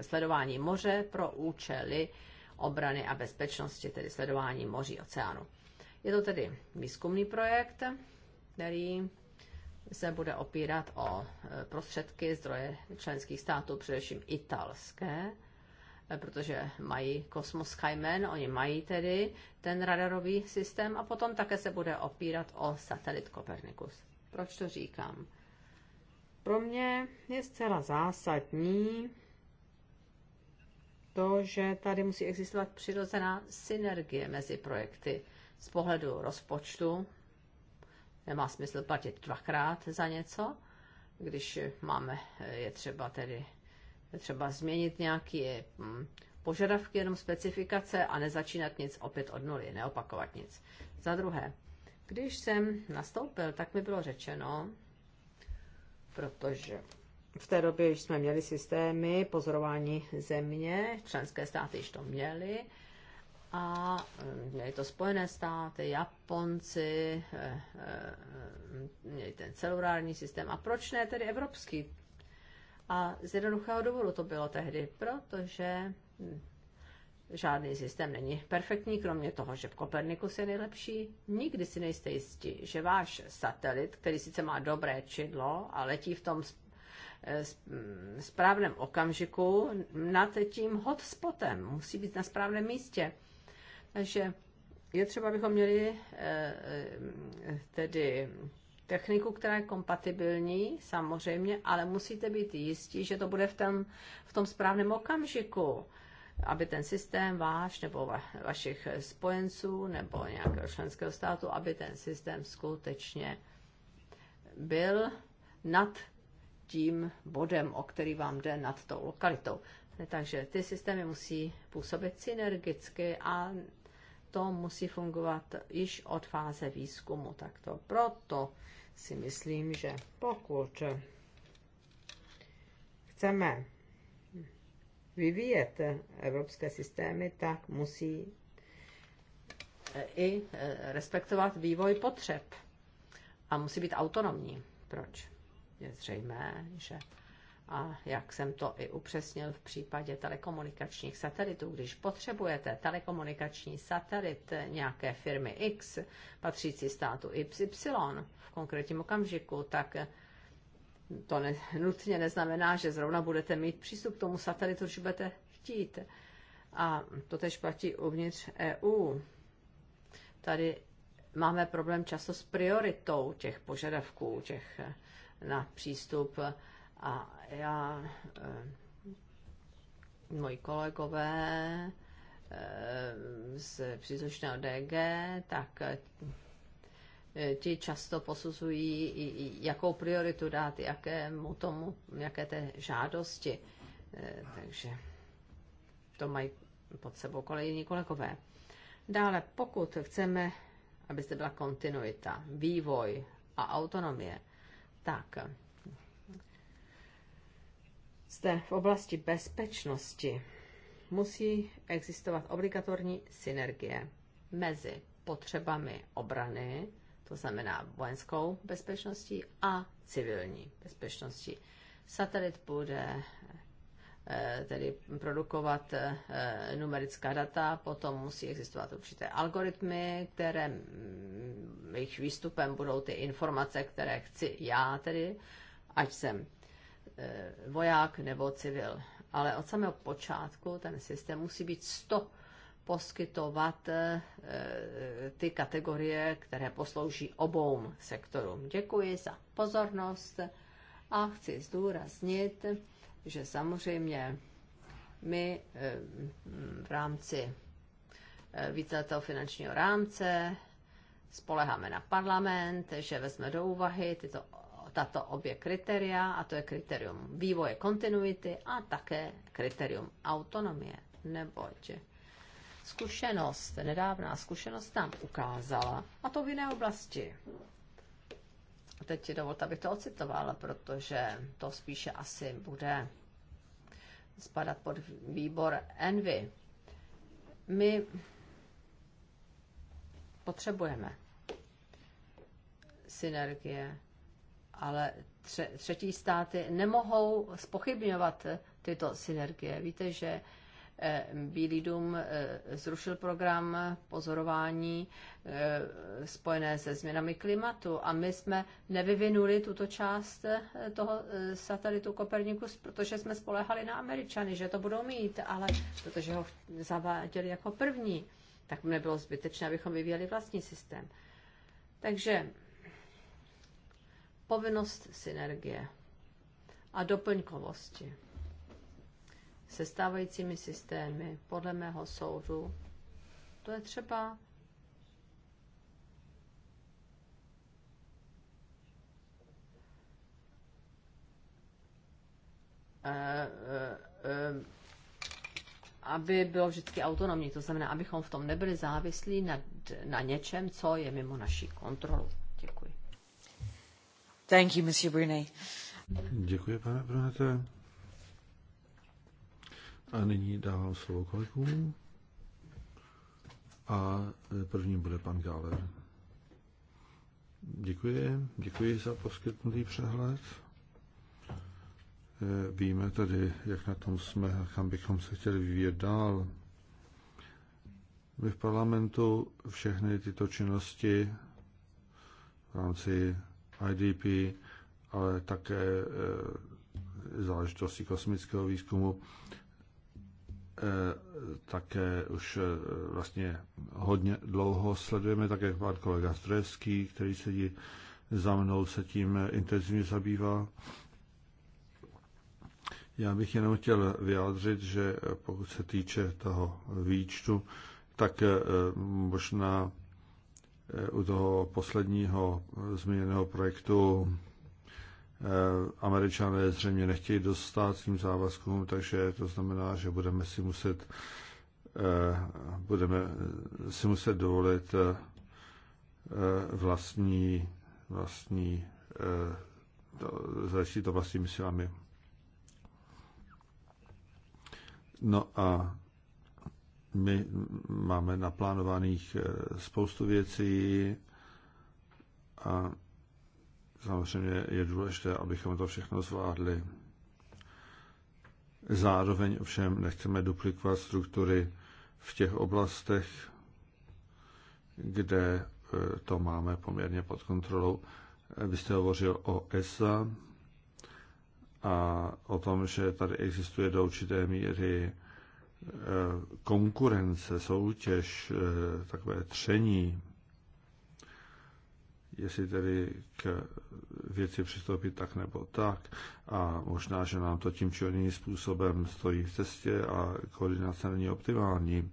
sledování moře pro účely obrany a bezpečnosti, tedy sledování moří oceánu. Je to tedy výzkumný projekt, který se bude opírat o prostředky zdroje členských států, především italské, Eh, protože mají Kosmos Skyman, oni mají tedy ten radarový systém a potom také se bude opírat o satelit Copernicus. Proč to říkám? Pro mě je zcela zásadní to, že tady musí existovat přirozená synergie mezi projekty z pohledu rozpočtu. Nemá smysl platit dvakrát za něco, když máme, je třeba tedy třeba změnit nějaké hm, požadavky, jenom specifikace a nezačínat nic opět od nuly, neopakovat nic. Za druhé, když jsem nastoupil, tak mi bylo řečeno, protože v té době již jsme měli systémy pozorování země, členské státy již to měly, a hm, měli to Spojené státy, Japonci, eh, eh, hm, měli ten celulární systém. A proč ne tedy evropský? A z jednoduchého důvodu to bylo tehdy, protože žádný systém není perfektní, kromě toho, že v Kopernikus je nejlepší. Nikdy si nejste jistí, že váš satelit, který sice má dobré čidlo a letí v tom eh, mm, správném okamžiku nad tím hotspotem, musí být na správném místě. Takže je třeba, abychom měli eh, eh, tedy techniku, která je kompatibilní, samozřejmě, ale musíte být jistí, že to bude v tom, v tom správném okamžiku, aby ten systém váš nebo va, vašich spojenců nebo nějakého členského státu, aby ten systém skutečně byl nad tím bodem, o který vám jde, nad tou lokalitou. Takže ty systémy musí působit synergicky a to musí fungovat již od fáze výzkumu takto. Proto si myslím, že pokud chceme vyvíjet evropské systémy, tak musí i respektovat vývoj potřeb a musí být autonomní. Proč? Je zřejmé, že a jak jsem to i upřesnil v případě telekomunikačních satelitů, když potřebujete telekomunikační satelit nějaké firmy X patřící státu Y v konkrétním okamžiku, tak to ne, nutně neznamená, že zrovna budete mít přístup k tomu satelitu, když budete chtít. A to tež platí uvnitř EU. Tady máme problém často s prioritou těch požadavků, těch na přístup a já, eh, moji kolegové eh, z příslušného DG, tak eh, ti často posuzují, jakou prioritu dát, jakému tomu, jaké té žádosti. Takže to mají pod sebou kolejní kolegové. Dále, pokud chceme, aby zde byla kontinuita, vývoj a autonomie, tak zde v oblasti bezpečnosti musí existovat obligatorní synergie mezi potřebami obrany, to znamená vojenskou bezpečností a civilní bezpečností. Satelit bude eh, tedy produkovat eh, numerická data, potom musí existovat určité algoritmy, které mm, jejich výstupem budou ty informace, které chci já tedy, ať jsem Eh, voják nebo civil. Ale od samého počátku ten systém musí být 100 poskytovat eh, eh, ty kategorie, které poslouží obou sektorům. Děkuji za pozornost a chci zdůraznit, že samozřejmě my v rámci víceletého finančního rámce spoleháme na parlament, že vezme do úvahy tyto tato obě kritéria, a to je kritérium vývoje kontinuity a také kritérium autonomie, neboť zkušenost, nedávná zkušenost nám ukázala, a to v jiné oblasti. Teď dovolte, abych to ocitovala, protože to spíše asi bude spadat pod výbor Envy. My potřebujeme synergie ale tře- třetí státy nemohou spochybňovat tyto synergie. Víte, že eh, Bílý dům eh, zrušil program pozorování eh, spojené se změnami klimatu a my jsme nevyvinuli tuto část toho satelitu Kopernikus, protože jsme spolehali na Američany, že to budou mít, ale protože ho zaváděli jako první, tak nebylo zbytečné, abychom vyvíjeli vlastní systém. Takže povinnost synergie a doplňkovosti se stávajícími systémy, podle mého soudu, to je třeba eh, eh, eh, aby bylo vždycky autonomní. To znamená, abychom v tom nebyli závislí na, na něčem, co je mimo naší kontrolu. Thank you, Monsieur Brunet. Děkuji, pane Brunete. A nyní dávám slovo kolegům. A prvním bude pan Gáler. Děkuji, děkuji za poskytnutý přehled. Víme tady, jak na tom jsme a kam bychom se chtěli vyvíjet dál. My v parlamentu všechny tyto činnosti v rámci IDP, ale také e, záležitosti kosmického výzkumu, e, také už e, vlastně hodně dlouho sledujeme, také pan kolega Zdrevský, který sedí za mnou, se tím intenzivně zabývá. Já bych jenom chtěl vyjádřit, že pokud se týče toho výčtu, tak možná u toho posledního zmíněného projektu eh, američané zřejmě nechtějí dostat svým závazkům, takže to znamená, že budeme si muset eh, budeme eh, si muset dovolit vlastní, vlastní začít to vlastními silami. No a my máme naplánovaných eh, spoustu věcí a samozřejmě je důležité, abychom to všechno zvládli. Zároveň ovšem nechceme duplikovat struktury v těch oblastech, kde eh, to máme poměrně pod kontrolou. Eh, vy jste hovořil o ESA a o tom, že tady existuje do určité míry konkurence, soutěž, eh, takové tření, jestli tedy k věci přistoupit tak nebo tak. A možná, že nám to tím či oným způsobem stojí v cestě a koordinace není optimální.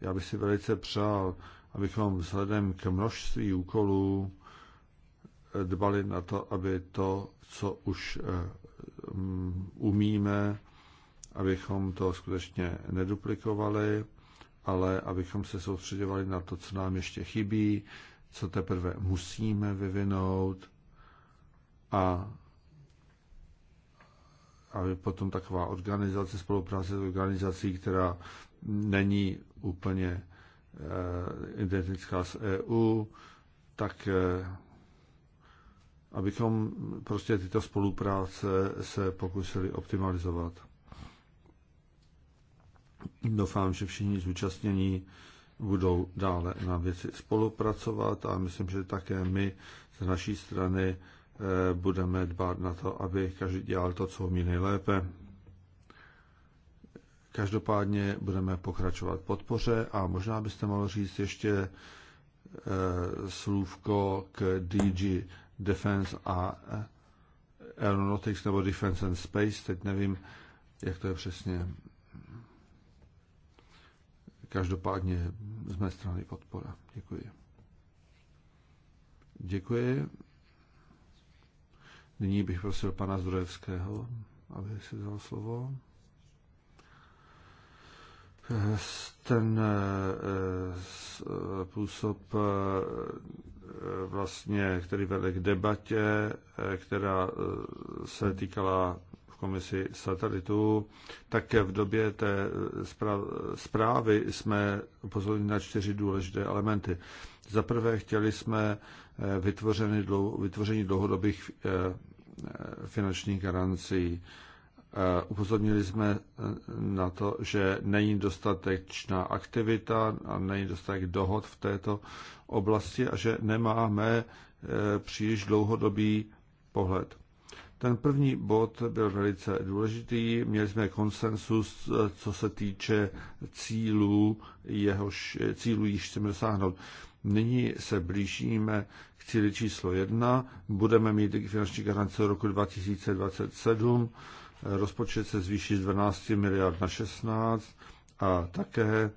Já bych si velice přál, abychom vzhledem k množství úkolů eh, dbali na to, aby to, co už eh, umíme, abychom to skutečně neduplikovali, ale abychom se soustředovali na to, co nám ještě chybí, co teprve musíme vyvinout a aby potom taková organizace, spolupráce s organizací, která není úplně eh, identická s EU, tak eh, abychom prostě tyto spolupráce se pokusili optimalizovat. Doufám, že všichni zúčastnění budou dále na věci spolupracovat a myslím, že také my z naší strany eh, budeme dbát na to, aby každý dělal to, co umí nejlépe. Každopádně budeme pokračovat podpoře a možná byste mohl říct ještě eh, slůvko k DG Defense a eh, Aeronautics nebo Defense and Space, teď nevím, jak to je přesně. Každopádně z mé strany podpora. Děkuji. Děkuji. Nyní bych prosil pana Zdrojevského, aby si vzal slovo. Ten způsob eh, eh, eh, vlastně, který vede k debatě, která se týkala komisi satelitů, tak v době té zprávy jsme upozornili na čtyři důležité elementy. Za prvé chtěli jsme eh, vytvoření dlouhodobých eh, eh, finančních garancí. Upozornili jsme na to, že není dostatečná aktivita a není dostatek dohod v této oblasti a že nemáme příliš dlouhodobý pohled. Ten první bod byl velice důležitý. Měli jsme konsensus, co se týče cílů, jehož, cílů již chceme dosáhnout. Nyní se blížíme k cíli číslo jedna. Budeme mít finanční garance roku 2027. Rozpočet se zvýší z 12 miliard na 16 a také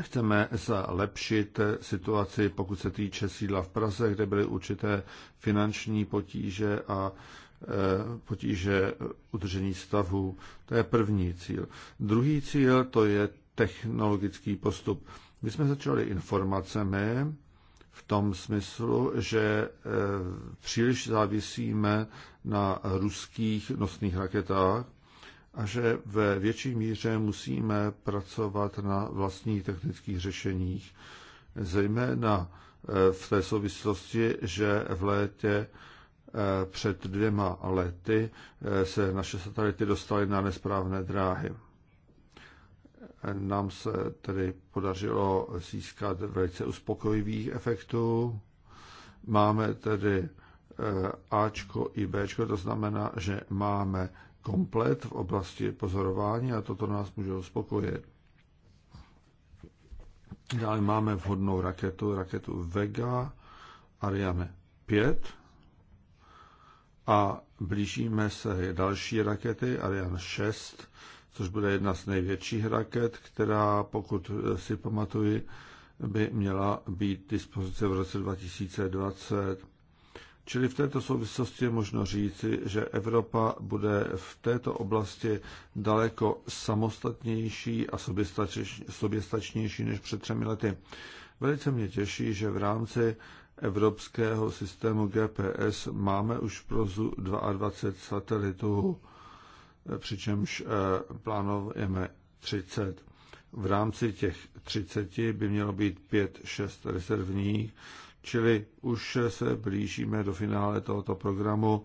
chceme zlepšit situaci, pokud se týče sídla v Praze, kde byly určité finanční potíže a eh, potíže udržení stavu. To je první cíl. Druhý cíl to je technologický postup. My jsme začali informacemi v tom smyslu, že eh, příliš závisíme na ruských nosných raketách a že ve větší míře musíme pracovat na vlastních technických řešeních, zejména e, v té souvislosti, že v létě e, před dvěma lety e, se naše satelity dostaly na nesprávné dráhy. Nám se tedy podařilo získat velice uspokojivých efektů. Máme tedy Ačko i Bčko, to znamená, že máme komplet v oblasti pozorování a toto nás může uspokojit. Dále máme vhodnou raketu, raketu Vega Ariane 5 a blížíme se další rakety Ariane 6, což bude jedna z největších raket, která, pokud si pamatuji, by měla být dispozice v roce 2020. Čili v této souvislosti je možno říci, že Evropa bude v této oblasti daleko samostatnější a soběstačnější než před třemi lety. Velice mě těší, že v rámci evropského systému GPS máme už v prozu 22 satelitů, přičemž eh, plánujeme 30. V rámci těch 30 by mělo být 5-6 rezervních, Čili už se blížíme do finále tohoto programu,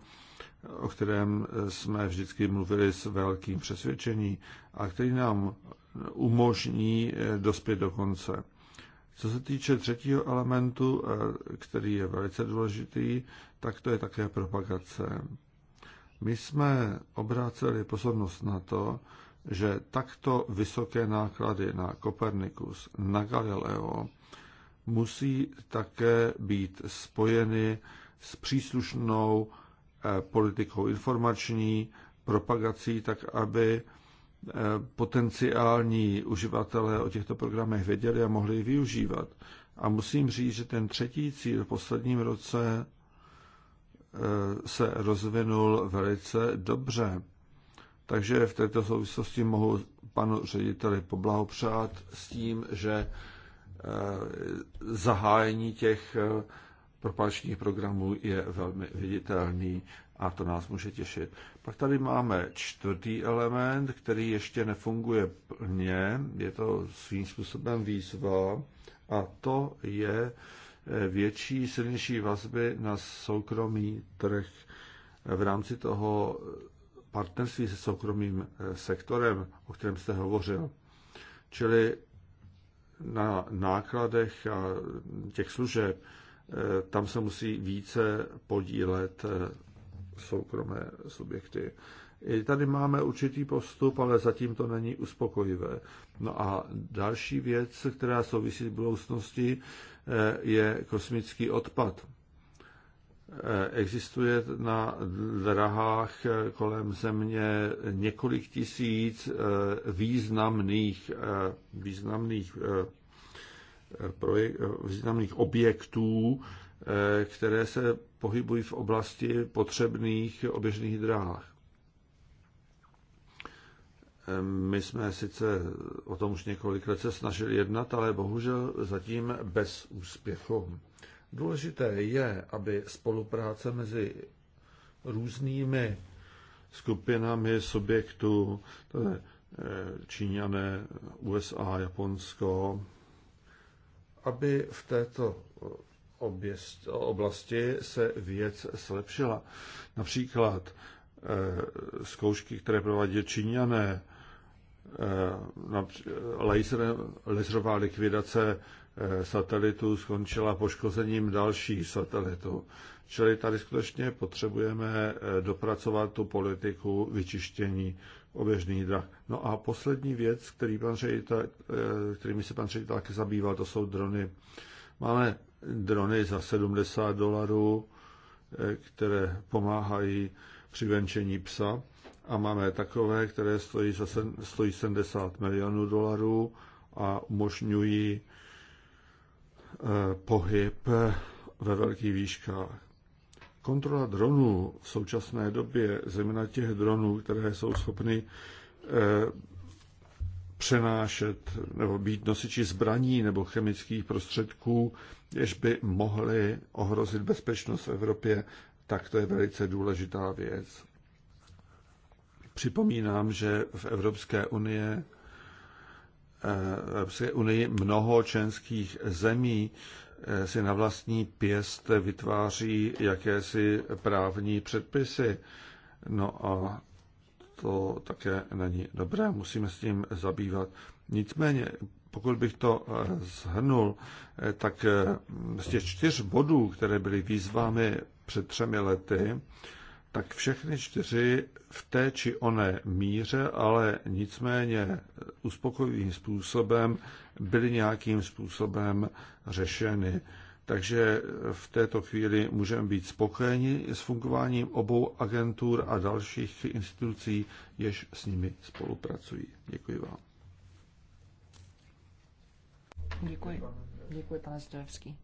o kterém jsme vždycky mluvili s velkým přesvědčením a který nám umožní dospět do konce. Co se týče třetího elementu, eh, který je velice důležitý, tak to je také propagace. My jsme obráceli pozornost na to, že takto vysoké náklady na Kopernikus, na Galileo musí také být spojeny s příslušnou eh, politikou informační, propagací, tak aby eh, potenciální uživatelé o těchto programech věděli a mohli je využívat. A musím říct, že ten třetí cíl v posledním roce eh, se rozvinul velice dobře. Takže v této souvislosti mohu panu řediteli poblahopřát s tím, že Eh, zahájení těch eh, propačních programů je velmi viditelný a to nás může těšit. Pak tady máme čtvrtý element, který ještě nefunguje plně, je to svým způsobem výzva a to je eh, větší, silnější vazby na soukromý trh v rámci toho partnerství se soukromým sektorem, o kterém jste hovořil. Čili na nákladech a těch služeb, eh, tam se musí více podílet eh, soukromé subjekty. I tady máme určitý postup, ale zatím to není uspokojivé. No a další věc, která souvisí s budoucností, eh, je kosmický odpad. Existuje na drahách kolem země několik tisíc eh, významných, eh, významných, eh, projekt, významných objektů, které se pohybují v oblasti potřebných oběžných dráh. My jsme sice o tom už několik let se snažili jednat, ale bohužel zatím bez úspěchu. Důležité je, aby spolupráce mezi různými skupinami subjektů, to je eh, Číňané, USA, Japonsko, aby v této eh, oblasti se věc zlepšila. Například eh, zkoušky, které provádí Číňané, laserová likvidace Eh, satelitu skončila poškozením dalších satelitů. Čili tady skutečně potřebujeme eh, dopracovat tu politiku vyčištění oběžných drah. No a poslední věc, který pan ředitel, eh, kterými se pan ředitel taky zabýval, to jsou drony. Máme drony za 70 dolarů, které pomáhají při venčení psa a máme takové, které stojí, za, stojí 70 milionů dolarů a umožňují Eh, pohyb eh, ve velkých výškách. Kontrola dronů v současné době, zejména těch dronů, které jsou schopny eh, přenášet nebo být nosiči zbraní nebo chemických prostředků, jež by mohly ohrozit bezpečnost v Evropě, tak to je velice důležitá věc. Připomínám, že v Evropské unie, Evropské unii mnoho členských zemí eh, si na vlastní pěst vytváří jakési právní předpisy. No a to také není dobré, musíme s tím zabývat. Nicméně, pokud bych to zhrnul, eh, eh, tak z těch čtyř bodů, které byly výzvami před třemi lety, tak všechny čtyři v té či oné míře, ale nicméně uspokojivým způsobem byly nějakým způsobem řešeny. Takže v této chvíli můžeme být spokojeni s fungováním obou agentur a dalších institucí, jež s nimi spolupracují. Děkuji vám. Děkuji. Děkuji, pane Zdravský.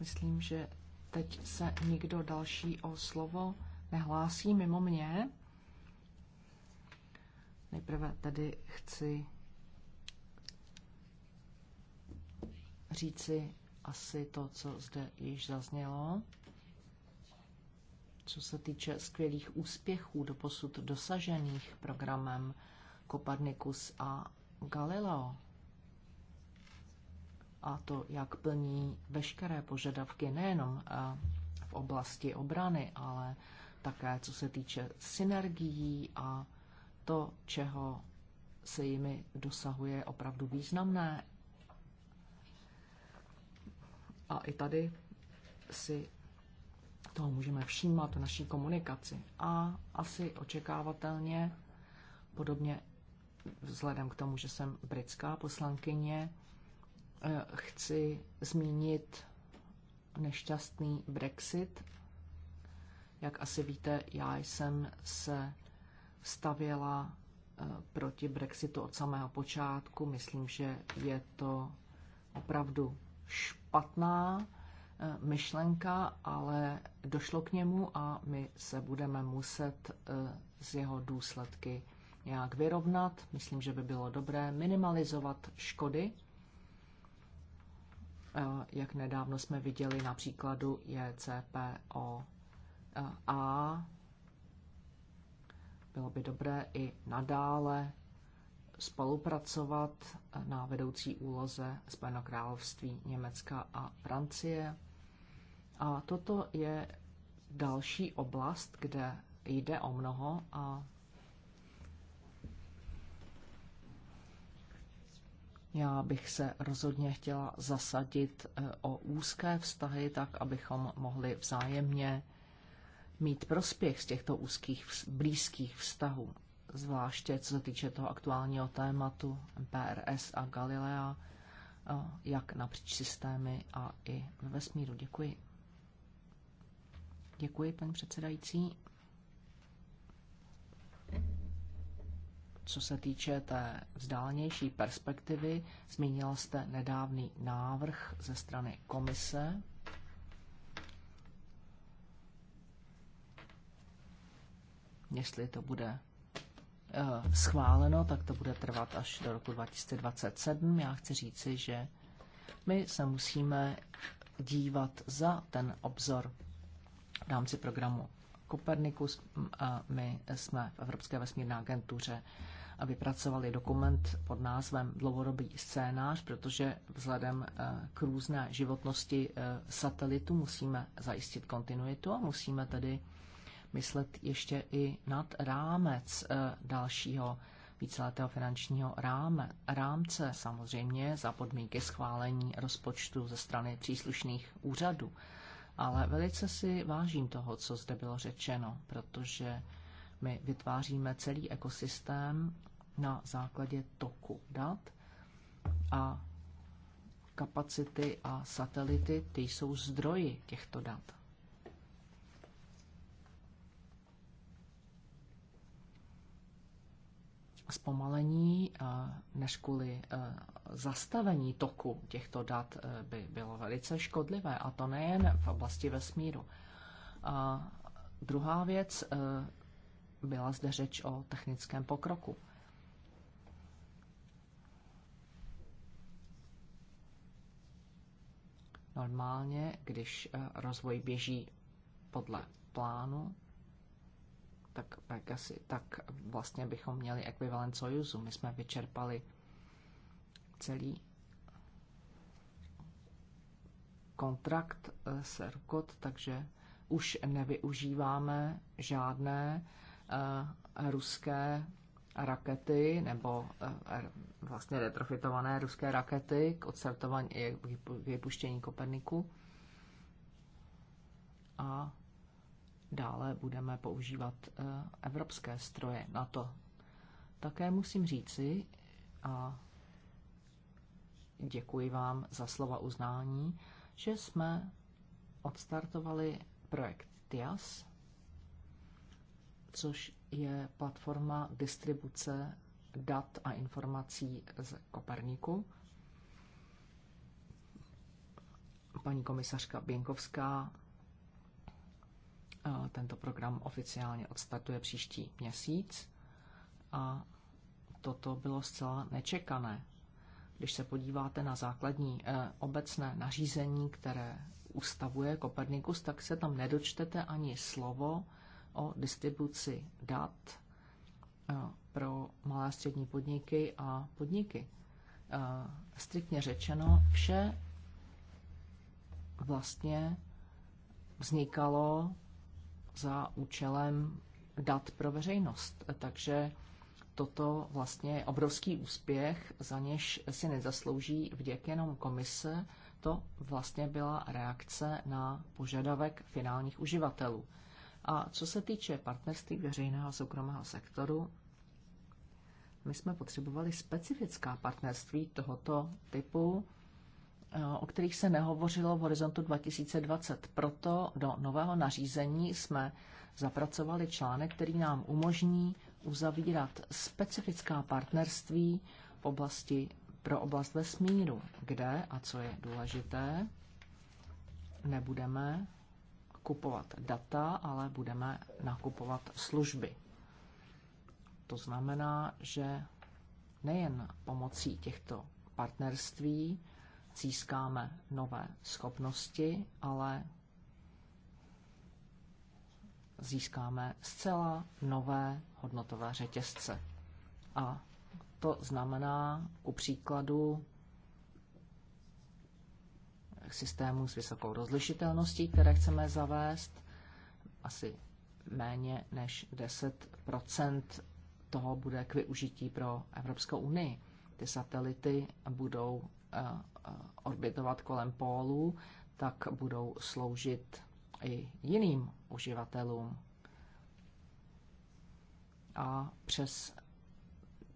Myslím, že Teď se nikdo další o slovo nehlásí mimo mě. Nejprve tedy chci říci asi to, co zde již zaznělo. Co se týče skvělých úspěchů doposud dosažených programem Copernicus a Galileo, a to, jak plní veškeré požadavky nejenom eh, v oblasti obrany, ale také co se týče synergií a to, čeho se jimi dosahuje opravdu významné. A i tady si toho můžeme všímat v naší komunikaci. A asi očekávatelně, podobně vzhledem k tomu, že jsem britská poslankyně, Eh, chci zmínit nešťastný Brexit. Jak asi víte, já jsem se stavěla eh, proti Brexitu od samého počátku. Myslím, že je to opravdu špatná eh, myšlenka, ale došlo k němu a my se budeme muset z jeho důsledky nějak vyrovnat. Myslím, že by bylo dobré minimalizovat škody jak nedávno jsme viděli na příkladu JCPO a bylo by dobré i nadále spolupracovat na vedoucí úloze Spojeného království Německa a Francie. A toto je další oblast, kde jde o mnoho a Já bych se rozhodně chtěla zasadit eh, o úzké vztahy, tak abychom mohli vzájemně mít prospěch z těchto úzkých, blízkých vztahů, zvláště co se týče toho aktuálního tématu PRS a Galilea, eh, jak napříč systémy a i ve vesmíru. Děkuji. Děkuji, paní předsedající. co se týče té vzdálenější perspektivy, zmínila jste nedávný návrh ze strany komise. Jestli to bude eh, schváleno, tak to bude trvat až do roku 2027. Já chci říci, že my se musíme dívat za ten obzor v rámci programu Kopernikus. My jsme v Evropské vesmírné agentuře vypracovali dokument pod názvem Dlouhodobý scénář, protože vzhledem eh, k různé životnosti eh, satelitu musíme zajistit kontinuitu a musíme tedy myslet ještě i nad rámec eh, dalšího víceletého finančního ráme, rámce, samozřejmě za podmínky schválení rozpočtu ze strany příslušných úřadů. Ale velice si vážím toho, co zde bylo řečeno, protože my vytváříme celý ekosystém na základě toku dat a kapacity a satelity, ty jsou zdroji těchto dat. Zpomalení eh, než kvůli eh, zastavení toku těchto dat eh, by bylo velice škodlivé, a to nejen v oblasti vesmíru. A druhá věc, byla zde řeč o technickém pokroku. Normálně, když eh, rozvoj běží podle plánu, tak Pegasi, tak vlastně bychom měli ekvivalent Sojuzu. My jsme vyčerpali celý kontrakt eh, s Rukot, takže už nevyužíváme žádné eh, ruské rakety nebo eh, vlastně retrofitované ruské rakety k odstartování eh, k vypuštění Koperniku. A dále budeme používat eh, evropské stroje na to. Také musím říci, a děkuji vám za slova uznání, že jsme odstartovali projekt TIAS, což je platforma distribuce dat a informací z Koperniku. Paní komisařka Běnkovská eh, tento program oficiálně odstartuje příští měsíc a toto bylo zcela nečekané. Když se podíváte na základní eh, obecné nařízení, které ustavuje Kopernikus, tak se tam nedočtete ani slovo o distribuci dat eh, pro malé a střední podniky a podniky. Eh, striktně řečeno, vše vlastně vznikalo za účelem dat pro veřejnost. Takže toto vlastně je obrovský úspěch, za něž si nezaslouží vděk jenom komise. To vlastně byla reakce na požadavek finálních uživatelů. A co se týče partnerství veřejného a soukromého sektoru, my jsme potřebovali specifická partnerství tohoto typu, eh, o kterých se nehovořilo v horizontu 2020. Proto do nového nařízení jsme zapracovali článek, který nám umožní uzavírat specifická partnerství v oblasti pro oblast vesmíru, kde a co je důležité, nebudeme nakupovat data, ale budeme nakupovat služby. To znamená, že nejen pomocí těchto partnerství získáme nové schopnosti, ale získáme zcela nové hodnotové řetězce. A to znamená ku příkladu systémů s vysokou rozlišitelností, které chceme zavést. Asi méně než 10 toho bude k využití pro Evropskou unii. Ty satelity budou eh, eh, orbitovat kolem pólů, tak budou sloužit i jiným uživatelům. A přes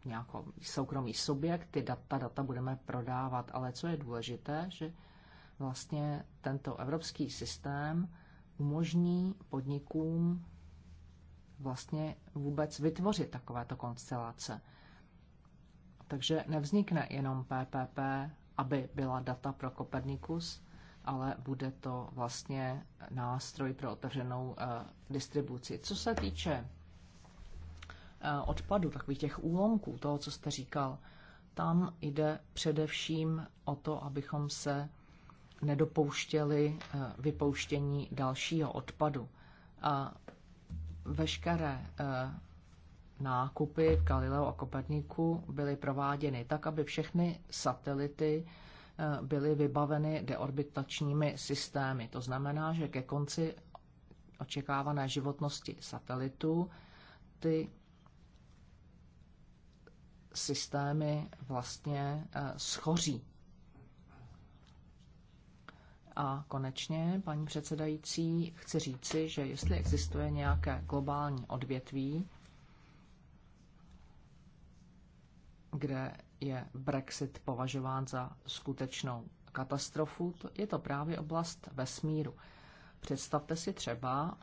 nějaký soukromý subjekt ty data, data budeme prodávat. Ale co je důležité, že vlastně tento evropský systém umožní podnikům vlastně vůbec vytvořit takovéto konstelace. Takže nevznikne jenom PPP, aby byla data pro Kopernikus, ale bude to vlastně nástroj pro otevřenou uh, distribuci. Co se týče uh, odpadu, takových těch úlomků, toho, co jste říkal, tam jde především o to, abychom se nedopouštěli eh, vypouštění dalšího odpadu. A veškeré eh, nákupy v Galileo a Koperniku byly prováděny tak, aby všechny satelity eh, byly vybaveny deorbitačními systémy. To znamená, že ke konci očekávané životnosti satelitů ty systémy vlastně schoří a konečně, paní předsedající, chci říci, že jestli existuje nějaké globální odvětví, kde je Brexit považován za skutečnou katastrofu, to je to právě oblast vesmíru. Představte si třeba,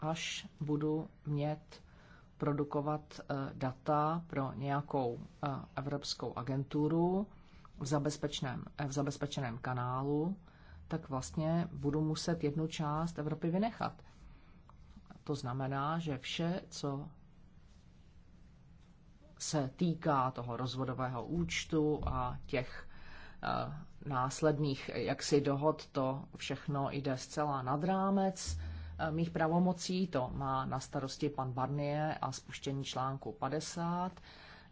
až budu mět produkovat eh, data pro nějakou eh, evropskou agenturu v zabezpečeném, v zabezpečeném kanálu, tak vlastně budu muset jednu část Evropy vynechat. To znamená, že vše, co se týká toho rozvodového účtu a těch eh, následných jaksi dohod, to všechno jde zcela nad rámec eh, mých pravomocí, to má na starosti pan Barnier a spuštění článku 50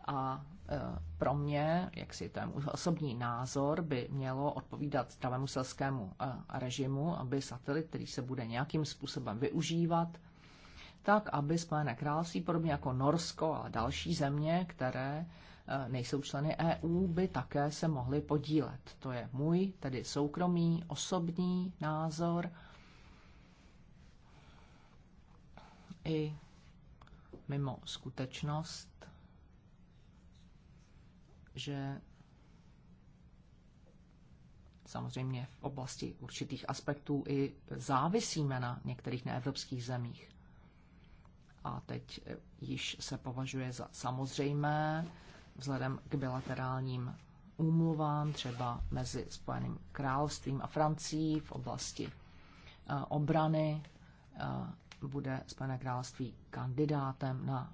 a Eh, pro mě, jak si to je můj osobní názor, by mělo odpovídat zdravému selskému eh, režimu, aby satelit, který se bude nějakým způsobem využívat, tak aby Spojené království, podobně jako Norsko a další země, které eh, nejsou členy EU, by také se mohly podílet. To je můj, tedy soukromý, osobní názor. I mimo skutečnost, že samozřejmě v oblasti určitých aspektů i závisíme na některých neevropských zemích. A teď eh, již se považuje za samozřejmé, vzhledem k bilaterálním úmluvám, třeba mezi Spojeným královstvím a Francií v oblasti eh, obrany, eh, bude Spojené království kandidátem na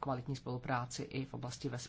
kvalitní spolupráci i v oblasti